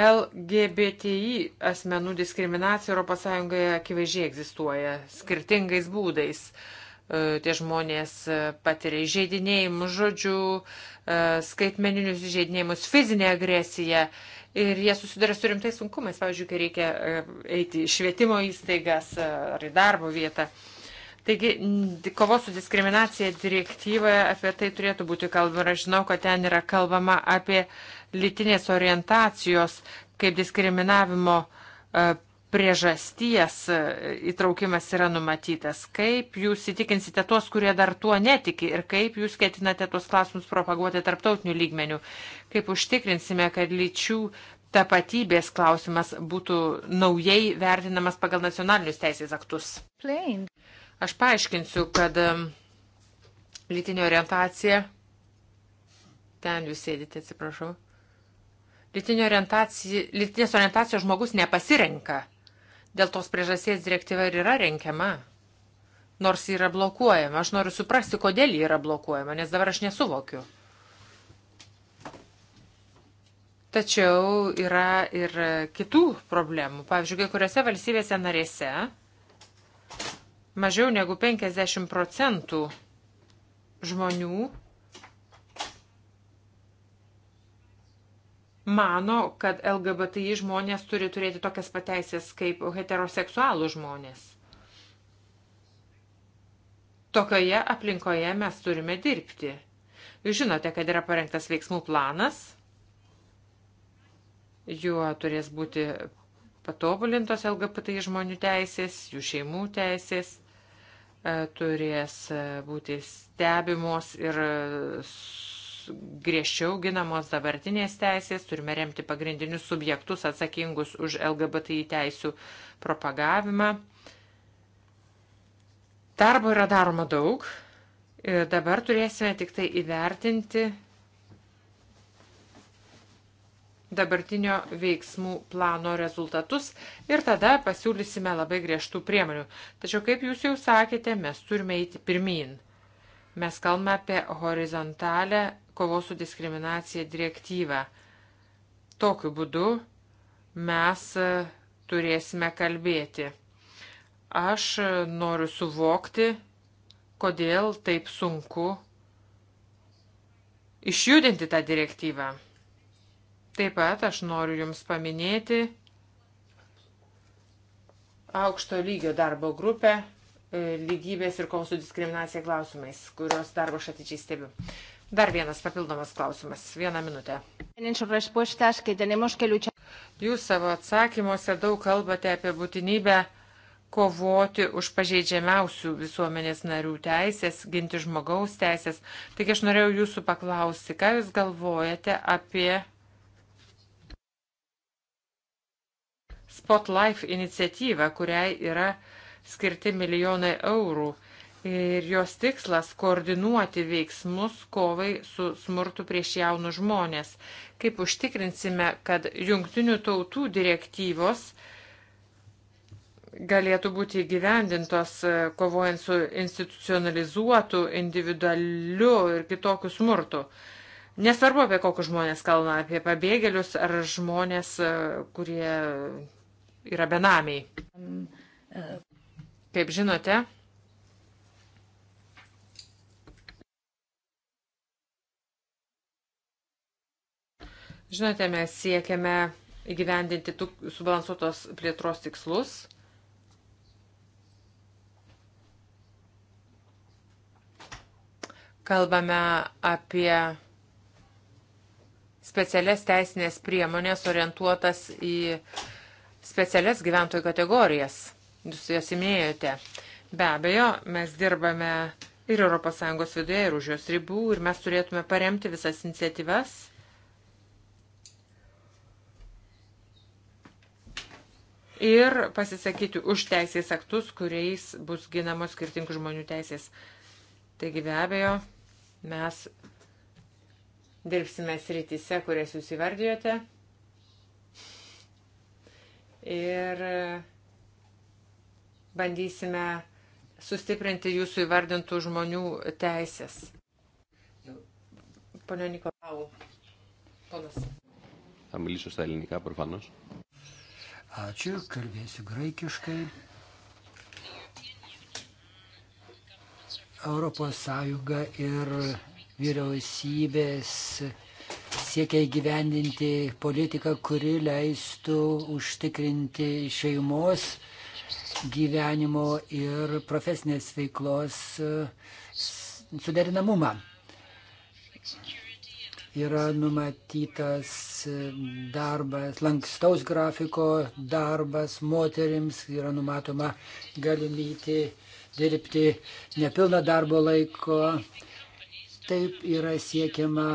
LGBTI asmenų diskriminacija ES akivaizdžiai egzistuoja skirtingais būdais. E, tie žmonės e, patiria įžeidinėjimus žodžių, e, skaitmeninius įžeidinėjimus, fizinę agresiją ir jie susiduria su rimtais sunkumais, pavyzdžiui, kai reikia e, eiti į švietimo įstaigas ar į darbo vietą. E, Taigi, kovos su diskriminacija direktyvoje apie tai turėtų būti kalbama. Aš žinau, kad ten yra kalbama apie lytinės orientacijos kaip diskriminavimo e, priežasties e, įtraukimas yra numatytas. Kaip jūs įtikinsite tuos, kurie dar tuo netiki ir kaip jūs ketinate tuos klausimus propaguoti tarptautinių lygmenių? Kaip užtikrinsime, kad lyčių tapatybės klausimas būtų naujai vertinamas pagal nacionalinius teisės aktus? Plain. Aš paaiškinsiu, kad lytinė orientacija. Ten jūs sėdite, atsiprašau. Lytinė orientacija, lytinės orientacijos žmogus nepasirenka. Dėl tos priežasties direktyva ir yra renkiama. Nors yra blokuojama. Aš noriu suprasti, kodėl ji yra blokuojama, nes dabar aš nesuvokiu. Tačiau yra ir kitų problemų. Pavyzdžiui, kai kuriuose valstybėse narėse Mažiau negu 50 procentų žmonių mano, kad LGBTI žmonės turi turėti tokias pateisės kaip heteroseksualų žmonės. Tokioje aplinkoje mes turime dirbti. Jūs žinote, kad yra parengtas veiksmų planas, juo turės būti patobulintos LGBT žmonių teisės, jų šeimų teisės. E, turės e, būti stebimos ir e, griežčiau ginamos dabartinės teisės, turime remti pagrindinius subjektus atsakingus už LGBTI teisų propagavimą. Darbo yra daroma daug ir dabar turėsime tik tai įvertinti dabartinio veiksmų plano rezultatus ir tada pasiūlysime labai griežtų priemonių. Tačiau, kaip jūs jau sakėte, mes turime eiti pirmin. Mes kalbame apie horizontalę kovos su diskriminacija direktyvą. Tokiu būdu mes e, turėsime kalbėti. Aš e, noriu suvokti, kodėl taip sunku išjudinti tą direktyvą. Taip pat aš noriu Jums paminėti aukšto lygio darbo grupę e, lygybės ir kovos su diskriminacija klausimais, kurios darbo aš atidžiai stebiu. Dar vienas papildomas klausimas. Vieną minutę. Jūs savo atsakymuose daug kalbate apie būtinybę kovoti už pažeidžiamiausių visuomenės narių teisės, ginti žmogaus teisės. Tik aš norėjau jūsų paklausti, ką jūs galvojate apie Spotlife iniciatyvą, kuriai yra skirti milijonai eurų. Ir jos tikslas - koordinuoti veiksmus kovai su smurtu prieš jaunus žmonės. Kaip užtikrinsime, kad jungtinių tautų direktyvos galėtų būti įgyvendintos e, kovojant su institucionalizuotu, individualiu ir kitokiu smurtu. Nesvarbu, apie kokius žmonės kalbame, apie pabėgėlius ar žmonės, e, kurie yra benamiai. Kaip žinote, Žinote, mes siekiame įgyvendinti subalansuotos plėtros tikslus. Kalbame apie specialias teisinės priemonės orientuotas į uh, specialias gyventojų kategorijas. Jūs jas įmėjote. Be abejo, mes dirbame ir ES viduje, ir už jos ribų, ir mes turėtume paremti visas iniciatyvas. Ir pasisakyti už teisės aktus, kuriais bus ginamos skirtingų žmonių teisės. Taigi be abejo, mes dirbsime srityse, kurias jūs įvardijote ir e, bandysime sustiprinti jūsų įvardintų žmonių teisės. Pone Nikolau, ponas. Θα μιλήσω στα ελληνικά προφανώς. Ačiū, kalbėsiu graikiškai. Europos Sąjunga ir vyriausybės siekia įgyvendinti politiką, kuri leistų užtikrinti šeimos gyvenimo ir profesinės veiklos e, suderinamumą. Yra numatytas darbas, lankstaus grafiko darbas moterims, yra numatoma galimybė dirbti nepilną darbo laiko. Taip yra siekiama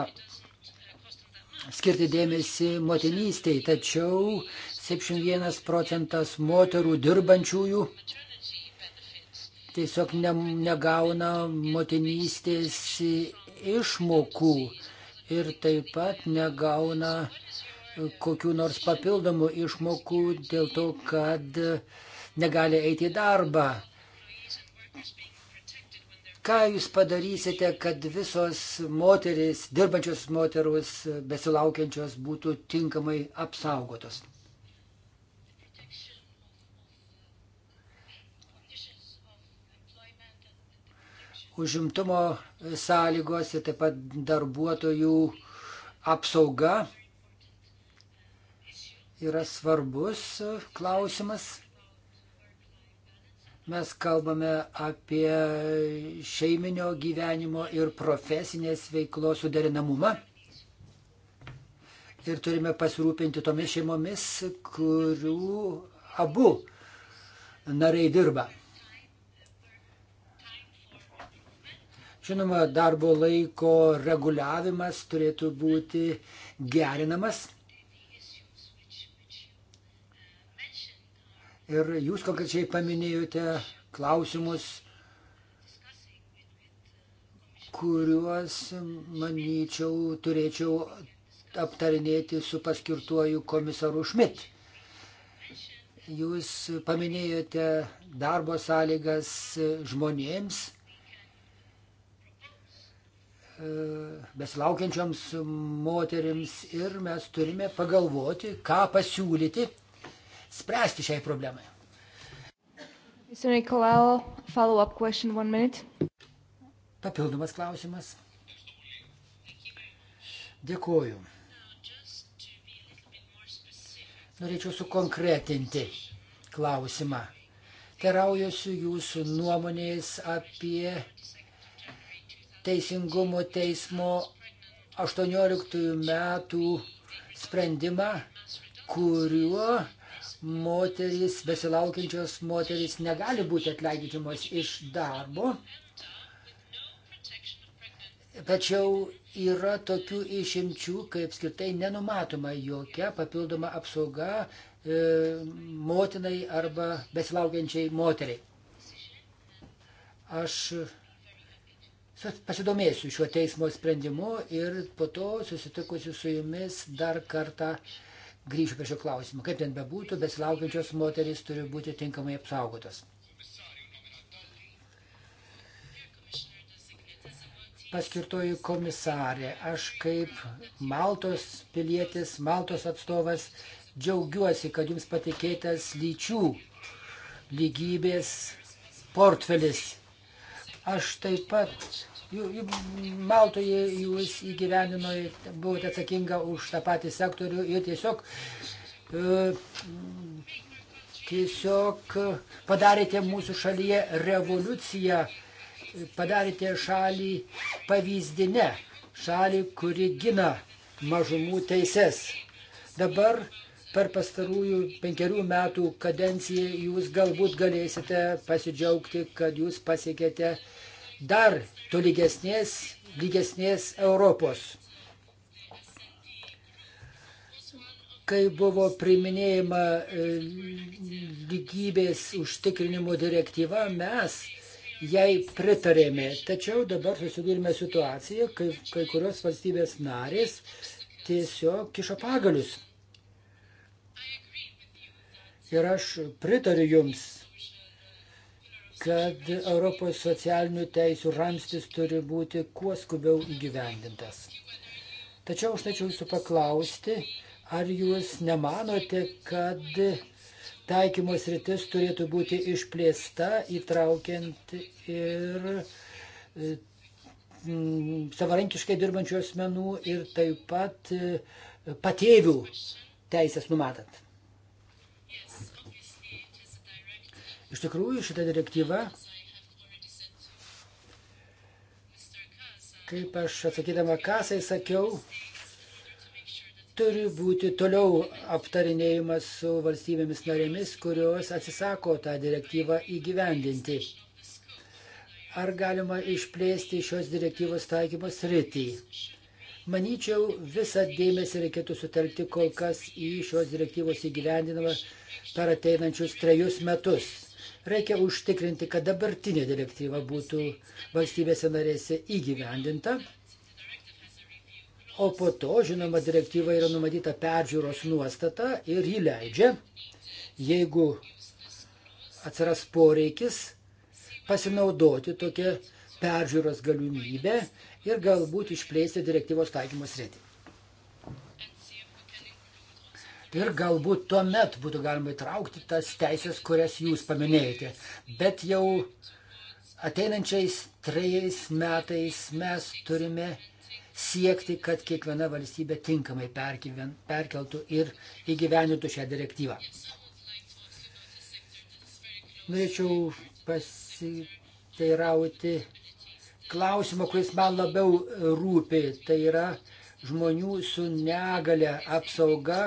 skirti dėmesį motinystiai, tačiau 71 procentas moterų dirbančiųjų tiesiog ne, negauna motinystės išmokų ir taip pat negauna kokių nors papildomų išmokų dėl to, kad negali eiti į darbą. Ką jūs padarysite, kad visos moteris, dirbančios moterus, besilaukiančios būtų tinkamai apsaugotos? Užimtumo sąlygos ir taip pat darbuotojų apsauga yra svarbus klausimas. Mes kalbame apie šeiminio gyvenimo ir profesinės veiklos suderinamumą. Ir turime pasirūpinti tomis šeimomis, kurių abu nariai dirba. Žinoma, darbo laiko reguliavimas turėtų būti gerinamas. Ir jūs konkrečiai paminėjote klausimus, kuriuos, manyčiau, turėčiau aptarinėti su paskirtuoju komisaru Šmit. Jūs paminėjote darbo sąlygas žmonėms, e, besilaukiančioms moterims ir mes turime pagalvoti, ką pasiūlyti, spręsti šiai problemai. Mr. Nicolau, follow-up question, one minute. Papildomas klausimas. Dėkuoju. Norėčiau sukonkretinti klausimą. Teraujuosi jūsų nuomonės apie Teisingumo teismo 18 metų sprendimą, kuriuo moterys, besilaukiančios moterys negali būti atleidžiamos iš darbo. Tačiau yra tokių išimčių, kai apskritai nenumatoma jokia papildoma apsauga e, motinai arba besilaukiančiai moteriai. Aš pasidomėsiu šiuo teismo sprendimu ir po to susitikusiu su jumis dar kartą e, grįšiu prie šio klausimo. Kaip ten bebūtų, besilaukiančios moterys turi būti tinkamai apsaugotos. Paskirtoji komisarė, aš kaip Maltos pilietis, Maltos atstovas, džiaugiuosi, kad jums patikėtas lyčių lygybės portfelis. Aš taip pat Maltoje jūs įgyvendinote, buvote atsakinga už tą patį sektorių ir tiesiog, e, tiesiog padarėte mūsų šalyje revoliuciją, padarėte šalį pavyzdinę, šalį, kuri gina mažumų teises. Dabar per pastarųjų penkerių metų kadenciją jūs galbūt galėsite pasidžiaugti, kad jūs pasiekėte uh, dar tolygesnės, lygesnės Europos. Kai buvo priminėjama e, lygybės užtikrinimo direktyva, mes jai pritarėme. Tačiau dabar susidūrime situaciją, kai kai kurios valstybės narės tiesiog kišo pagalius. Ir aš pritariu Jums, kad Europos socialinių teisų ramstis turi būti kuo skubiau įgyvendintas. Tačiau aš tačiau jūsų paklausti, ar jūs nemanote, kad taikymos rytis turėtų būti išplėsta, įtraukiant ir mm, savarankiškai dirbančių asmenų ir taip pat e, patėvių teisės numatant. Iš tikrųjų, šita direktyva, kaip aš atsakydama kasai sakiau, turi būti toliau aptarinėjimas su valstybėmis narėmis, kurios atsisako tą direktyvą įgyvendinti. Ar galima išplėsti šios direktyvos taikymos rytį? Manyčiau, visą dėmesį reikėtų sutelkti kol kas į šios direktyvos įgyvendinimą per ateinančius trejus metus Reikia užtikrinti, kad dabartinė direktyva būtų valstybėse narėse įgyvendinta. O po to, žinoma, direktyva yra numatyta peržiūros nuostata ir jį leidžia, jeigu atsiras poreikis, pasinaudoti tokią peržiūros galimybę ir galbūt išplėsti direktyvos taikymo sritį. Ir galbūt tuo met būtų galima įtraukti tas teisės, kurias jūs paminėjote. Bet jau ateinančiais trejais metais mes turime siekti, kad kiekviena valstybė tinkamai perkeltų ir įgyvenintų šią direktyvą. Norėčiau pasiteirauti klausimą, kuris man labiau rūpi. Tai yra žmonių su negale apsauga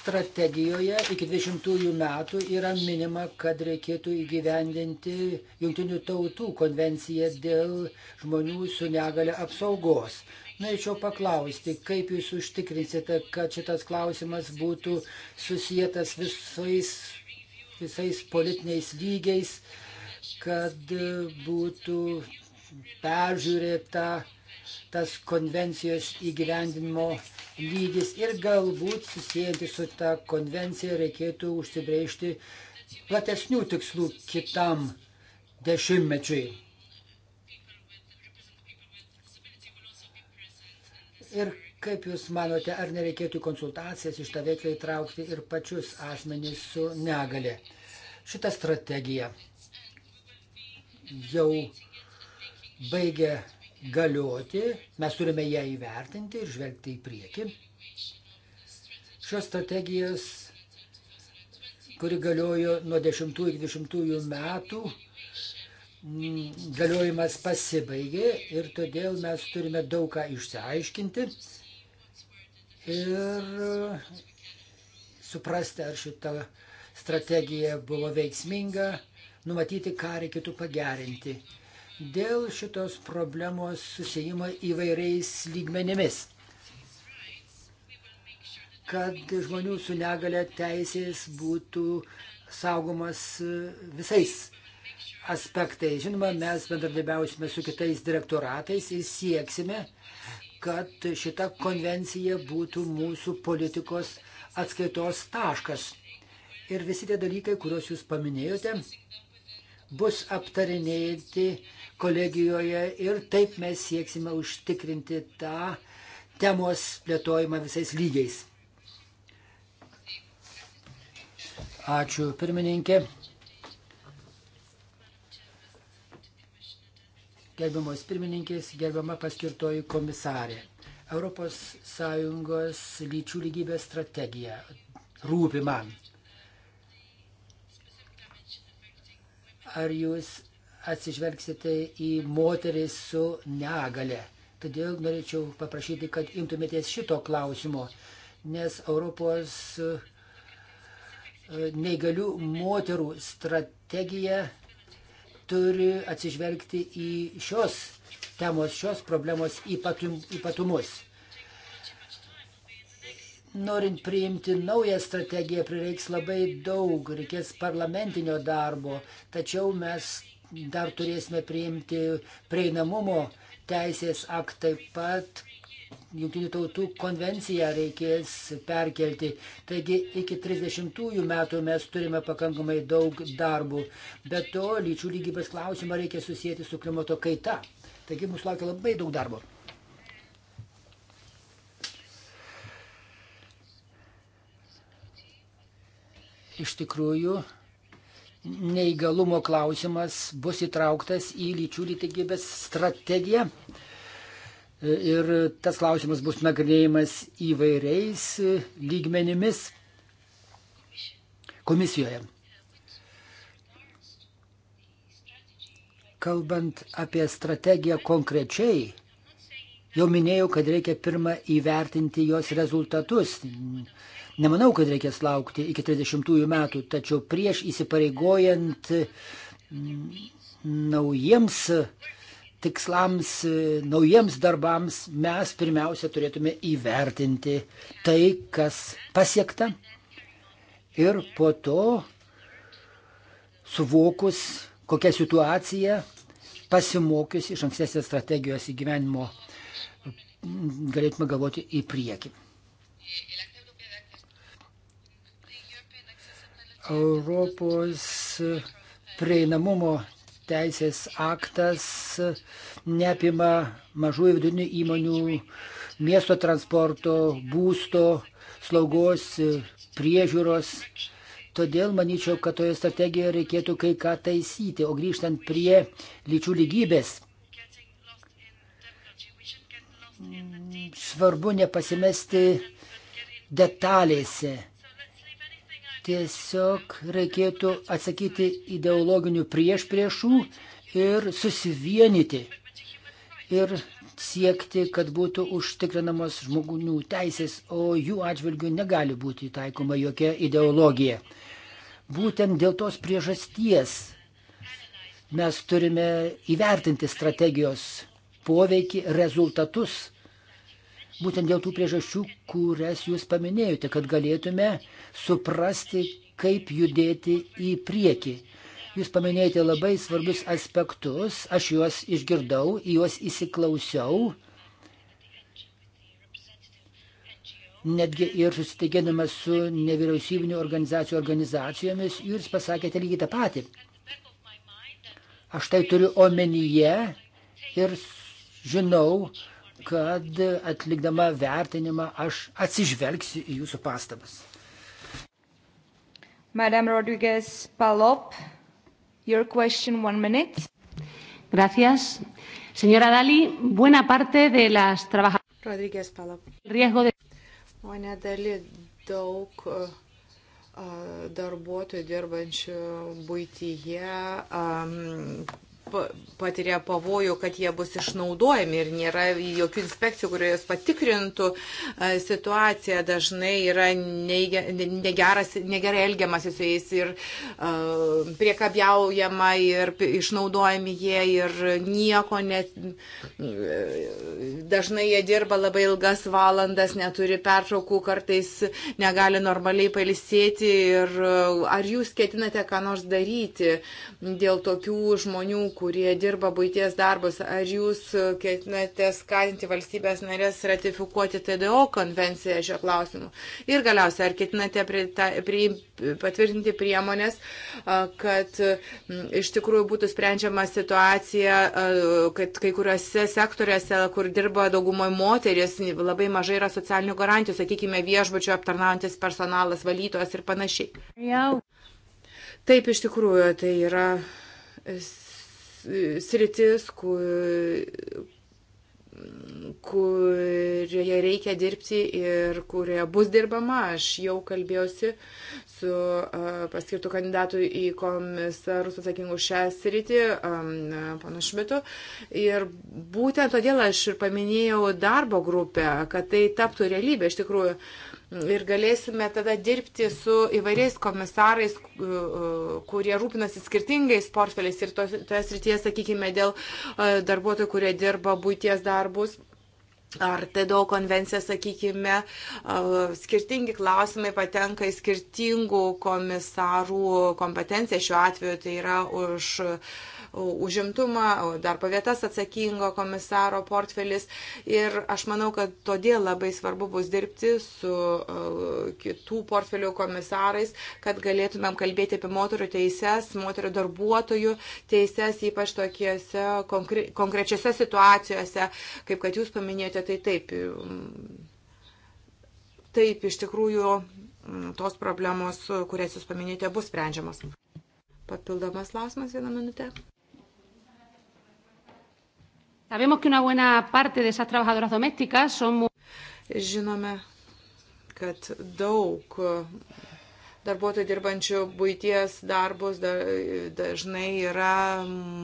strategijoje iki 20 metų yra minima, kad reikėtų įgyvendinti Junktinių tautų konvenciją dėl žmonių su negale apsaugos. Norėčiau paklausti, kaip jūs užtikrinsite, kad šitas klausimas būtų susijęs visais, visais politiniais lygiais, kad būtų peržiūrėta tas konvencijos įgyvendinimo lygis ir galbūt susijęti su ta konvencija reikėtų užsibrėžti platesnių tikslų kitam dešimtmečiui. Ir kaip Jūs manote, ar nereikėtų konsultacijas iš tą veiklą įtraukti ir pačius asmenys su negale? Šitą strategiją jau baigė galioti, mes turime ją įvertinti ir žvelgti į priekį. Šios strategijos, kuri galiojo nuo 10 iki 20 metų, mm, galiojimas pasibaigė ir todėl mes turime daug ką išsiaiškinti ir e, suprasti, ar šita strategija buvo veiksminga, numatyti, ką reikėtų pagerinti dėl šitos problemos susijimo įvairiais lygmenimis. Kad žmonių su negale teisės būtų saugomas visais aspektais. Žinoma, mes bendradarbiausime su kitais direktoratais ir sieksime, kad šita konvencija būtų mūsų politikos atskaitos taškas. Ir visi tie dalykai, kuriuos jūs paminėjote, bus aptarinėti kolegijoje ir taip mes sieksime užtikrinti tą temos plėtojimą visais lygiais. Ačiū pirmininkė. Gerbiamos pirmininkės, gerbiama paskirtoji komisarė. ES lyčių lygybės strategija rūpi man. Ar jūs atsižvelgsite į moteris su negale. Todėl norėčiau paprašyti, kad imtumėtės šito klausimo, nes Europos e, neįgalių moterų strategija turi atsižvelgti į šios temos, šios problemos ypatumus. Norint priimti naują strategiją prireiks labai daug, reikės parlamentinio darbo, tačiau mes dar turėsime priimti prieinamumo teisės aktą, taip pat Junktinių tautų konvenciją reikės perkelti. Taigi iki 30-ųjų metų mes turime pakankamai daug darbų. Be to, lyčių lygybės klausimą reikia susijęti su klimato kaita. Taigi mūsų laukia labai daug darbo. Iš tikrųjų, neįgalumo klausimas bus įtrauktas į lyčių lygybės strategiją. Ir tas klausimas bus nagrinėjimas įvairiais lygmenimis komisijoje. Kalbant apie strategiją konkrečiai, Jau minėjau, kad reikia pirmą įvertinti jos rezultatus. Nemanau, kad reikės laukti iki 30 metų, tačiau prieš įsipareigojant mm, naujiems tikslams, naujiems darbams, mes pirmiausia turėtume įvertinti tai, kas pasiekta ir po to suvokus, kokia situacija, pasimokius iš ankstesnės strategijos įgyvenimo galėtume galvoti į priekį. Europos prieinamumo teisės aktas neapima mažų ir vidutinių įmonių, miesto transporto, būsto, slaugos, priežiūros. Todėl manyčiau, kad toje strategijoje reikėtų kai ką taisyti. O grįžtant prie lyčių lygybės svarbu nepasimesti detalėse. Tiesiog reikėtų atsakyti ideologinių prieš priešų ir susivienyti ir siekti, kad būtų užtikrinamos žmogų teisės, o jų atžvilgių negali būti taikoma jokia ideologija. Būtent dėl tos priežasties mes turime įvertinti strategijos poveikį, rezultatus. Būtent dėl tų priežasčių, kurias jūs paminėjote, kad galėtume suprasti, kaip judėti į priekį. Jūs paminėjote labai svarbius aspektus, aš juos išgirdau, juos įsiklausiau. netgi ir susitikėdamas su nevyriausybinio organizacijų organizacijomis, jūs pasakėte lygiai tą patį. Aš tai turiu omenyje ir žinau, kad atlikdama vertinimą aš atsižvelgsiu į jūsų pastabas. Madam Rodriguez Palop, your question one minute. Gracias. Señora Dali, buena parte de las trabajadoras. Rodríguez Palop. Riesgo de. Buena Dali, daug darbuotojų dirbančių būtyje patiria pavojų, kad jie bus išnaudojami ir nėra jokių inspekcijų, kurios patikrintų e, situaciją, dažnai yra negeras, negerai elgiamasi su jais ir uh, priekabiaujama ir išnaudojami jie ir nieko net. E, dažnai jie dirba labai ilgas valandas, neturi pertraukų, kartais negali normaliai palisėti ir ar jūs ketinate ką nors daryti dėl tokių žmonių, kurie dirba būties darbus. Ar jūs ketinate skatinti valstybės narės ratifikuoti TDO konvenciją šio klausimu? Ir galiausiai, ar ketinate prie, prie, patvirtinti priemonės, kad iš tikrųjų būtų sprendžiama situacija, kad kai kuriuose sektoriuose, kur dirba daugumoje moteris, labai mažai yra socialinių garantijų, sakykime, viešbučio aptarnaujantis personalas, valytojas ir panašiai. Jau. Taip, iš tikrųjų, tai yra sritis, kur, kurioje reikia dirbti ir kurioje bus dirbama. Aš jau kalbėjausi su paskirtu kandidatu į komisarus atsakingu šią sritį, panu Šmitu. Ir būtent todėl aš ir paminėjau darbo grupę, kad tai taptų realybė iš tikrųjų ir galėsime tada dirbti su įvairiais komisarais, e, kurie rūpinasi skirtingais portfeliais ir to, toje srityje, sakykime, dėl e, darbuotojų, kurie dirba būties darbus. Ar TDO konvencija, sakykime, e, skirtingi klausimai patenka į skirtingų komisarų kompetenciją, šiuo atveju tai yra už uh, užimtumą, darbo vietas atsakingo komisaro portfelis. Ir aš manau, kad todėl labai svarbu bus dirbti su e, kitų portfelių komisarais, kad galėtumėm kalbėti apie moterų teises, moterų darbuotojų teises, ypač tokiuose konkre konkrečiose situacijose, kaip kad jūs paminėjote, tai taip. Mm, taip, iš tikrųjų, mm, tos problemos, kurias jūs paminėjote, bus sprendžiamas. Papildomas klausimas vieną minutę. Sabemos que una buena parte de esas trabajadoras domésticas son... Žinome, kad daug darbuotojų dirbančių būties darbus dažnai yra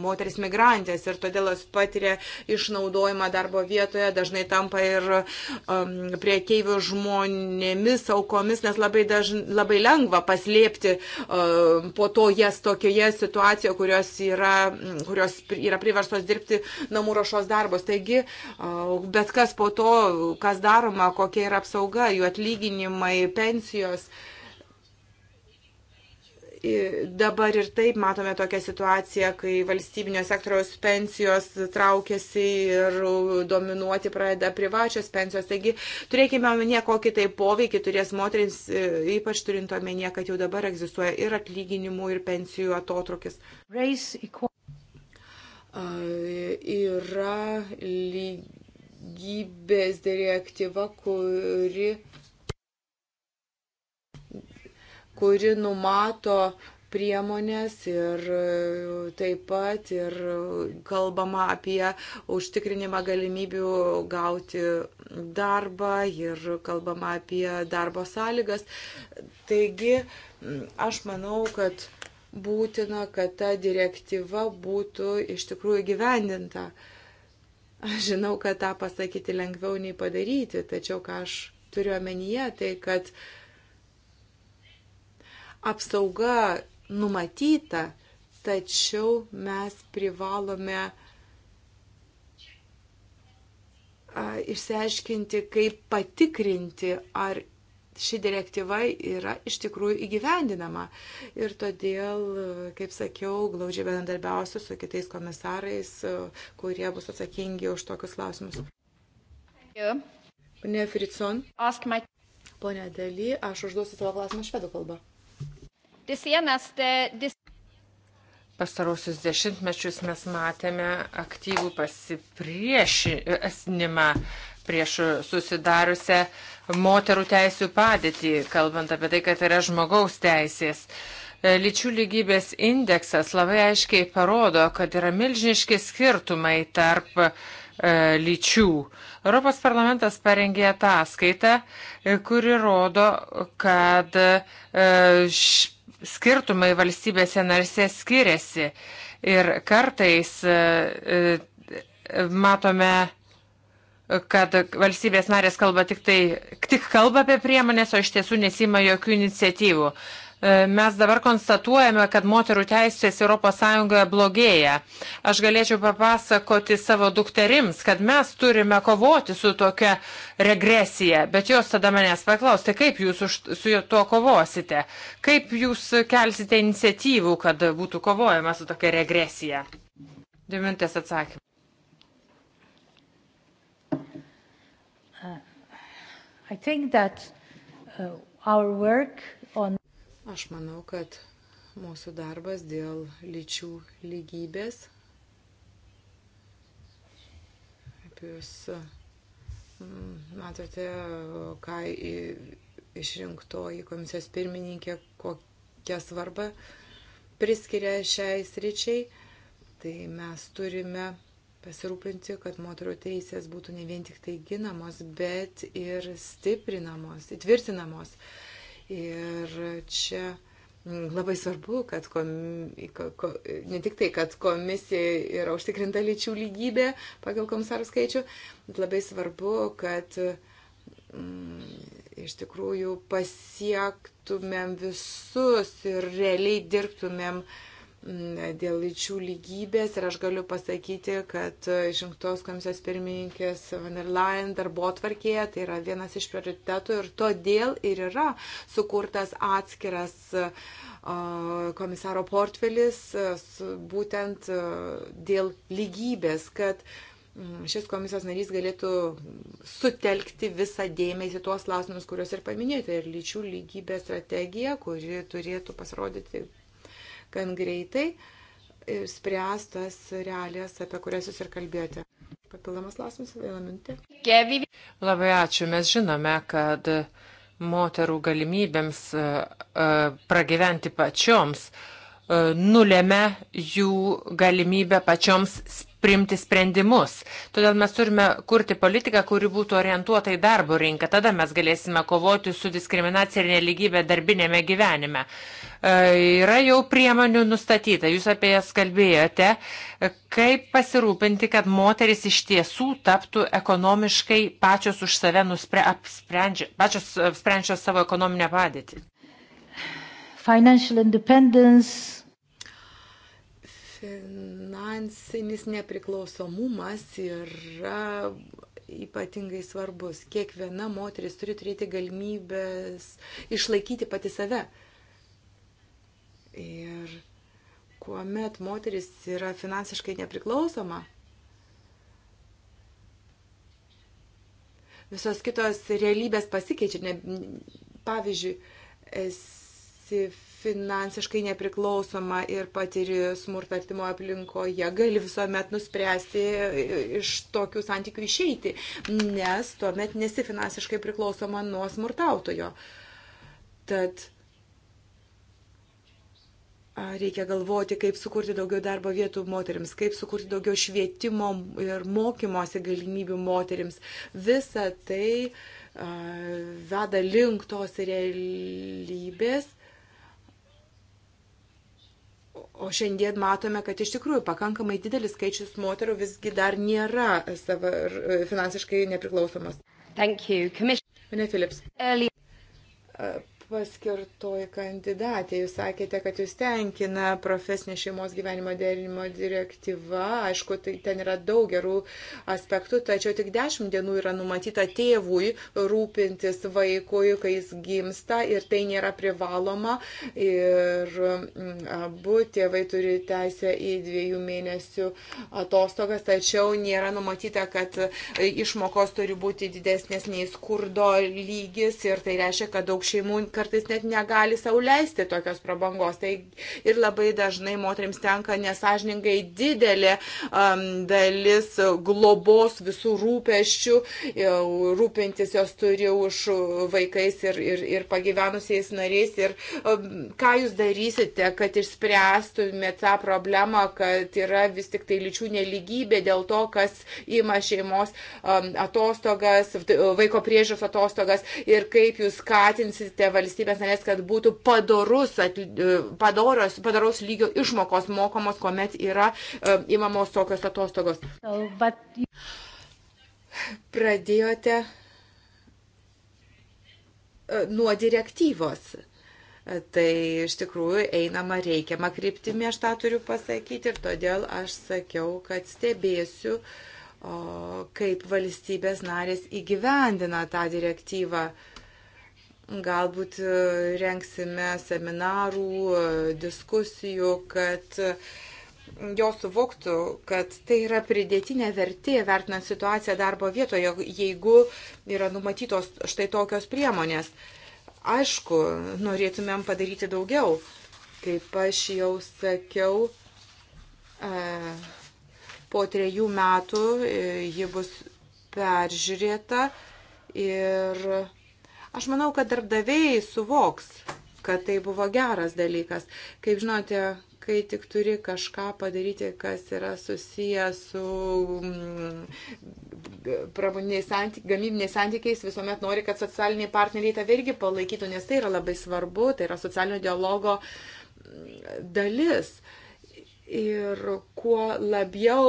moteris migrantės ir todėl jos patiria išnaudojimą darbo vietoje, dažnai tampa ir um, priekeivių žmonėmis, aukomis, nes labai, dažn, labai lengva paslėpti um, po to jas tokioje situacijoje, kurios yra, kurios yra priversos dirbti namų ruošos darbus. Taigi, um, bet kas po to, kas daroma, kokia yra apsauga, jų atlyginimai, pensijos. Uh, dabar ir taip matome tokią situaciją, kai valstybinio sektoriaus pensijos traukiasi ir dominuoti pradeda privačios pensijos. Taigi turėkime omenyje, kokį tai poveikį turės moteriams, e, ypač turint omenyje, kad jau dabar egzistuoja ir atlyginimų, ir pensijų atotrukis. Yra lygybės direktyva, kuri kuri numato priemonės ir e, taip pat ir kalbama apie užtikrinimą galimybių gauti darbą ir kalbama apie darbo sąlygas. Taigi aš manau, kad būtina, kad ta direktyva būtų iš tikrųjų gyvendinta. Aš žinau, kad tą pasakyti lengviau nei padaryti, tačiau ką aš turiu omenyje, tai kad uh, apsauga numatyta, tačiau mes privalome išsiaiškinti, kaip patikrinti, ar ši direktyva yra iš tikrųjų įgyvendinama. Ir todėl, kaip sakiau, glaudžiai bendarbiausiu su kitais komisarais, kurie bus atsakingi už tokius klausimus. Pone Fritson. My... Pone Daly, aš užduosiu savo klausimą švedų kalbą. Det tai senaste... Tai Det... Pastarosius dešimtmečius mes matėme aktyvų pasipriešinimą prieš susidariusią moterų teisų padėtį, kalbant apie tai, kad yra žmogaus teisės. E, lyčių lygybės indeksas labai aiškiai parodo, kad yra milžiniški skirtumai tarp e, lyčių. Europos parlamentas parengė ataskaitą, e, kuri rodo, kad skirtumai valstybėse narse skiriasi ir kartais e, e, matome, kad valstybės narės kalba tik tai, tik kalba apie priemonės, o iš tiesų nesima jokių iniciatyvų. E, mes dabar konstatuojame, kad moterų teisės ES blogėja. Aš galėčiau papasakoti savo dukterims, kad mes turime kovoti su tokia regresija, bet jos tada manęs paklaus, tai kaip jūs už, su tuo kovosite, kaip jūs kelsite iniciatyvų, kad būtų kovojama su tokia regresija. Dvi minutės atsakymą. Uh, I think that uh, our work uh, Aš manau, kad mūsų darbas dėl lyčių lygybės. Apie jūs mm, matote, ką išrinktoji komisijos pirmininkė, kokią svarbą priskiria šiai sričiai. Tai mes turime pasirūpinti, kad moterų teisės būtų ne vien tik tai ginamos, bet ir stiprinamos, įtvirtinamos. Uh, Ir čia labai svarbu, kad kom, ko, ne tik tai, kad komisija yra užtikrinta lyčių lygybė pagal komisarų skaičių, bet labai svarbu, kad mm, iš tikrųjų pasiektumėm visus ir realiai dirbtumėm uh, dėl lyčių lygybės ir aš galiu pasakyti, kad išrinktos komisijos pirmininkės van der Leyen darbo atvarkėje tai yra vienas iš prioritetų ir todėl ir yra sukurtas atskiras komisaro portfelis būtent dėl lygybės, kad mm, šis komisijos narys galėtų sutelkti visą dėmesį tuos klausimus, kuriuos ir paminėjote, ir lyčių lygybės strategija, kuri turėtų pasirodyti gan greitai ir spręs tas realijas, apie kurias jūs ir kalbėjote. Papildomas klausimas, vieną minutę. Labai ačiū. Mes žinome, kad moterų galimybėms e, e, pragyventi pačioms uh, E, nulėmė jų galimybę pačioms priimti sprendimus. Todėl mes turime kurti politiką, kuri būtų orientuota į darbo rinką. Tada mes galėsime kovoti su diskriminacija ir neligybė darbinėme gyvenime. E, yra jau priemonių nustatyta, jūs apie jas kalbėjote, e, kaip pasirūpinti, kad moteris iš tiesų taptų ekonomiškai pačios už save nuspre, apsprendžia, pačios apsprendžios savo ekonominę padėtį. Financial independence finansinis nepriklausomumas yra ypatingai svarbus. Kiekviena moteris turi turėti galimybės išlaikyti pati save. Ir kuomet moteris yra finansiškai nepriklausoma, visos kitos realybės pasikeičia. Ne, pavyzdžiui, esi finansiškai nepriklausoma ir patiri smurtą artimo aplinkoje, gali visuomet nuspręsti e, iš tokių santykių išeiti, nes tuomet nesi finansiškai priklausoma nuo smurtautojo. Tad reikia galvoti, kaip sukurti daugiau darbo vietų moteriams, kaip sukurti daugiau švietimo ir mokymosi galimybių moteriams. Visa tai uh, veda link tos realybės, O šiandien matome, kad iš tikrųjų pakankamai didelis skaičius moterų visgi dar nėra savo finansiškai nepriklausomos. Thank you. Commission... Mane Philips. Early paskirtoji kandidatė. Jūs sakėte, kad jūs tenkina profesinė šeimos gyvenimo derinimo direktyva. Aišku, tai ten yra daug gerų aspektų, tačiau tik dešimt dienų yra numatyta tėvui rūpintis vaikui, kai jis gimsta ir tai nėra privaloma. Ir mm, abu tėvai turi teisę į dviejų mėnesių atostogas, tačiau nėra numatyta, kad išmokos turi būti didesnės nei skurdo lygis ir tai reiškia, kad daug šeimų kartais net negali sauliaisti tokios prabangos. Tai ir labai dažnai moteriams tenka nesažiningai didelė um, dalis globos visų rūpeščių, rūpintis jos turi už vaikais ir, ir, ir pagyvenusiais nariais. Ir um, ką jūs darysite, kad išspręstumėte tą problemą, kad yra vis tik tai lyčių neligybė dėl to, kas ima šeimos um, atostogas, vaiko priežiūros atostogas ir kaip jūs skatinsite valstybės valstybės narės, kad būtų padorus, e, padoros, padoros lygio išmokos mokomos, kuomet yra įmamos e, tokios atostogos. Pradėjote e, nuo direktyvos. Tai iš tikrųjų einama reikiamą kryptimį, aš tą turiu pasakyti ir todėl aš sakiau, kad stebėsiu, o, kaip valstybės narės įgyvendina tą direktyvą. O, Galbūt e, renksime seminarų, e, diskusijų, kad e, jos suvoktų, kad tai yra pridėtinė vertė vertinant situaciją darbo vietoje, jeigu yra numatytos štai tokios priemonės. Aišku, norėtumėm padaryti daugiau. Kaip aš jau sakiau, po trejų metų ji bus peržiūrėta ir Aš manau, kad darbdaviai suvoks, kad tai buvo geras dalykas. Kaip žinote, kai tik turi kažką padaryti, kas yra susiję su mm, santyk, gamybiniais santykiais, visuomet nori, kad socialiniai partneriai tave irgi palaikytų, nes tai yra labai svarbu, tai yra socialinio dialogo mm, dalis. Ir kuo labiau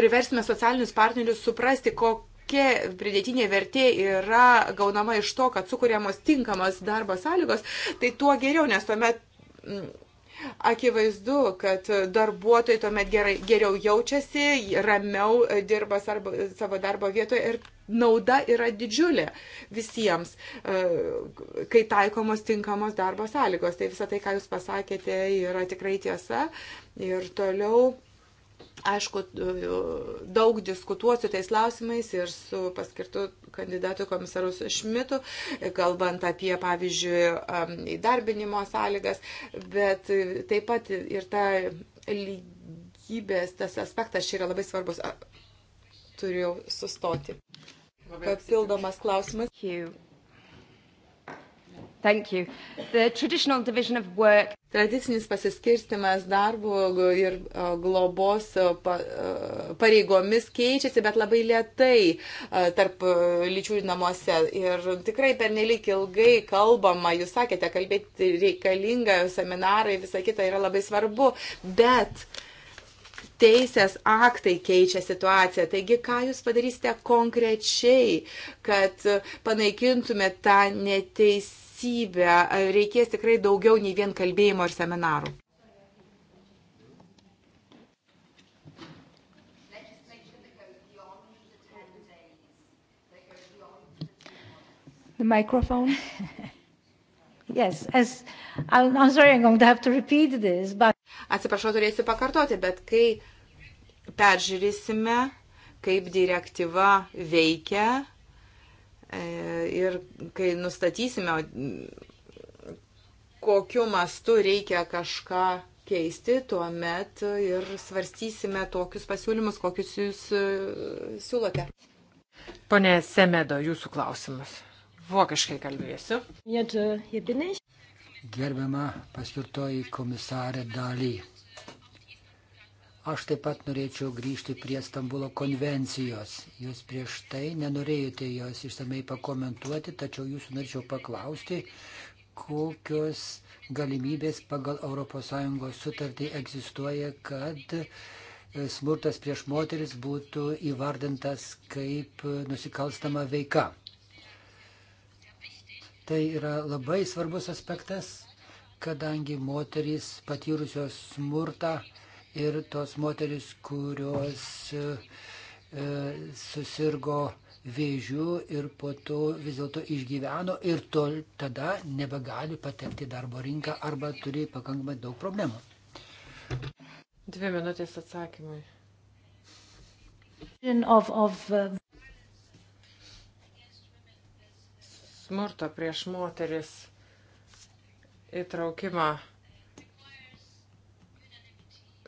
priversime socialinius partnerius suprasti, ko, kokia pridėtinė vertė yra gaunama iš to, kad sukūriamos tinkamos darbo sąlygos, tai tuo geriau, nes tuomet mm, akivaizdu, kad darbuotojai tuomet gerai, geriau jaučiasi, ramiau dirba sarba, savo darbo vietoje ir nauda yra didžiulė visiems, e, kai taikomos tinkamos darbo sąlygos. Tai visą tai, ką Jūs pasakėte, yra tikrai tiesa. Ir toliau Aišku, daug diskutuosiu tais klausimais ir su paskirtu kandidatu komisarus Šmitu, kalbant apie, pavyzdžiui, įdarbinimo sąlygas, bet taip pat ir ta lygybės, tas aspektas čia yra labai svarbus. Turiu sustoti. Papildomas klausimas. Thank you. The traditional division of work. Tradicinis pasiskirstimas darbų ir e, globos e, e, pareigomis keičiasi, bet labai lietai tarp lyčių namuose. Ir tikrai pernelik ilgai kalbama, jūs sakėte, kalbėti reikalinga, seminarai, visa kita yra labai svarbu, bet teisės aktai keičia situaciją. Taigi, ką jūs padarysite konkrečiai, kad panaikintumėte tą neteisę? valstybę reikės tikrai daugiau nei vien kalbėjimo ir seminarų. The microphone. (laughs) yes, as I'm, I'm sorry, I'm going to have to repeat this, but. Atsiprašau, turėsiu pakartoti, bet kai peržiūrėsime, kaip direktyva veikia, E, ir kai nustatysime, kokiu mastu reikia kažką keisti, tuomet ir svarstysime tokius pasiūlymus, kokius jūs e, siūlote. Pone Semedo, jūsų klausimas. Vokiškai kalbėsiu. Gerbiama paskirtoji komisarė daly. Aš taip pat norėčiau grįžti prie Stambulo konvencijos. Jūs prieš tai nenorėjote jos išsamei pakomentuoti, tačiau jūsų norėčiau paklausti, kokios galimybės pagal ES sutartį egzistuoja, kad e, smurtas prieš moteris būtų įvardintas kaip nusikalstama veika. Tai yra labai svarbus aspektas, kadangi moterys patyrusios smurtą ir tos moteris, kurios e, e, susirgo vėžių ir po to vis dėlto išgyveno ir to tada nebegali patekti į darbo rinką arba turi pakankamai daug problemų. Dvi minutės atsakymui. Of, of, uh, Smurto prieš moteris įtraukimą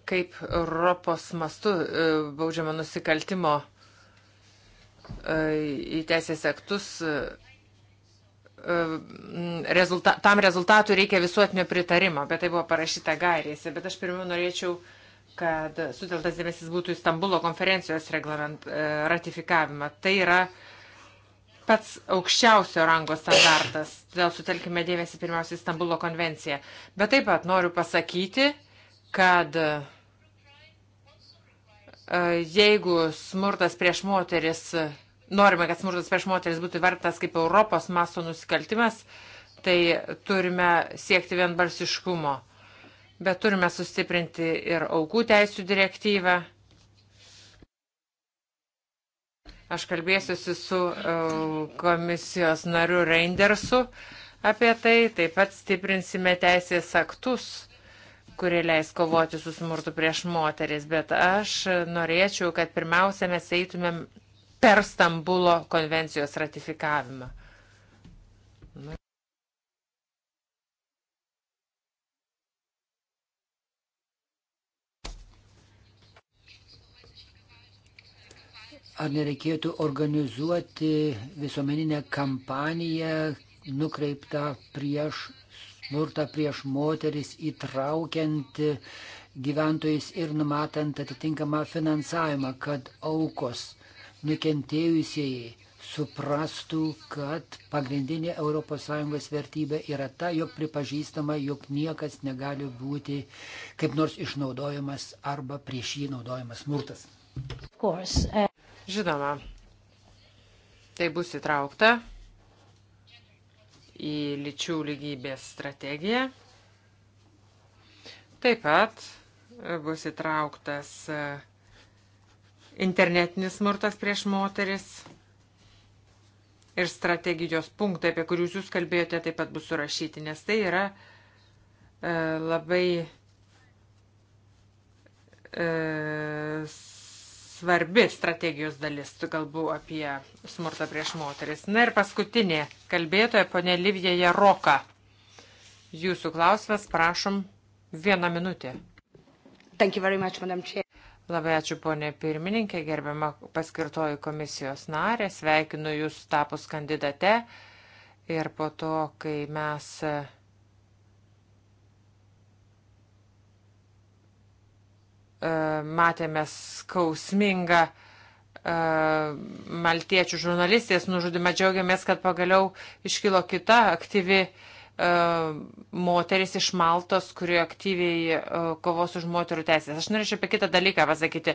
kaip Europos mastu e, baudžiamo nusikaltimo e, į teisės aktus e, rezulta, tam rezultatui reikia visuotinio pritarimo, bet tai buvo parašyta gairėse. Bet aš pirmiau norėčiau, kad suteltas dėmesys būtų Istanbulo konferencijos reglament, ratifikavimą. Tai yra pats aukščiausio rango standartas. Todėl sutelkime dėmesį pirmiausia Istanbulo konvenciją. Bet taip pat noriu pasakyti, kad uh, E, jeigu smurtas prieš moteris, norime, kad smurtas prieš moteris būtų vertas kaip Europos masto nusikaltimas, tai turime siekti vienbalsiškumo. Bet turime sustiprinti ir aukų teisų direktyvą. Aš kalbėsiuosi su e, komisijos nariu Reindersu apie tai, taip pat stiprinsime teisės aktus kurie leis kovoti su smurtu prieš moteris, bet aš norėčiau, kad pirmiausia mes eitumėm per Stambulo konvencijos ratifikavimą. Ar nereikėtų organizuoti visuomeninę kampaniją nukreiptą prieš smurtą prieš moteris, įtraukiant gyventojus ir numatant atitinkamą finansavimą, kad aukos nukentėjusieji suprastų, kad pagrindinė ES vertybė yra ta, jog pripažįstama, jog niekas negali būti kaip nors išnaudojamas arba prieš jį naudojamas smurtas. Uh, Žinoma, tai bus įtraukta į lyčių lygybės strategiją. Taip pat e, bus įtrauktas e, internetinis smurtas prieš moteris ir strategijos punktai, apie kuriuos jūs kalbėjote, taip pat bus surašyti, nes tai yra e, labai svarbi strategijos dalis, kalbu apie smurtą prieš moteris. Na ir paskutinė kalbėtoja, ponė Livija Jaroka. Jūsų klausimas, prašom, vieną minutę. Much, Labai ačiū, ponė pirmininkė, gerbiama paskirtoji komisijos narė, sveikinu Jūs tapus kandidate ir po to, kai mes E, matėme skausmingą e, maltiečių žurnalistės nužudimą. Džiaugiamės, kad pagaliau iškilo kita aktyvi e, moteris iš Maltos, kuri aktyviai kovos už moterų teisės. Aš norėčiau apie kitą dalyką pasakyti.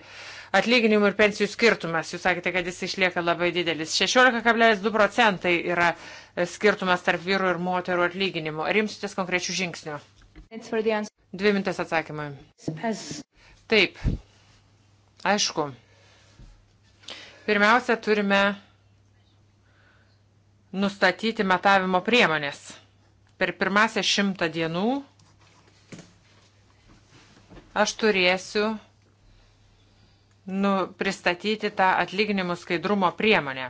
Atlyginimų ir pensijų skirtumas, jūs sakėte, kad jis išlieka labai didelis. 16,2 procentai yra skirtumas tarp vyrų ir moterų atlyginimų. Ar imsitės konkrečių žingsnių? Dvi mintės atsakymai. Taip, aišku, pirmiausia turime nustatyti matavimo priemonės. Per pirmąsią šimtą dienų aš turėsiu nu, pristatyti tą atlyginimų skaidrumo priemonę.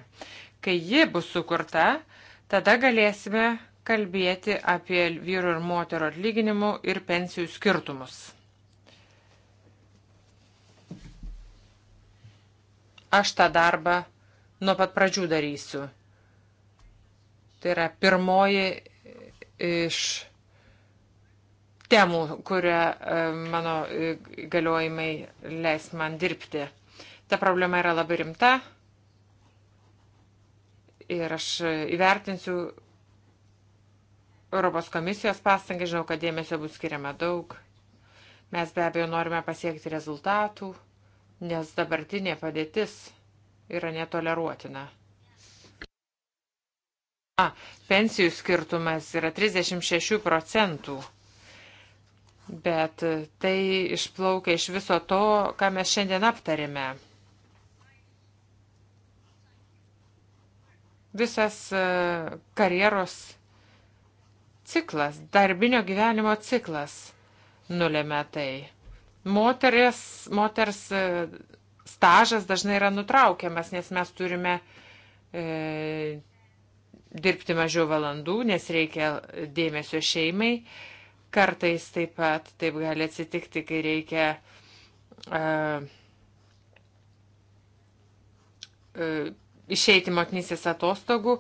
Kai ji bus sukurta, tada galėsime kalbėti apie vyrų ir moterų atlyginimų ir pensijų skirtumus. Aš tą darbą nuo pat pradžių darysiu. Tai yra pirmoji iš temų, kurią e, mano e, galiojimai leis man dirbti. Ta problema yra labai rimta ir aš įvertinsiu Europos komisijos pastangai, žinau, kad dėmesio bus skiriama daug. Mes be abejo norime pasiekti rezultatų nes dabartinė padėtis yra netoleruotina. A, pensijų skirtumas yra 36 procentų, bet tai išplaukia iš viso to, ką mes šiandien aptarėme. Visas e, karjeros ciklas, darbinio gyvenimo ciklas nulėmė tai. Moteris, moters e, stažas dažnai yra nutraukiamas, nes mes turime e, dirbti mažiau valandų, nes reikia dėmesio šeimai. Kartais taip pat taip gali atsitikti, kai reikia e, e, išeiti motinysės atostogų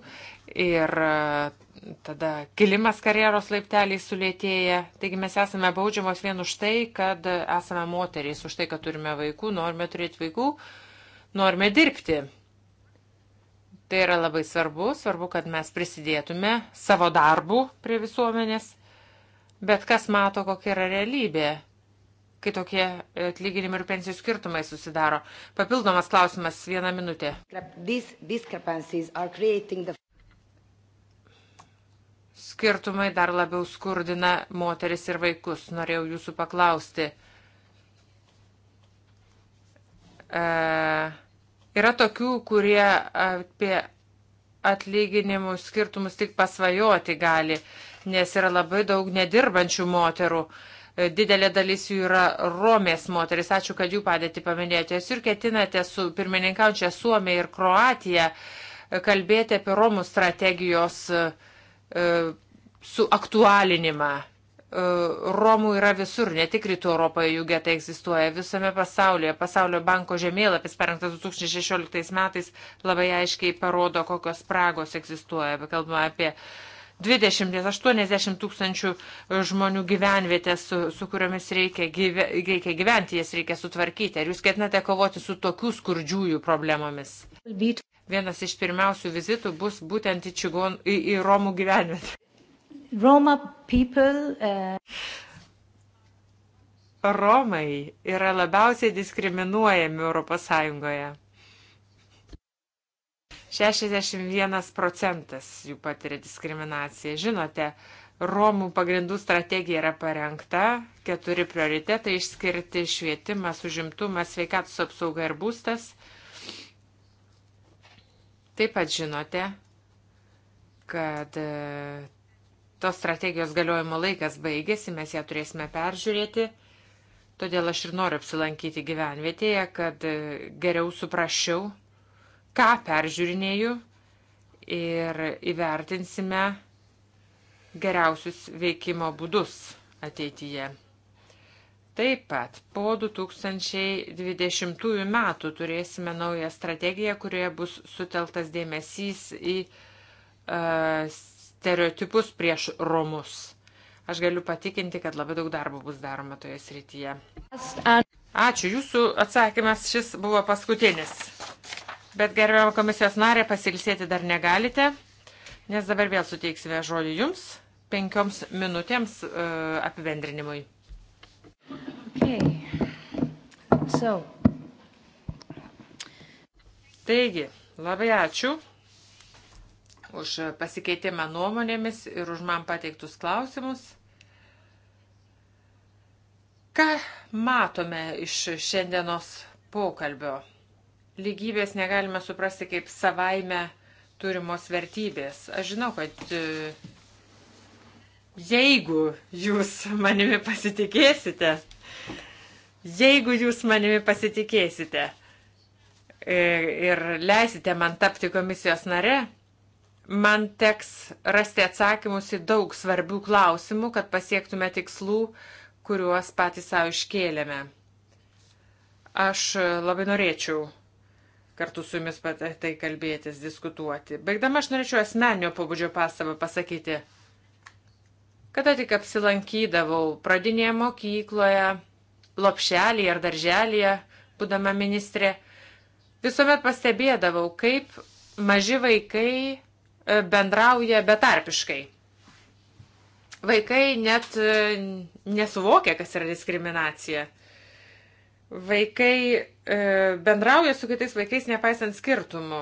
ir e, tada kilimas karjeros laipteliai sulėtėja. Taigi mes esame baudžiamos vien už tai, kad esame moterys, už tai, kad turime vaikų, norime turėti vaikų, norime dirbti. Tai yra labai svarbu, svarbu, kad mes prisidėtume savo darbų prie visuomenės. Bet kas mato, kokia yra realybė? kai tokie atlyginimai ir pensijų skirtumai susidaro. Papildomas klausimas vieną minutę. Skirtumai dar labiau skurdina moteris ir vaikus. Norėjau jūsų paklausti. E, yra tokių, kurie apie atlyginimų skirtumus tik pasvajoti gali, nes yra labai daug nedirbančių moterų. E, E, didelė dalis jų yra Romės moteris. Ačiū, kad jų padėtį paminėjote. Jūs ir ketinate su pirmininkaučia Suomija ir Kroatija e, kalbėti apie Romų strategijos e, suaktualinimą. Romų yra visur, ne tik rytų Europoje jų getai egzistuoja, visame pasaulyje. Pasaulio banko žemėlapis parengtas 2016 metais labai aiškiai parodo, kokios spragos egzistuoja. Kalbame apie uh, 20-80 tūkstančių e, žmonių gyvenvietės, su, su kuriomis reikia, gyve, reikia gyventi, jas reikia sutvarkyti. Ar jūs ketinate kovoti su tokių skurdžiųjų problemomis? Vienas iš pirmiausių vizitų bus būtent į, čigon, į, į Romų gyvenvietę. Roma people. Uh... Romai yra labiausiai diskriminuojami ES. 61 procentas jų patiria diskriminaciją. Žinote, Romų pagrindų strategija yra parengta, keturi prioritetai išskirti - švietimas, užimtumas, sveikatos apsauga ir būstas. Taip pat žinote, kad e, tos strategijos galiojimo laikas baigėsi, mes ją turėsime peržiūrėti. Todėl aš ir noriu apsilankyti gyvenvietėje, kad e, geriau suprasčiau, ką peržiūrinėju ir įvertinsime geriausius veikimo būdus ateityje. Taip pat po 2020 metų turėsime naują strategiją, kurioje bus suteltas dėmesys į uh, stereotipus prieš romus. Aš galiu patikinti, kad labai daug darbo bus daroma toje srityje. Ačiū, jūsų atsakymas šis buvo paskutinis. Bet gerbiamą komisijos narę pasilsėti dar negalite, nes dabar vėl suteiksime žodį jums penkioms minutėms uh, apibendrinimui. Okay. So. Taigi, labai ačiū už pasikeitimą nuomonėmis ir už man pateiktus klausimus. Ką matome iš šiandienos pokalbio? lygybės negalime suprasti kaip savaime turimos vertybės. Aš žinau, kad e, jeigu jūs manimi pasitikėsite, jeigu jūs manimi pasitikėsite e, ir leisite man tapti komisijos nare, man teks rasti atsakymus į daug svarbių klausimų, kad pasiektume tikslų, kuriuos patys savo iškėlėme. Aš labai norėčiau kartu su jumis tai, tai kalbėtis, diskutuoti. Baigdama aš norėčiau asmenio pobūdžio pastabą pasakyti. Kada tik apsilankydavau pradinėje mokykloje, lopšelėje ar darželėje, būdama ministrė, visuomet pastebėdavau, kaip maži vaikai e, bendrauja betarpiškai. Vaikai net e, nesuvokia, kas yra diskriminacija. Vaikai e, bendrauja su kitais vaikais nepaisant skirtumų.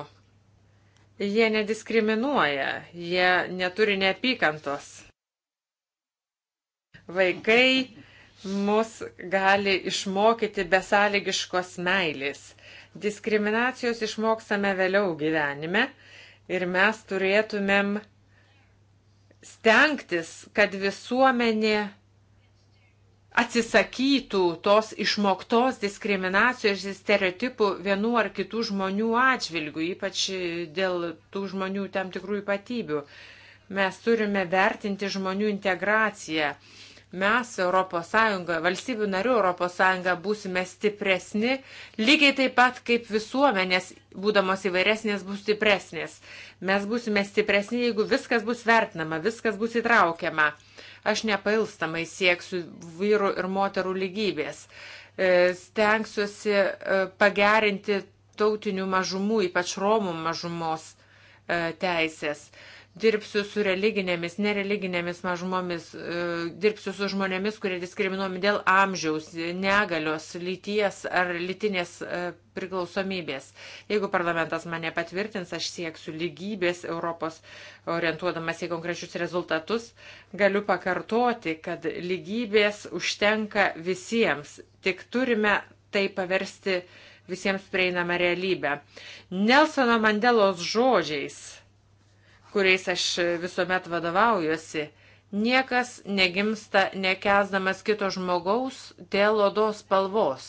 Jie nediskriminuoja, jie neturi neapykantos. Vaikai mus gali išmokyti besąlygiškos meilės. Diskriminacijos išmoksame vėliau gyvenime ir mes turėtumėm stengtis, kad visuomenė atsisakytų tos išmoktos diskriminacijos ir stereotipų vienų ar kitų žmonių atžvilgių, ypač dėl tų žmonių tam tikrų ypatybių. Mes turime vertinti žmonių integraciją. Mes ES, valstybių narių ES būsime stipresni, lygiai taip pat kaip visuomenės, būdamos įvairesnės, bus stipresnės. Mes būsime stipresni, jeigu viskas bus vertinama, viskas bus įtraukiama. Aš nepailstamai sieksiu vyrų ir moterų lygybės. E, stengsiuosi e, pagerinti tautinių mažumų, ypač Romų mažumos e, teisės dirbsiu su religinėmis, nereliginėmis mažumomis, e, dirbsiu su žmonėmis, kurie diskriminuomi dėl amžiaus, negalios, lyties ar lytinės e, priklausomybės. Jeigu parlamentas mane patvirtins, aš sieksiu lygybės Europos orientuodamas į konkrečius rezultatus. Galiu pakartoti, kad lygybės užtenka visiems, tik turime tai paversti visiems prieinamą realybę. Nelsono Mandelos žodžiais kuriais aš visuomet vadovaujuosi. Niekas negimsta nekesdamas kito žmogaus dėl odos spalvos,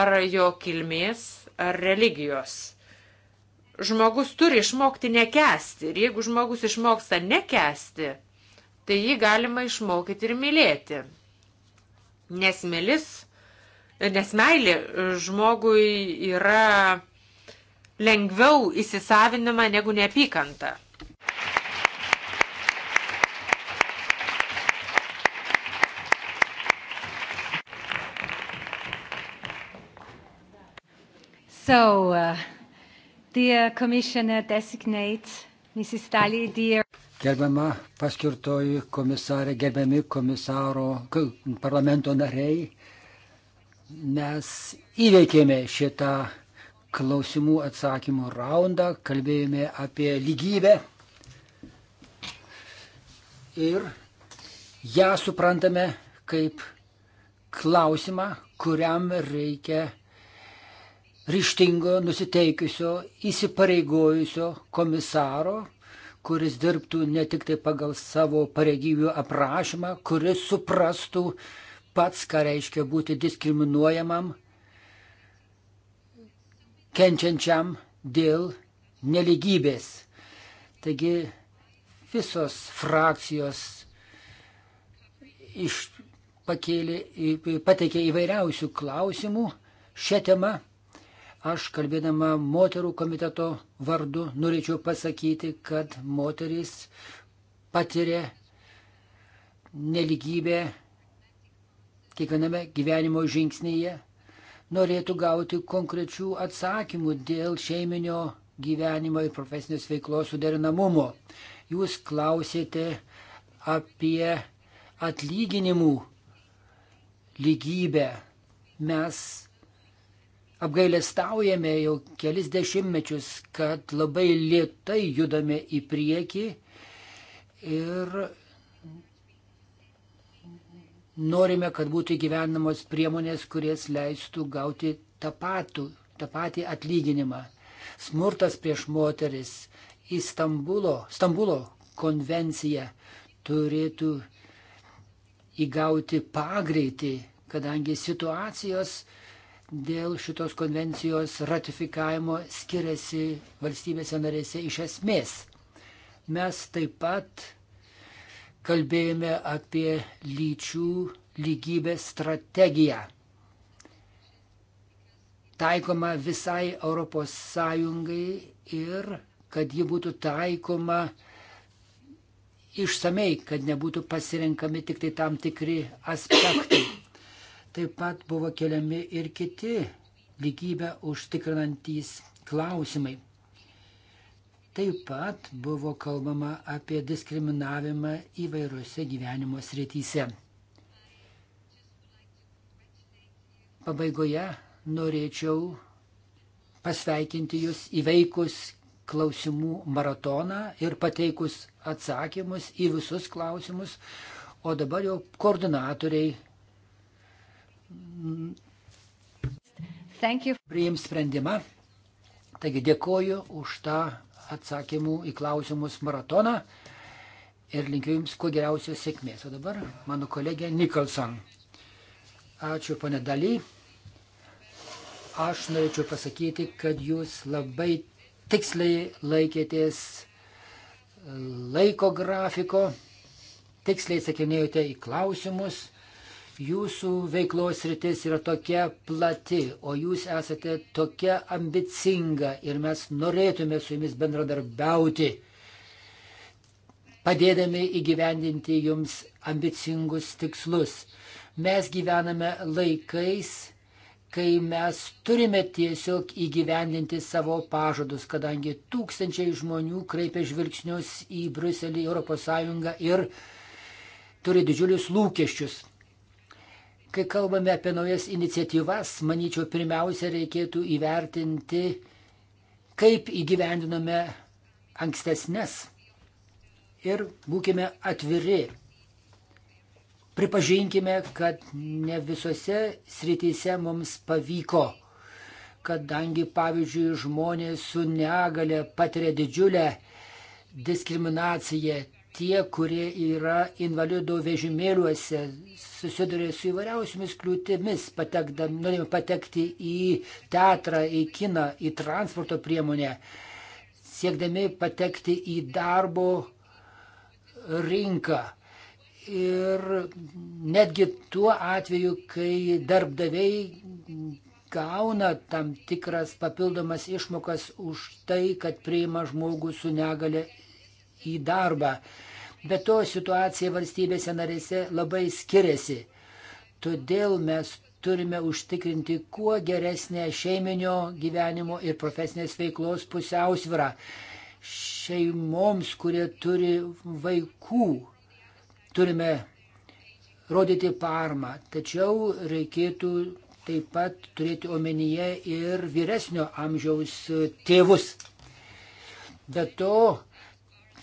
ar jo kilmės, ar religijos. Žmogus turi išmokti nekesti ir jeigu žmogus išmoksta nekesti, tai jį galima išmokyti ir mylėti. Nes mylis, nes meilė žmogui yra lengviau įsisavinama negu neapykanta. So, uh, dear Commissioner designate, Mrs. Daly, dear. Gerbiama paskirtoji komisarė, gerbiami komisaro parlamento nariai, mes įveikėme šitą klausimų atsakymų raundą, kalbėjome apie lygybę ir ją suprantame kaip klausimą, kuriam reikia ryštingo, nusiteikusio, įsipareigojusio komisaro, kuris dirbtų ne tik tai pagal savo pareigybių aprašymą, kuris suprastų pats, ką reiškia būti diskriminuojamam, kenčiančiam dėl neligybės. Taigi visos frakcijos iš, pakėlė, pateikė įvairiausių klausimų šią temą Aš kalbėdama moterų komiteto vardu norėčiau pasakyti, kad moterys patiria neligybę kiekviename gyvenimo žingsnyje, norėtų gauti konkrečių atsakymų dėl šeiminio gyvenimo ir profesinės veiklos suderinamumo. Jūs klausėte apie atlyginimų lygybę. Mes apgailestaujame jau kelis dešimtmečius, kad labai lietai judame į priekį ir norime, kad būtų įgyvenamos priemonės, kuries leistų gauti tą, patų, tą patį atlyginimą. Smurtas prieš moteris į Stambulo, Stambulo konvenciją turėtų įgauti pagreitį, kadangi situacijos uh, dėl šitos konvencijos ratifikavimo skiriasi valstybėse narėse iš esmės. Mes taip pat kalbėjome apie lyčių lygybės strategiją. Taikoma visai ES ir kad ji būtų taikoma išsamei, kad nebūtų pasirenkami tik tai tam tikri aspektai. Taip pat buvo keliami ir kiti lygybę užtikrinantys klausimai. Taip pat buvo kalbama apie diskriminavimą įvairiose gyvenimo srityse. Pabaigoje norėčiau pasveikinti Jūs įveikus klausimų maratoną ir pateikus atsakymus į visus klausimus, o dabar jau koordinatoriai priims sprendimą. Taigi dėkoju už tą atsakymų į klausimus maratoną ir linkiu Jums kuo geriausios sėkmės. O dabar mano kolegė Nikolson. Ačiū, pane Daly. Aš norėčiau pasakyti, kad Jūs labai tiksliai laikėtės laiko grafiko, tiksliai sakinėjote į klausimus jūsų veiklos rytis yra tokia plati, o jūs esate tokia ambicinga ir mes norėtume su jumis bendradarbiauti, padėdami įgyvendinti jums ambicingus tikslus. Mes gyvename laikais, kai mes turime tiesiog įgyvendinti savo pažadus, kadangi tūkstančiai žmonių kreipia žvilgsnius į Bruselį, ES ir turi didžiulius lūkesčius Kai kalbame apie naujas iniciatyvas, manyčiau, pirmiausia reikėtų įvertinti, kaip įgyvendinome ankstesnės. Ir būkime atviri. Pripažinkime, kad ne visose srityse mums pavyko kadangi, pavyzdžiui, žmonės su negale patiria didžiulę diskriminaciją tie, kurie yra invalido vežimėliuose, susiduria su įvairiausiamis kliūtimis, norėdami patekti į teatrą, į kiną, į transporto priemonę, siekdami patekti į darbo rinką. Ir netgi tuo atveju, kai darbdaviai gauna tam tikras papildomas išmokas už tai, kad priima žmogų su negale į darbą. Bet to situacija valstybėse narėse labai skiriasi. Todėl mes turime užtikrinti kuo geresnę šeiminio gyvenimo ir profesinės veiklos pusiausvyrą. Šeimoms, kurie turi vaikų, turime rodyti parmą. Tačiau reikėtų taip pat turėti omenyje ir vyresnio amžiaus tėvus. Be to,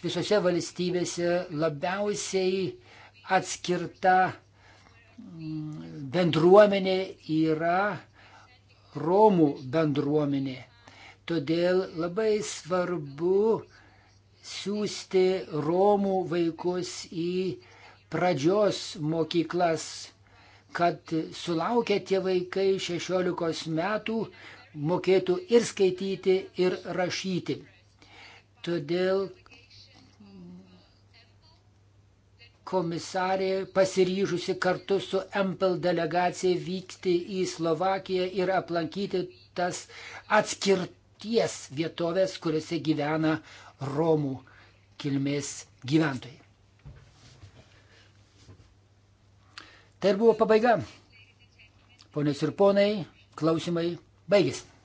visose valstybėse labiausiai atskirta mm, bendruomenė yra Romų bendruomenė. Todėl labai svarbu siūsti Romų vaikus į pradžios mokyklas, kad sulaukę tie vaikai 16 metų mokėtų ir skaityti, ir rašyti. Todėl komisarė pasiryžusi kartu su MPL delegacija vykti į Slovakiją ir aplankyti tas atskirties vietovės, kuriuose gyvena Romų kilmės gyventojai. Tai ir buvo pabaiga. Ponios ir ponai, klausimai baigėsi.